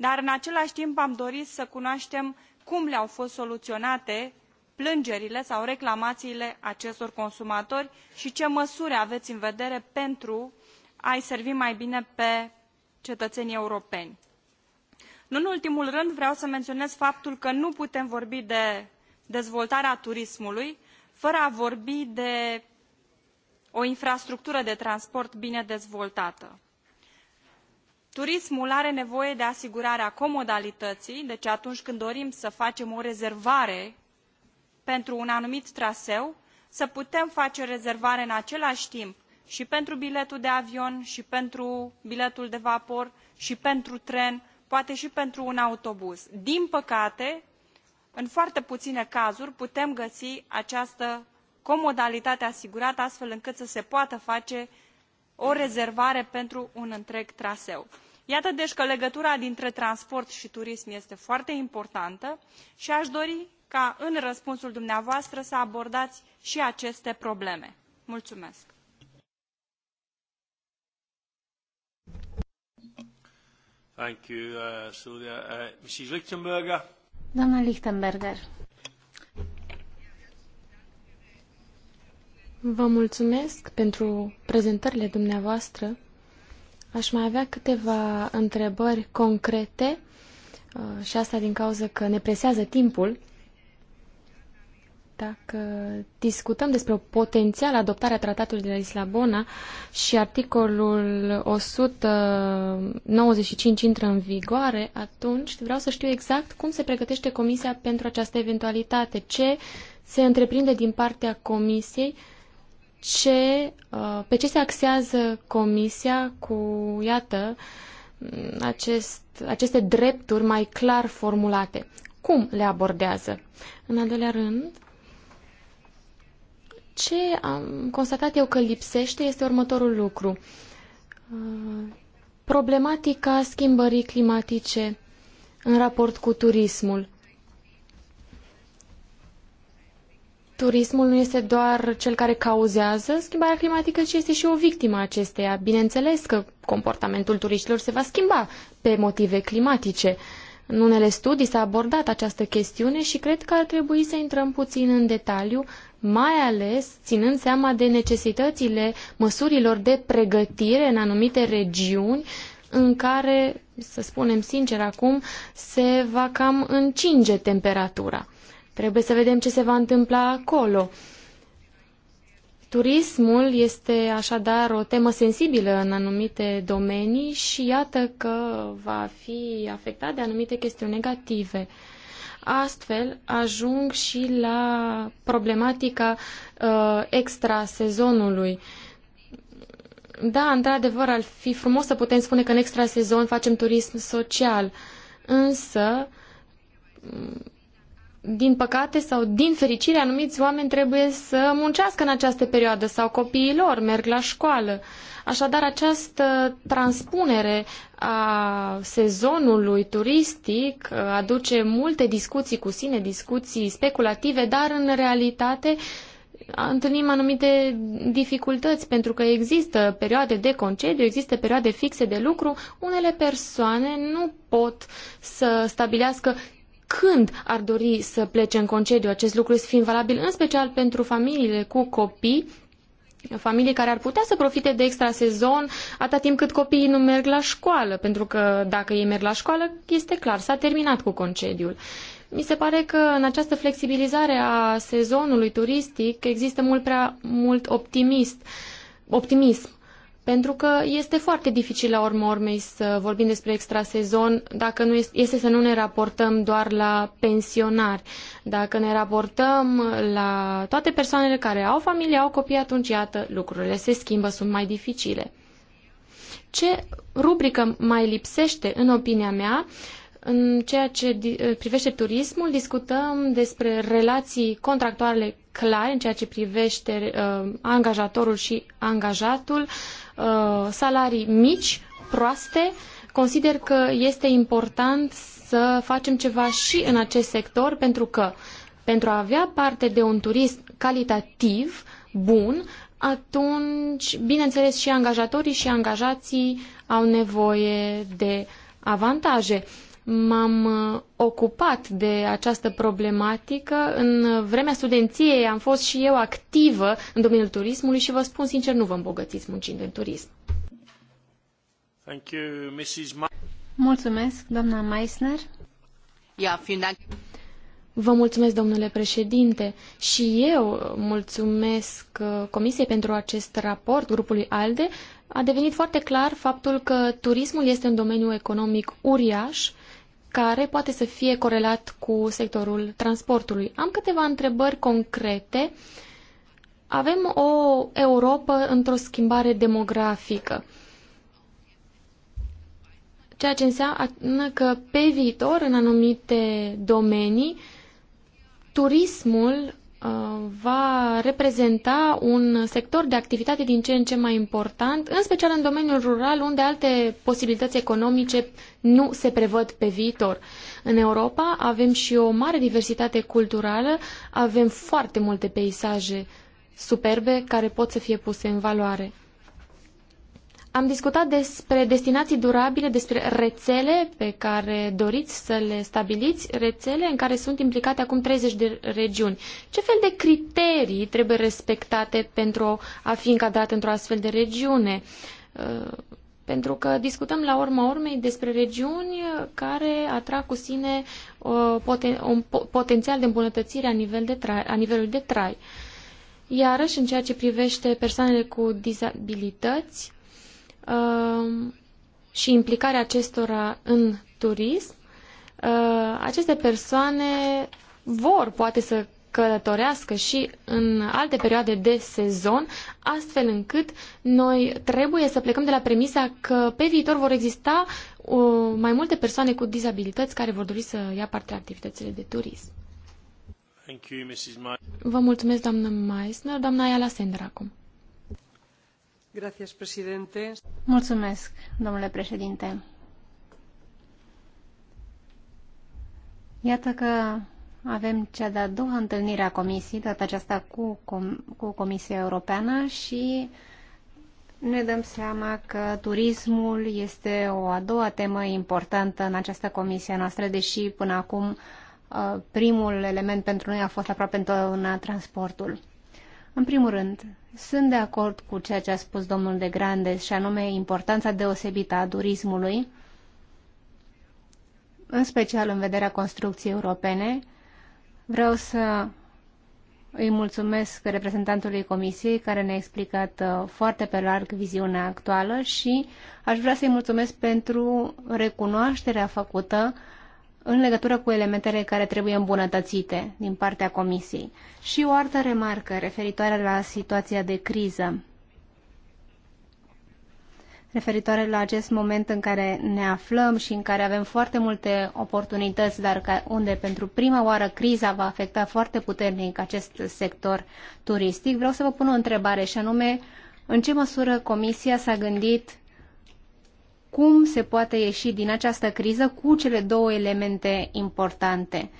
dar în acelai timp am dori să cunoaștem cum le au fost soluționate plângerile sau reclamaiile acestor consumatori și ce măsuri aveți în vedere pentru a i servi mai bine pe cetățenii europeni. nu în ultimul rând vreau să menționez faptul că nu putem vorbi de dezvoltarea turismului fără a vorbi de o infrastructură de transport bine dezvoltată turismul are nevoie de asigurarea comodalității deci atunci când dorim să facem o rezervare pentru un anumit traseu să putem face rezervare în același timp și pentru biletul de avion și pentru biletul de vapor și pentru tren poate și pentru un autobuz. din păcate în foarte puține cazuri putem găsi această comodalitate asigurată astfel încât să se poată face o rezervare pentru un întreg traseu. iată deci că legătura dintre transport i turism este foarte importantă i a dori ca în răspunsul dumneavoastră să abordați i aceste probleme. mulumesc. Uh, uh, Doamna Lichtenberger. Vă mulțumesc pentru prezentările dumneavoastră. Aș mai avea câteva întrebări concrete uh, și asta din cauza că ne presează timpul. Dacă discutăm despre o potențială adoptare a tratatului de la Lisabona și articolul 195 intră în vigoare, atunci vreau să știu exact cum se pregătește Comisia pentru această eventualitate, ce se întreprinde din partea Comisiei uh, ce, uh, pe ce se axează Comisia cu, iată, acest, aceste drepturi mai clar formulate. Cum le abordează? În al doilea rând, ce am constatat eu că lipsește este următorul lucru. Uh, problematica schimbării climatice în raport cu turismul. turismul nu este doar cel care cauzează schimbarea climatică, ci este și o victimă acesteia. Bineînțeles că comportamentul turiștilor se va schimba pe motive climatice. În unele studii s-a abordat această chestiune și cred că ar trebui să intrăm puțin în detaliu, mai ales ținând seama de necesitățile măsurilor de pregătire în anumite regiuni în care, să spunem sincer acum, se va cam încinge temperatura. Trebuie să vedem ce se va întâmpla acolo. Turismul este așadar o temă sensibilă în anumite domenii și iată că va fi afectat de anumite chestiuni negative. Astfel ajung și la problematica uh, sezonului. Da, într-adevăr, ar fi frumos să putem spune că în sezon facem turism social, însă din păcate sau din fericire, anumiți oameni trebuie să muncească în această perioadă sau copiii lor merg la școală. Așadar, această transpunere a sezonului turistic uh, aduce multe discuții cu sine, discuții speculative, dar în realitate uh, întâlnim anumite dificultăți pentru că există perioade de concediu, există perioade fixe de lucru. Unele persoane nu pot să stabilească când ar dori să plece în concediu acest lucru, să fiind valabil în special pentru familiile cu copii, familii care ar putea să profite de extra sezon atâta timp cât copiii nu merg la școală, pentru că dacă ei merg la școală, este clar, s-a terminat cu concediul. Mi se pare că în această flexibilizare a sezonului turistic există mult prea mult optimist, optimism pentru că este foarte dificil la urma urmei să vorbim despre extrasezon dacă nu este, este să nu ne raportăm doar la pensionari. Dacă ne raportăm la toate persoanele care au familie, au copii, atunci iată, lucrurile se schimbă, sunt mai dificile. Ce rubrică mai lipsește, în opinia mea, în ceea ce privește turismul, discutăm despre relații contractuale clare în ceea ce privește uh, angajatorul și angajatul, Uh, salarii mici, proaste. Consider că este important să facem ceva și în acest sector, pentru că pentru a avea parte de un turism calitativ, bun, atunci, bineînțeles, și angajatorii și angajații au nevoie de avantaje. Uh, m-am uh, ocupat de această problematică. În vremea studenției am fost și eu activă în domeniul turismului și vă spun sincer, nu vă îmbogățiți muncind în turism. Thank you, Mrs. Ma- Mulțumesc, doamna Meissner. Yeah, Vă mulțumesc, domnule președinte, și eu mulțumesc uh, Comisiei pentru acest raport, grupului ALDE. A devenit foarte clar faptul că turismul este un domeniu economic uriaș care poate să fie corelat cu sectorul transportului. Am câteva întrebări concrete. Avem o Europa într-o schimbare demografică, ceea ce înseamnă că pe viitor, în anumite domenii, turismul Uh, va reprezenta un sector de activitate din ce în ce mai important, în special în domeniul rural, unde alte posibilități economice nu se prevăd pe viitor. În Europa avem și o mare diversitate culturală, avem foarte multe peisaje superbe care pot să fie puse în valoare. Am discutat despre destinații durabile, despre rețele pe care doriți să le stabiliți, rețele în care sunt implicate acum 30 de regiuni. Ce fel de criterii trebuie respectate pentru a fi încadrat într-o astfel de regiune? Uh, pentru că discutăm la urma urmei despre regiuni care atrag cu sine uh, un potențial de îmbunătățire a, nivel de trai, a nivelului de trai. Iarăși, în ceea ce privește persoanele cu dizabilități, Um, și implicarea acestora în turism, uh, aceste persoane vor poate să călătorească și în alte perioade de sezon, astfel încât noi trebuie să plecăm de la premisa că pe viitor vor exista uh, mai multe persoane cu dizabilități care vor dori să ia parte la activitățile de turism. Vă mulțumesc, doamnă Meissner. Doamna Ayala Sender acum. Mulțumesc, domnule președinte. Iată că avem cea de-a doua întâlnire a Comisiei, data aceasta cu, com cu Comisia Europeană și ne dăm seama că turismul este o a doua temă importantă în această comisie noastră, deși până acum uh, primul element pentru noi a fost aproape întotdeauna transportul. În primul rând, sunt de acord cu ceea ce a spus domnul de Grandes și anume importanța deosebită a turismului, în special în vederea construcției europene. Vreau să îi mulțumesc reprezentantului Comisiei care ne-a explicat uh, foarte pe larg viziunea actuală și aș vrea să-i mulțumesc pentru recunoașterea făcută în legătură cu elementele care trebuie îmbunătățite din partea Comisiei. Și o altă remarcă referitoare la situația de criză, referitoare la acest moment în care ne aflăm și în care avem foarte multe oportunități, dar unde pentru prima oară criza va afecta foarte puternic acest sector turistic, vreau să vă pun o întrebare și anume, în ce măsură Comisia s-a gândit cum se poate ieși din această criză cu cele două elemente importante.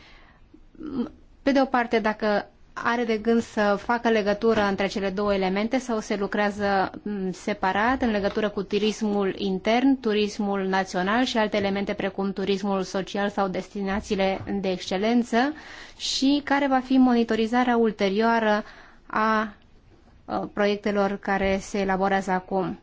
Pe de o parte, dacă are de gând să facă legătură între cele două elemente sau se lucrează mm, separat în legătură cu turismul intern, turismul național și alte elemente precum turismul social sau destinațiile de excelență și care va fi monitorizarea ulterioară a proiectelor care se elaborează acum.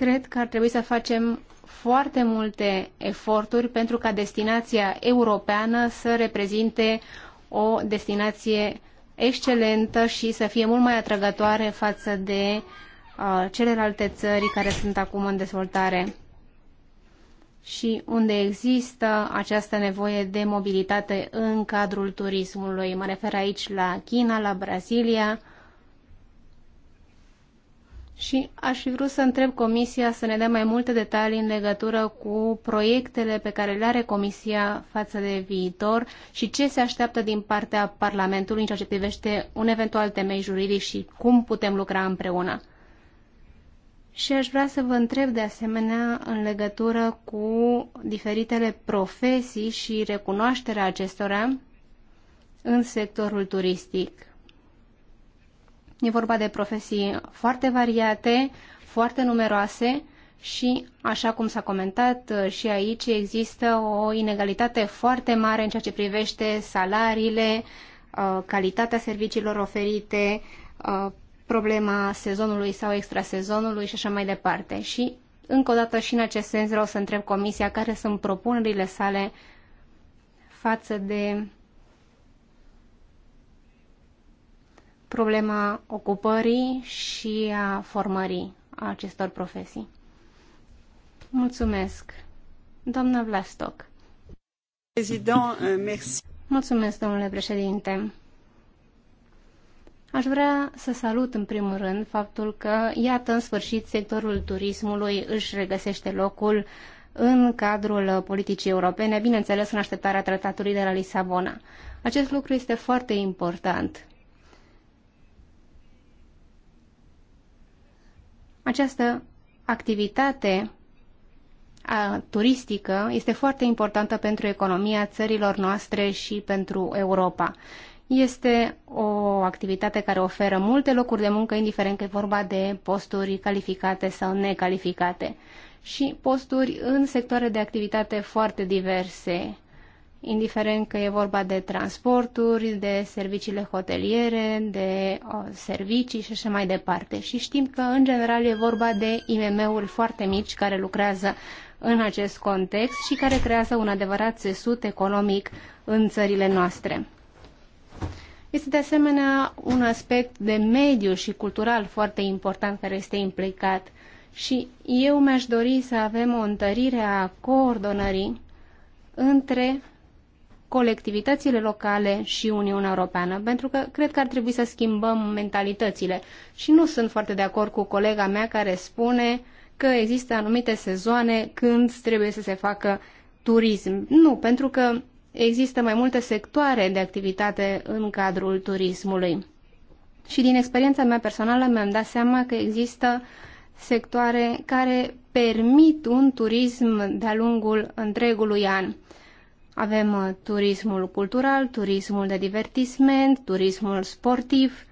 Cred că ar trebui să facem foarte multe eforturi pentru ca destinația europeană să reprezinte o destinație excelentă și să fie mult mai atrăgătoare față de uh, celelalte țări care sunt acum în dezvoltare și unde există această nevoie de mobilitate în cadrul turismului. Mă refer aici la China, la Brazilia, și aș fi vrut să întreb Comisia să ne dea mai multe detalii în legătură cu proiectele pe care le are Comisia față de viitor și ce se așteaptă din partea Parlamentului în ceea ce privește un eventual temei juridic și cum putem lucra împreună. Și aș vrea să vă întreb de asemenea în legătură cu diferitele profesii și recunoașterea acestora în sectorul turistic. E vorba de profesii foarte variate, foarte numeroase și, așa cum s-a comentat uh, și aici, există o inegalitate foarte mare în ceea ce privește salariile, uh, calitatea serviciilor oferite, uh, problema sezonului sau extrasezonului și așa mai departe. Și, încă o dată, și în acest sens vreau să întreb Comisia care sunt propunerile sale față de problema ocupării și a formării a acestor profesii. Mulțumesc. Doamna Vlastoc. Uh, Mulțumesc, domnule președinte. Aș vrea să salut în primul rând faptul că, iată, în sfârșit, sectorul turismului își regăsește locul în cadrul politicii europene, bineînțeles în așteptarea tratatului de la Lisabona. Acest lucru este foarte important Această activitate a, turistică este foarte importantă pentru economia țărilor noastre și pentru Europa. Este o activitate care oferă multe locuri de muncă, indiferent că e vorba de posturi calificate sau necalificate și posturi în sectoare de activitate foarte diverse, indiferent că e vorba de transporturi, de serviciile hoteliere, de uh, servicii și așa mai departe. Și știm că, în general, e vorba de IMM-uri foarte mici care lucrează în acest context și care creează un adevărat țesut economic în țările noastre. Este de asemenea un aspect de mediu și cultural foarte important care este implicat și eu mi-aș dori să avem o întărire a coordonării între colectivitățile locale și Uniunea Europeană, pentru că cred că ar trebui să schimbăm mentalitățile. Și nu sunt foarte de acord cu colega mea care spune că există anumite sezoane când trebuie să se facă turism. Nu, pentru că există mai multe sectoare de activitate în cadrul turismului. Și din experiența mea personală mi-am dat seama că există sectoare care permit un turism de-a lungul întregului an. Avem uh, turismul cultural, turismul de divertisment, turismul sportiv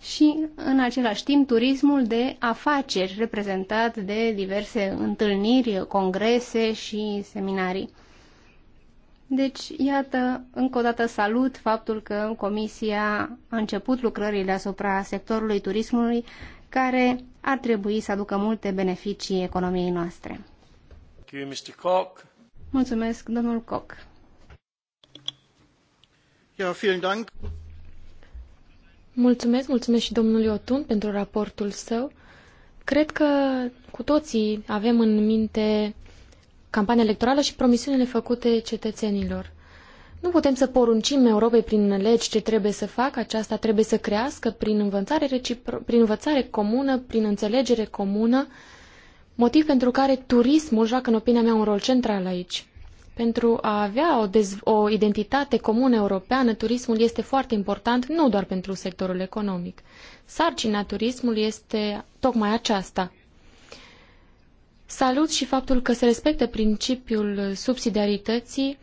și, în același timp, turismul de afaceri, reprezentat de diverse întâlniri, congrese și seminarii. Deci, iată, încă o dată salut faptul că Comisia a început lucrările asupra sectorului turismului, care ar trebui să aducă multe beneficii economiei noastre. Mulțumesc, domnul Koch. Mulțumesc, mulțumesc și domnului Otun pentru raportul său. Cred că cu toții avem în minte campania electorală și promisiunile făcute cetățenilor. Nu putem să poruncim Europei prin legi ce trebuie să facă, aceasta trebuie să crească prin învățare, recipro- prin învățare comună, prin înțelegere comună, motiv pentru care turismul joacă, în opinia mea, un rol central aici. Pentru a avea o, o identitate comună europeană, turismul este foarte important, nu doar pentru sectorul economic. Sarcina turismului este tocmai aceasta. Salut și faptul că se respectă principiul subsidiarității,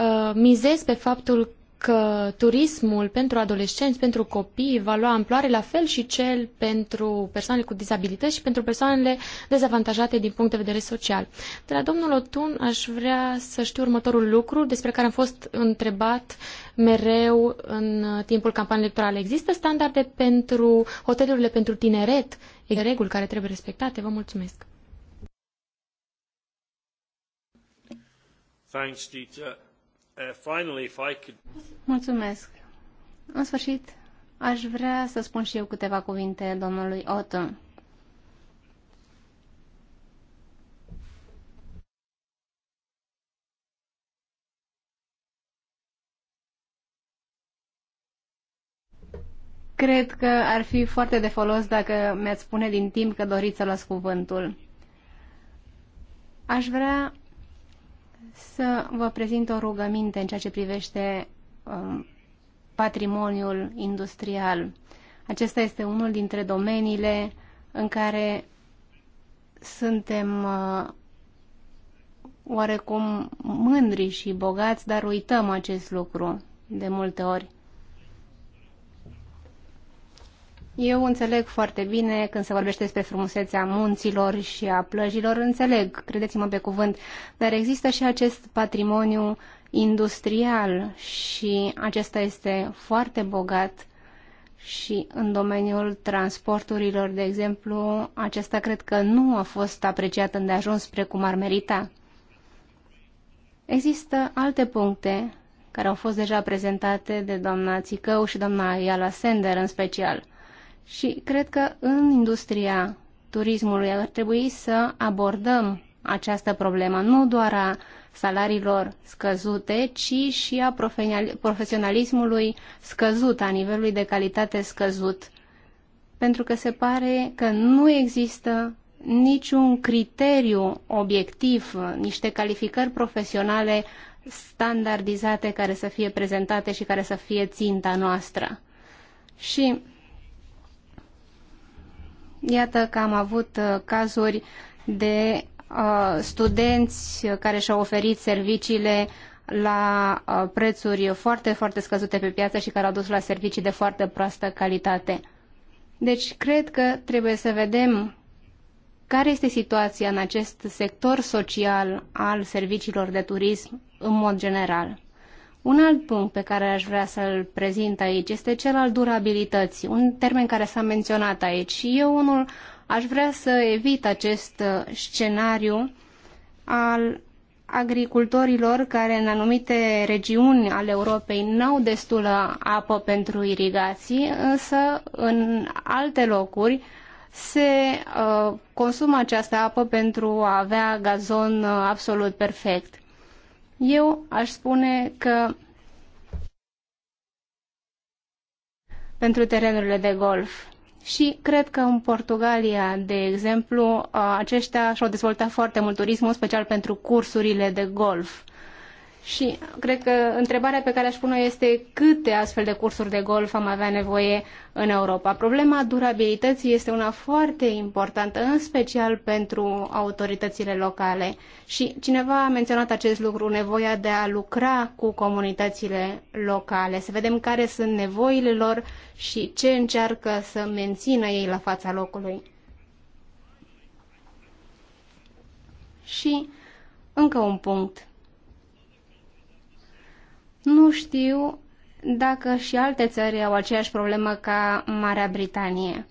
uh, mizez pe faptul că turismul pentru adolescenți, pentru copii va lua amploare, la fel și cel pentru persoanele cu dizabilități și pentru persoanele dezavantajate din punct de vedere social. De la domnul Otun aș vrea să știu următorul lucru despre care am fost întrebat mereu în timpul campaniei electorale. Există standarde pentru hotelurile pentru tineret? E reguli care trebuie respectate? Vă mulțumesc! Thanks, Uh, Mulțumesc. În sfârșit, aș vrea să spun și eu câteva cuvinte domnului Otto. Cred că ar fi foarte de folos dacă mi-ați spune din timp că doriți să luați cuvântul. Aș vrea să vă prezint o rugăminte în ceea ce privește um, patrimoniul industrial. Acesta este unul dintre domeniile în care suntem uh, oarecum mândri și bogați, dar uităm acest lucru de multe ori. Eu înțeleg foarte bine când se vorbește despre frumusețea munților și a plăjilor, înțeleg, credeți-mă pe cuvânt, dar există și acest patrimoniu industrial și acesta este foarte bogat și în domeniul transporturilor, de exemplu, acesta cred că nu a fost apreciat îndeajuns precum ar merita. Există alte puncte care au fost deja prezentate de doamna Țicău și doamna Iala Sender în special – și cred că în industria turismului ar trebui să abordăm această problemă, nu doar a salariilor scăzute, ci și a profesionalismului scăzut, a nivelului de calitate scăzut. Pentru că se pare că nu există niciun criteriu obiectiv, niște calificări profesionale standardizate care să fie prezentate și care să fie ținta noastră. Și Iată că am avut uh, cazuri de uh, studenți uh, care și-au oferit serviciile la uh, prețuri foarte, foarte scăzute pe piață și care au dus la servicii de foarte proastă calitate. Deci, cred că trebuie să vedem care este situația în acest sector social al serviciilor de turism în mod general. Un alt punct pe care aș vrea să-l prezint aici este cel al durabilității, un termen care s-a menționat aici. Și eu unul aș vrea să evit acest uh, scenariu al agricultorilor care în anumite regiuni ale Europei n-au destulă apă pentru irigații, însă în alte locuri se uh, consumă această apă pentru a avea gazon uh, absolut perfect. Eu aș spune că pentru terenurile de golf. Și cred că în Portugalia, de exemplu, aceștia și-au dezvoltat foarte mult turismul, special pentru cursurile de golf. Și cred că întrebarea pe care aș pune este câte astfel de cursuri de golf am avea nevoie în Europa. Problema durabilității este una foarte importantă, în special pentru autoritățile locale. Și cineva a menționat acest lucru, nevoia de a lucra cu comunitățile locale, să vedem care sunt nevoile lor și ce încearcă să mențină ei la fața locului. Și încă un punct nu știu dacă și alte țări au aceeași problemă ca Marea Britanie.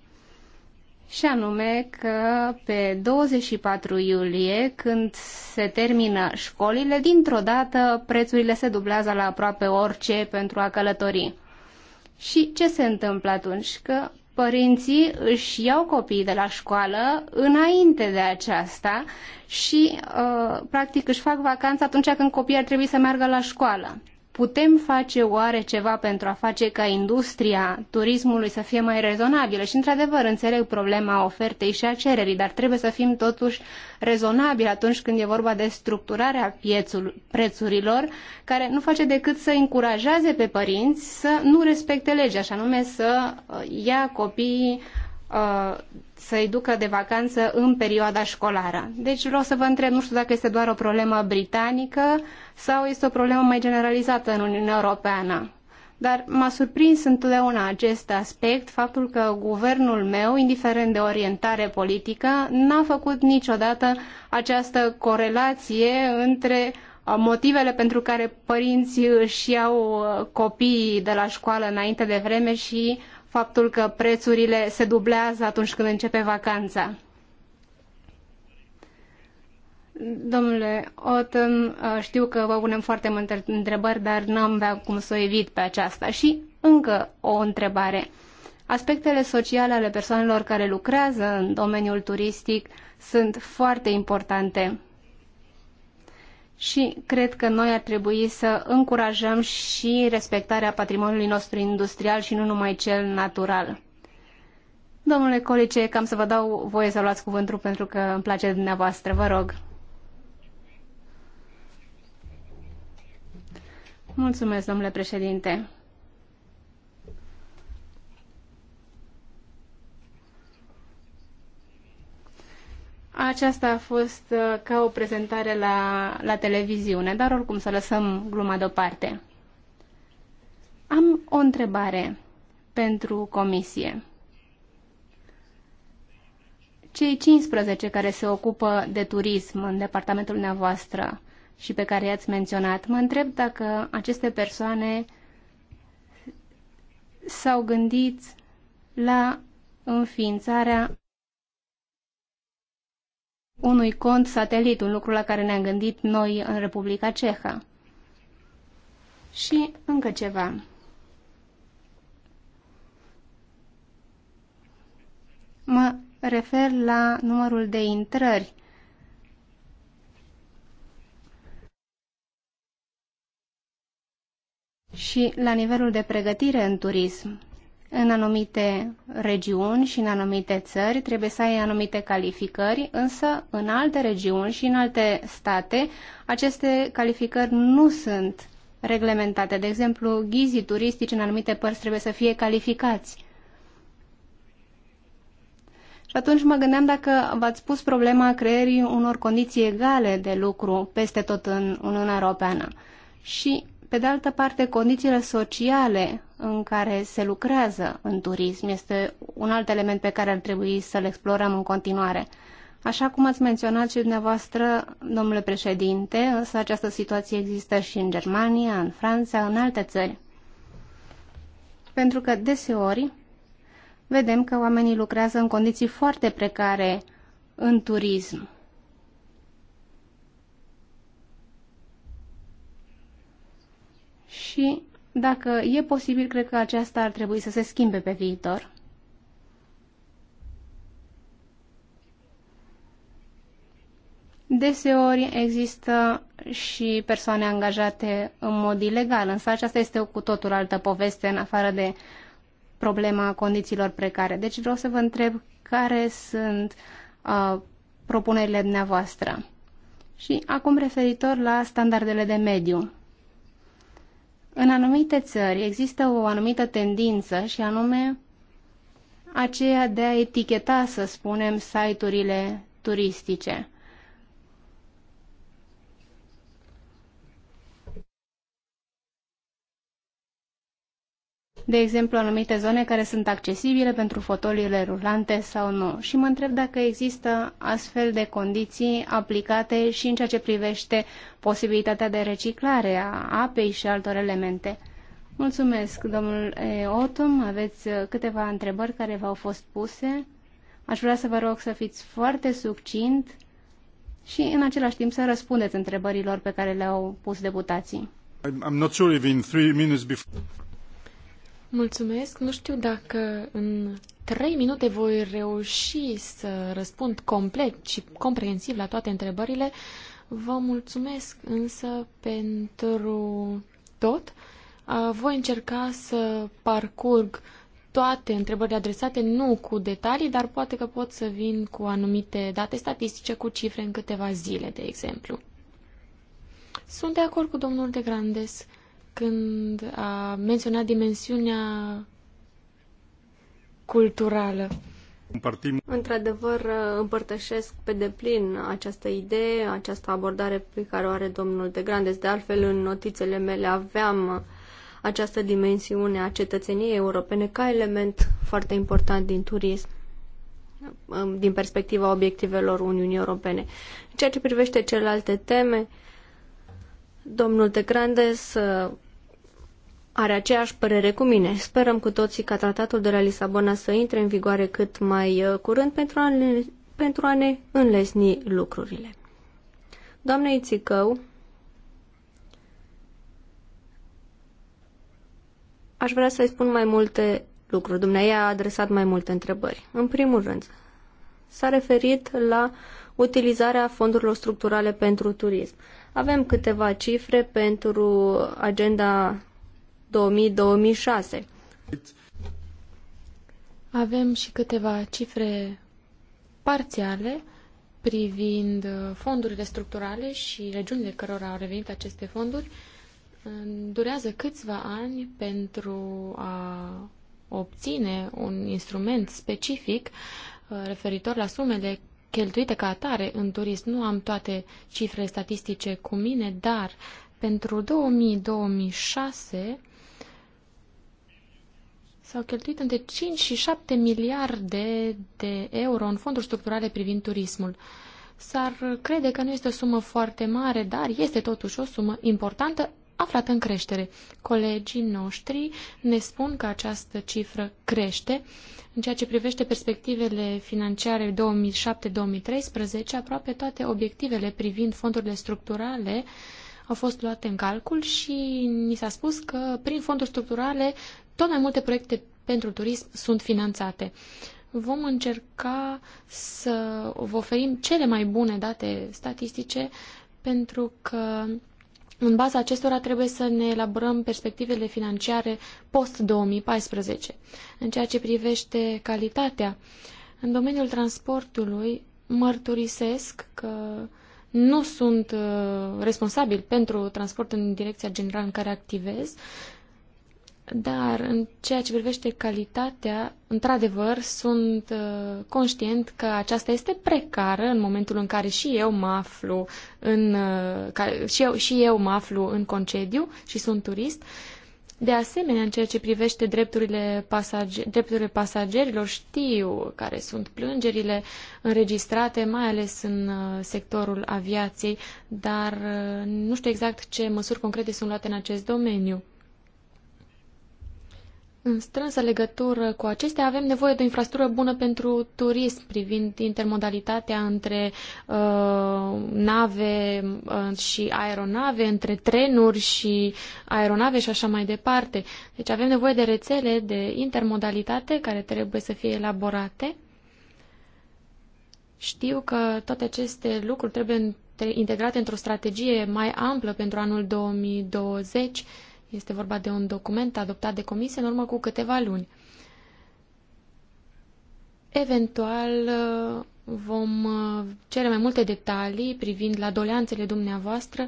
Și anume că pe 24 iulie, când se termină școlile, dintr-o dată prețurile se dublează la aproape orice pentru a călători. Și ce se întâmplă atunci? Că părinții își iau copiii de la școală înainte de aceasta și, uh, practic, își fac vacanța atunci când copiii ar trebui să meargă la școală. Putem face oare ceva pentru a face ca industria turismului să fie mai rezonabilă? Și, într-adevăr, înțeleg problema ofertei și a cererii, dar trebuie să fim totuși rezonabili atunci când e vorba de structurarea piețul, prețurilor, care nu face decât să încurajeze pe părinți să nu respecte legea, și anume să uh, ia copiii uh, să-i ducă de vacanță în perioada școlară. Deci vreau să vă întreb, nu știu dacă este doar o problemă britanică sau este o problemă mai generalizată în Uniunea Europeană. Dar m-a surprins întotdeauna acest aspect, faptul că guvernul meu, indiferent de orientare politică, n-a făcut niciodată această corelație între uh, motivele pentru care părinții își iau uh, copiii de la școală înainte de vreme și uh, faptul că prețurile se dublează atunci când începe vacanța. Domnule Otten, uh, știu că vă punem foarte multe întrebări, dar n-am avea cum să o evit pe aceasta. Și încă o întrebare. Aspectele sociale ale persoanelor care lucrează în domeniul turistic sunt foarte importante și cred că noi ar trebui să încurajăm și respectarea patrimoniului nostru industrial și nu numai cel natural. Domnule Colice, cam să vă dau voie să luați cuvântul pentru că îmi place dumneavoastră, vă rog. Mulțumesc, domnule președinte. Aceasta a fost uh, ca o prezentare la, la televiziune, dar oricum să lăsăm gluma deoparte. Am o întrebare pentru comisie. Cei 15 care se ocupă de turism în departamentul dumneavoastră și pe care i-ați menționat, mă întreb dacă aceste persoane s-au gândit la înființarea unui cont satelit, un lucru la care ne-am gândit noi în Republica Cehă. Și încă ceva. Mă refer la numărul de intrări. Și la nivelul de pregătire în turism în anumite regiuni și în anumite țări trebuie să ai anumite calificări, însă în alte regiuni și în alte state aceste calificări nu sunt reglementate. De exemplu, ghizii turistici în anumite părți trebuie să fie calificați. Și atunci mă gândeam dacă v-ați pus problema creierii unor condiții egale de lucru peste tot în Uniunea Europeană. Și pe de altă parte, condițiile sociale în care se lucrează în turism este un alt element pe care ar trebui să-l explorăm în continuare. Așa cum ați menționat și dumneavoastră, domnule președinte, însă această situație există și în Germania, în Franța, în alte țări. Pentru că deseori vedem că oamenii lucrează în condiții foarte precare în turism. și dacă e posibil, cred că aceasta ar trebui să se schimbe pe viitor. Deseori există și persoane angajate în mod ilegal, însă aceasta este o cu totul altă poveste în afară de problema condițiilor precare. Deci vreau să vă întreb care sunt uh, propunerile dumneavoastră. Și acum referitor la standardele de mediu. În anumite țări există o anumită tendință și anume aceea de a eticheta, să spunem, site-urile turistice. de exemplu anumite zone care sunt accesibile pentru fotoliile rulante sau nu. Și mă întreb dacă există astfel de condiții aplicate și în ceea ce privește posibilitatea de reciclare a apei și altor elemente. Mulțumesc, domnul Otum. Aveți câteva întrebări care v-au fost puse. Aș vrea să vă rog să fiți foarte succint și în același timp să răspundeți întrebărilor pe care le-au pus deputații. I'm not sure if in three minutes before... Mulțumesc. Nu știu dacă în trei minute voi reuși să răspund complet și comprehensiv la toate întrebările. Vă mulțumesc însă pentru tot. Voi încerca să parcurg toate întrebările adresate, nu cu detalii, dar poate că pot să vin cu anumite date statistice, cu cifre în câteva zile, de exemplu. Sunt de acord cu domnul de Grandes când a menționat dimensiunea culturală. Într-adevăr, împărtășesc pe deplin această idee, această abordare pe care o are domnul de Grandes. De altfel, în notițele mele aveam această dimensiune a cetățeniei europene ca element foarte important din turism um, din perspectiva obiectivelor Uniunii Europene. În ceea ce privește celelalte teme, domnul de Grandes uh, are aceeași părere cu mine. Sperăm cu toții ca tratatul de la Lisabona să intre în vigoare cât mai uh, curând pentru a ne, pentru a ne înlesni lucrurile. Doamne Ițicău, aș vrea să-i spun mai multe lucruri. Dumnezeu a adresat mai multe întrebări. În primul rând, s-a referit la utilizarea fondurilor structurale pentru turism. Avem câteva cifre pentru agenda 2000-2006. Avem și câteva cifre parțiale privind uh, fondurile structurale și regiunile cărora au revenit aceste fonduri. Durează câțiva ani pentru a obține un instrument specific uh, referitor la sumele cheltuite ca atare în turism. Nu am toate cifrele statistice cu mine, dar pentru 2000-2006 S-au cheltuit între 5 și 7 miliarde de euro în fonduri structurale privind turismul. S-ar crede că nu este o sumă foarte mare, dar este totuși o sumă importantă aflată în creștere. Colegii noștri ne spun că această cifră crește. În ceea ce privește perspectivele financiare 2007-2013, aproape toate obiectivele privind fondurile structurale au fost luate în calcul și ni s-a spus că prin fonduri structurale tot mai multe proiecte pentru turism sunt finanțate. Vom încerca să vă oferim cele mai bune date statistice pentru că în baza acestora trebuie să ne elaborăm perspectivele financiare post-2014. În ceea ce privește calitatea, în domeniul transportului mărturisesc că nu sunt uh, responsabil pentru transport în direcția generală în care activez, dar în ceea ce privește calitatea, într-adevăr, sunt uh, conștient că aceasta este precară în momentul în care și eu mă aflu în, uh, ca, și, eu, și eu mă aflu în concediu și sunt turist. De asemenea, în ceea ce privește drepturile, pasager, drepturile pasagerilor, știu care sunt plângerile înregistrate, mai ales în uh, sectorul aviației, dar uh, nu știu exact ce măsuri concrete sunt luate în acest domeniu. În strânsă legătură cu acestea, avem nevoie de o infrastructură bună pentru turism privind intermodalitatea între uh, nave uh, și aeronave, între trenuri și aeronave și așa mai departe. Deci avem nevoie de rețele de intermodalitate care trebuie să fie elaborate. Știu că toate aceste lucruri trebuie integrate într-o strategie mai amplă pentru anul 2020 este vorba de un document adoptat de comisie în urmă cu câteva luni. Eventual uh, vom uh, cere mai multe detalii privind la doleanțele dumneavoastră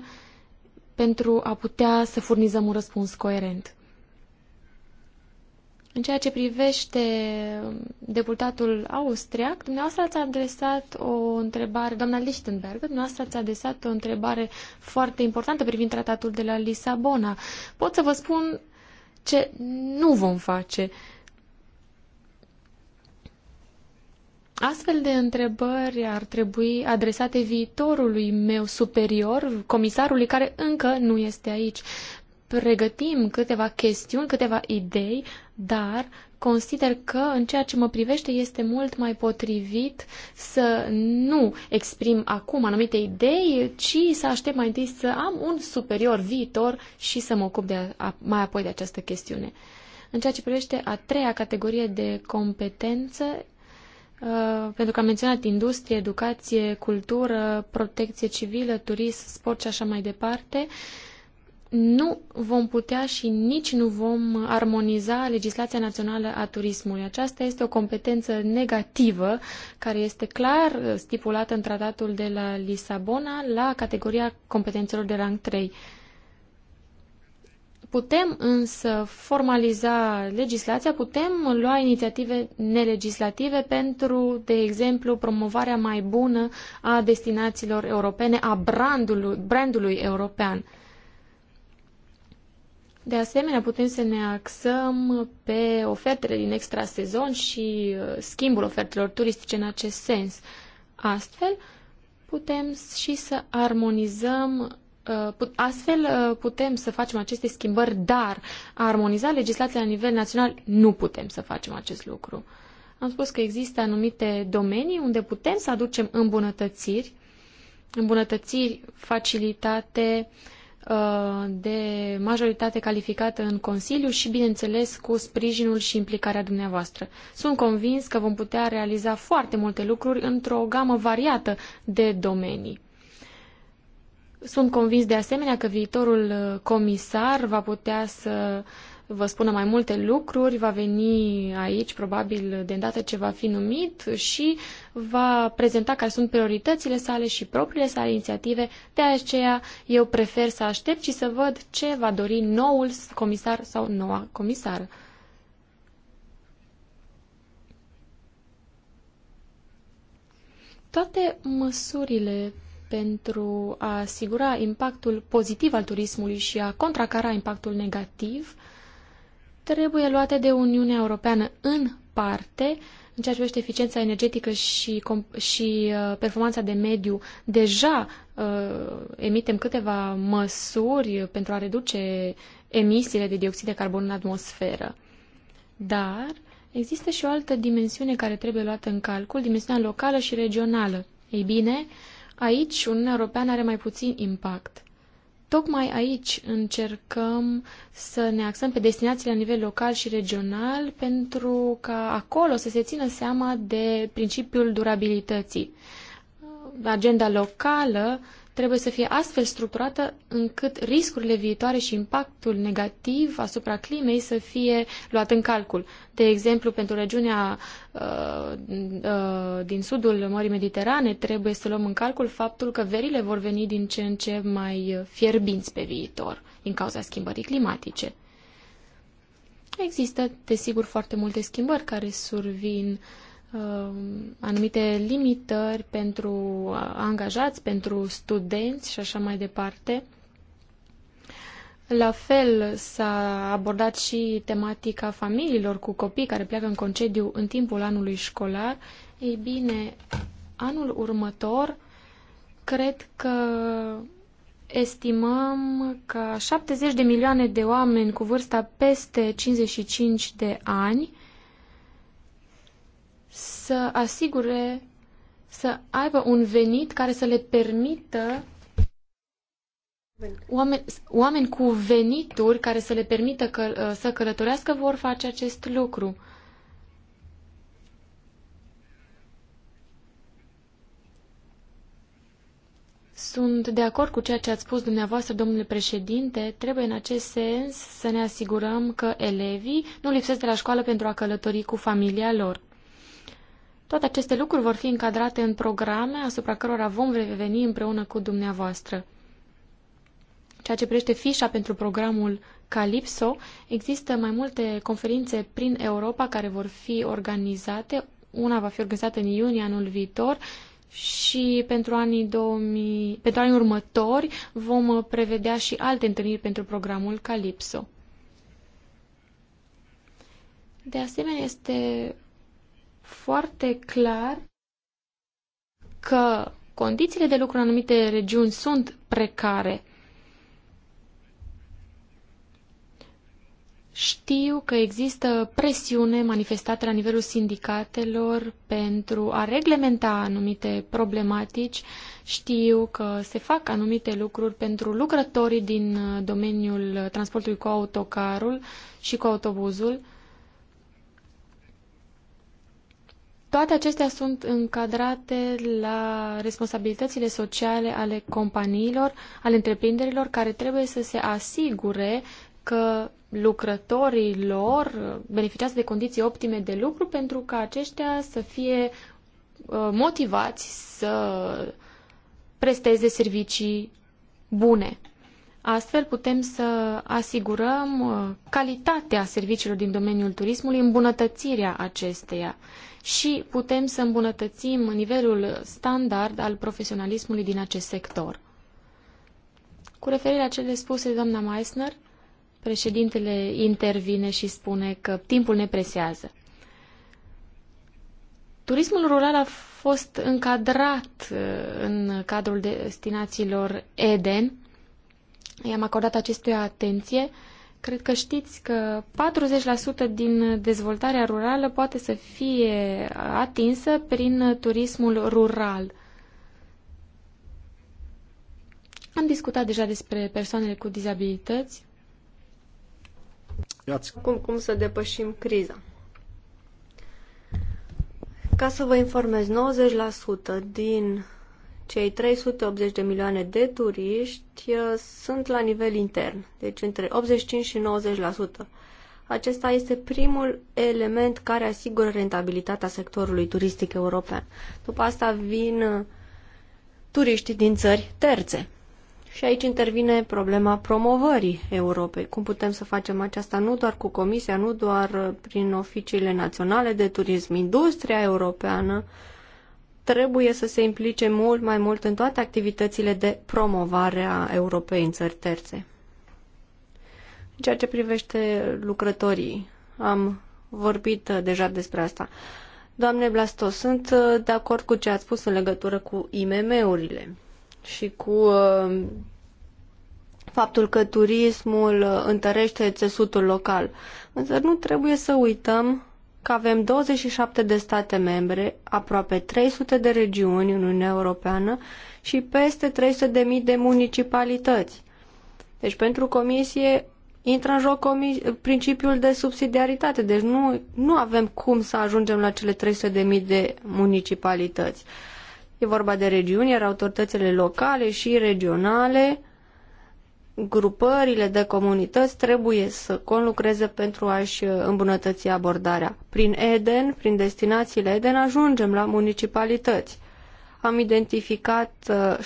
pentru a putea să furnizăm un răspuns coerent. În ceea ce privește deputatul austriac, dumneavoastră ați adresat o întrebare, doamna Lichtenberg, dumneavoastră ați adresat o întrebare foarte importantă privind tratatul de la Lisabona. Pot să vă spun ce nu vom face. Astfel de întrebări ar trebui adresate viitorului meu superior, comisarului care încă nu este aici. Pregătim câteva chestiuni, câteva idei dar consider că, în ceea ce mă privește, este mult mai potrivit să nu exprim acum anumite idei, ci să aștept mai întâi să am un superior viitor și să mă ocup de, a, mai apoi de această chestiune. În ceea ce privește a treia categorie de competență, Uh, pentru că am menționat industrie, educație, cultură, protecție civilă, turism, sport și așa mai departe, uh, nu vom putea și nici nu vom armoniza legislația națională a turismului. Aceasta este o competență negativă care este clar stipulată în tratatul de la Lisabona la categoria competențelor de rang 3. Putem însă formaliza legislația, putem lua inițiative nelegislative pentru, de exemplu, promovarea mai bună a destinațiilor europene, a brandului, brandului european. De asemenea, putem să ne axăm pe ofertele din extrasezon și uh, schimbul ofertelor turistice în acest sens. Astfel, putem și să armonizăm uh, Astfel uh, putem să facem aceste schimbări, dar a armoniza legislația la nivel național nu putem să facem acest lucru. Am spus că există anumite domenii unde putem să aducem îmbunătățiri, îmbunătățiri, facilitate, uh, Uh, de majoritate calificată în Consiliu și, bineînțeles, cu sprijinul și implicarea dumneavoastră. Sunt convins că vom putea realiza foarte multe lucruri într-o gamă variată de domenii. Sunt convins de asemenea că viitorul comisar va putea să uh, vă spună mai multe lucruri, va veni aici probabil de îndată ce va fi numit și va prezenta care sunt prioritățile sale și propriile sale inițiative. De aceea eu prefer să aștept și să văd ce va dori noul comisar sau noua comisară. Toate măsurile pentru a asigura impactul pozitiv al turismului și a contracara impactul negativ uh, trebuie luate de Uniunea Europeană în parte, în ceea ce privește eficiența energetică și, și uh, performanța de mediu, deja uh, emitem câteva măsuri pentru a reduce emisiile de dioxid de carbon în atmosferă. Dar există și o altă dimensiune care trebuie luată în calcul, dimensiunea locală și regională. Ei bine, aici Uniunea Europeană are mai puțin impact. Tocmai aici încercăm să ne axăm pe destinații la nivel local și regional pentru ca acolo să se țină seama de principiul durabilității. Agenda locală trebuie să fie astfel structurată încât riscurile viitoare și impactul negativ asupra climei să fie luat în calcul. De exemplu, pentru regiunea uh, uh, din sudul Mării Mediterane trebuie să luăm în calcul faptul că verile vor veni din ce în ce mai fierbinți pe viitor din cauza schimbării climatice. Există, desigur, foarte multe schimbări care survin uh, Um, anumite limitări pentru uh, angajați, pentru studenți și așa mai departe. La fel s-a abordat și tematica familiilor cu copii care pleacă în concediu în timpul anului școlar. Ei bine, anul următor cred că estimăm că 70 de milioane de oameni cu vârsta peste 55 de ani să asigure, să aibă un venit care să le permită Oameni, oameni cu venituri care să le permită că, uh, să călătorească vor face acest lucru. Sunt de acord cu ceea ce ați spus dumneavoastră, domnule președinte. Trebuie în acest sens să ne asigurăm că elevii nu lipsesc de la școală pentru a călători cu familia lor. Toate aceste lucruri vor fi încadrate în programe asupra cărora vom reveni împreună cu dumneavoastră. Ceea ce privește fișa pentru programul Calypso, există mai multe conferințe prin Europa care vor fi organizate. Una va fi organizată în iunie anul viitor și pentru anii, 2000, pentru anii următori vom prevedea și alte întâlniri pentru programul Calypso. De asemenea, este foarte clar că condițiile de lucru în anumite regiuni sunt precare. Știu că există presiune manifestată la nivelul sindicatelor pentru a reglementa anumite problematici. Știu că se fac anumite lucruri pentru lucrătorii din domeniul transportului cu autocarul și cu autobuzul. Toate acestea sunt încadrate la responsabilitățile sociale ale companiilor, ale întreprinderilor, care trebuie să se asigure că lucrătorii lor beneficiază de condiții optime de lucru pentru ca aceștia să fie uh, motivați să presteze servicii bune. Astfel putem să asigurăm uh, calitatea serviciilor din domeniul turismului, îmbunătățirea acesteia și putem să îmbunătățim nivelul standard al profesionalismului din acest sector. Cu referire la cele spuse doamna Meissner, președintele intervine și spune că timpul ne presează. Turismul rural a fost încadrat uh, în cadrul destinațiilor Eden. I-am acordat acestuia atenție Cred că știți că 40% din dezvoltarea rurală poate să fie atinsă prin turismul rural. Am discutat deja despre persoanele cu dizabilități. Acum cum să depășim criza? Ca să vă informez, 90% din cei 380 de milioane de turiști uh, sunt la nivel intern, deci între 85 și 90%. Acesta este primul element care asigură rentabilitatea sectorului turistic european. După asta vin uh, turiștii din țări terțe. Și aici intervine problema promovării Europei. Cum putem să facem aceasta nu doar cu Comisia, nu doar uh, prin oficiile naționale de turism, industria europeană, trebuie să se implice mult mai mult în toate activitățile de promovare a Europei în țări terțe. În ceea ce privește lucrătorii, am vorbit uh, deja despre asta. Doamne blasto sunt uh, de acord cu ce ați spus în legătură cu IMM-urile și cu uh, faptul că turismul întărește țesutul local. Însă nu trebuie să uităm că avem 27 de state membre, aproape 300 de regiuni în Uniunea Europeană și peste 300.000 de, de municipalități. Deci pentru comisie intră în joc principiul de subsidiaritate, deci nu, nu avem cum să ajungem la cele 300.000 de, de municipalități. E vorba de regiuni, iar autoritățile locale și regionale grupările de comunități trebuie să conlucreze pentru a-și îmbunătăți abordarea. Prin EDEN, prin destinațiile EDEN, ajungem la municipalități. Am identificat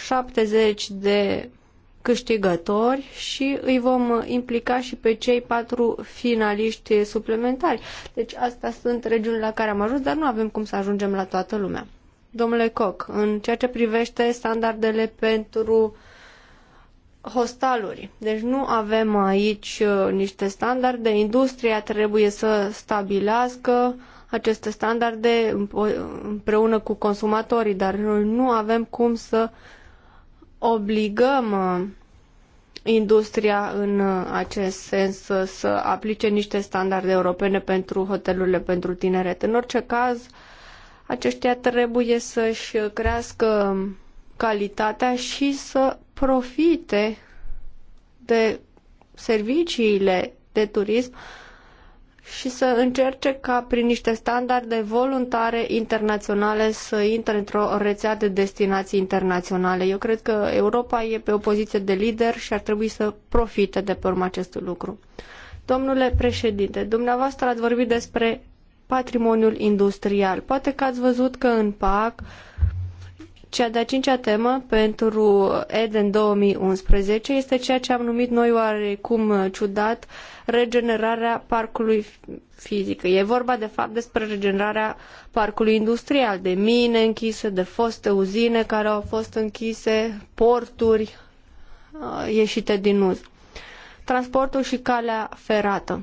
70 uh, de câștigători și îi vom implica și pe cei patru finaliști suplimentari. Deci asta sunt regiunile la care am ajuns, dar nu avem cum să ajungem la toată lumea. Domnule Coc, în ceea ce privește standardele pentru uh, hostaluri. Deci nu avem aici uh, niște standarde. Industria trebuie să stabilească aceste standarde împreună cu consumatorii, dar noi nu avem cum să obligăm uh, industria în uh, acest sens să, să aplice niște standarde europene pentru hotelurile pentru tineret. În orice caz, aceștia trebuie să-și crească calitatea și să profite de serviciile de turism și să încerce ca prin niște standarde voluntare internaționale să intre într-o rețea de destinații internaționale. Eu cred că Europa e pe o poziție de lider și ar trebui să profite de pe urma acestui lucru. Domnule președinte, dumneavoastră ați vorbit despre patrimoniul industrial. Poate că ați văzut că în PAC cea de-a cincea temă pentru Eden 2011 este ceea ce am numit noi oarecum ciudat regenerarea parcului fizic. E vorba de fapt despre regenerarea parcului industrial, de mine închise, de foste uzine care au fost închise, porturi uh, ieșite din uz. Transportul și calea ferată.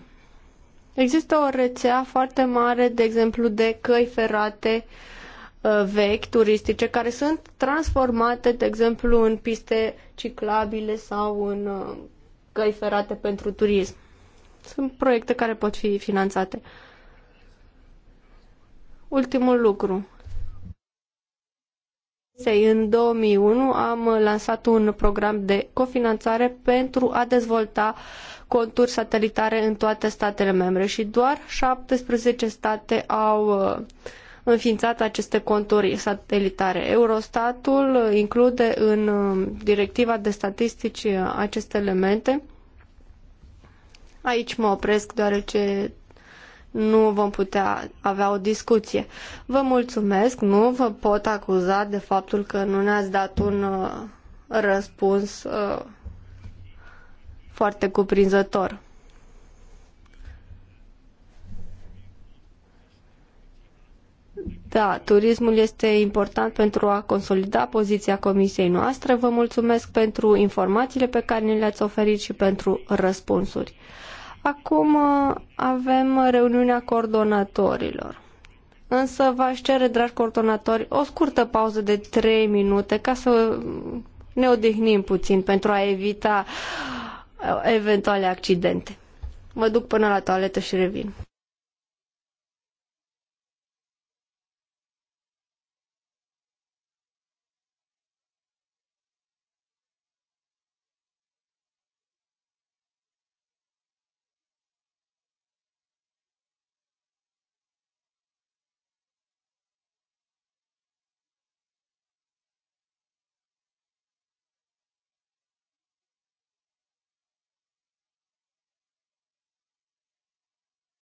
Există o rețea foarte mare, de exemplu, de căi ferate uh, Uh, vechi turistice care sunt transformate, de exemplu, în piste ciclabile sau în uh, căi ferate pentru turism. Sunt proiecte care pot fi finanțate. Ultimul lucru. În 2001 am lansat un program de cofinanțare pentru a dezvolta conturi satelitare în toate statele membre și doar 17 state au uh, înființat aceste conturi satelitare. Eurostatul include în um, directiva de statistici uh, aceste elemente. Aici mă opresc deoarece nu vom putea avea o discuție. Vă mulțumesc, nu vă pot acuza de faptul că nu ne-ați dat un uh, răspuns uh, foarte cuprinzător. Da, turismul este important pentru a consolida poziția comisiei noastre. Vă mulțumesc pentru informațiile pe care ni le-ați oferit și pentru răspunsuri. Acum uh, avem reuniunea coordonatorilor. Însă v-aș cere, dragi coordonatori, o scurtă pauză de 3 minute ca să ne odihnim puțin pentru a evita uh, eventuale accidente. Mă duc până la toaletă și revin.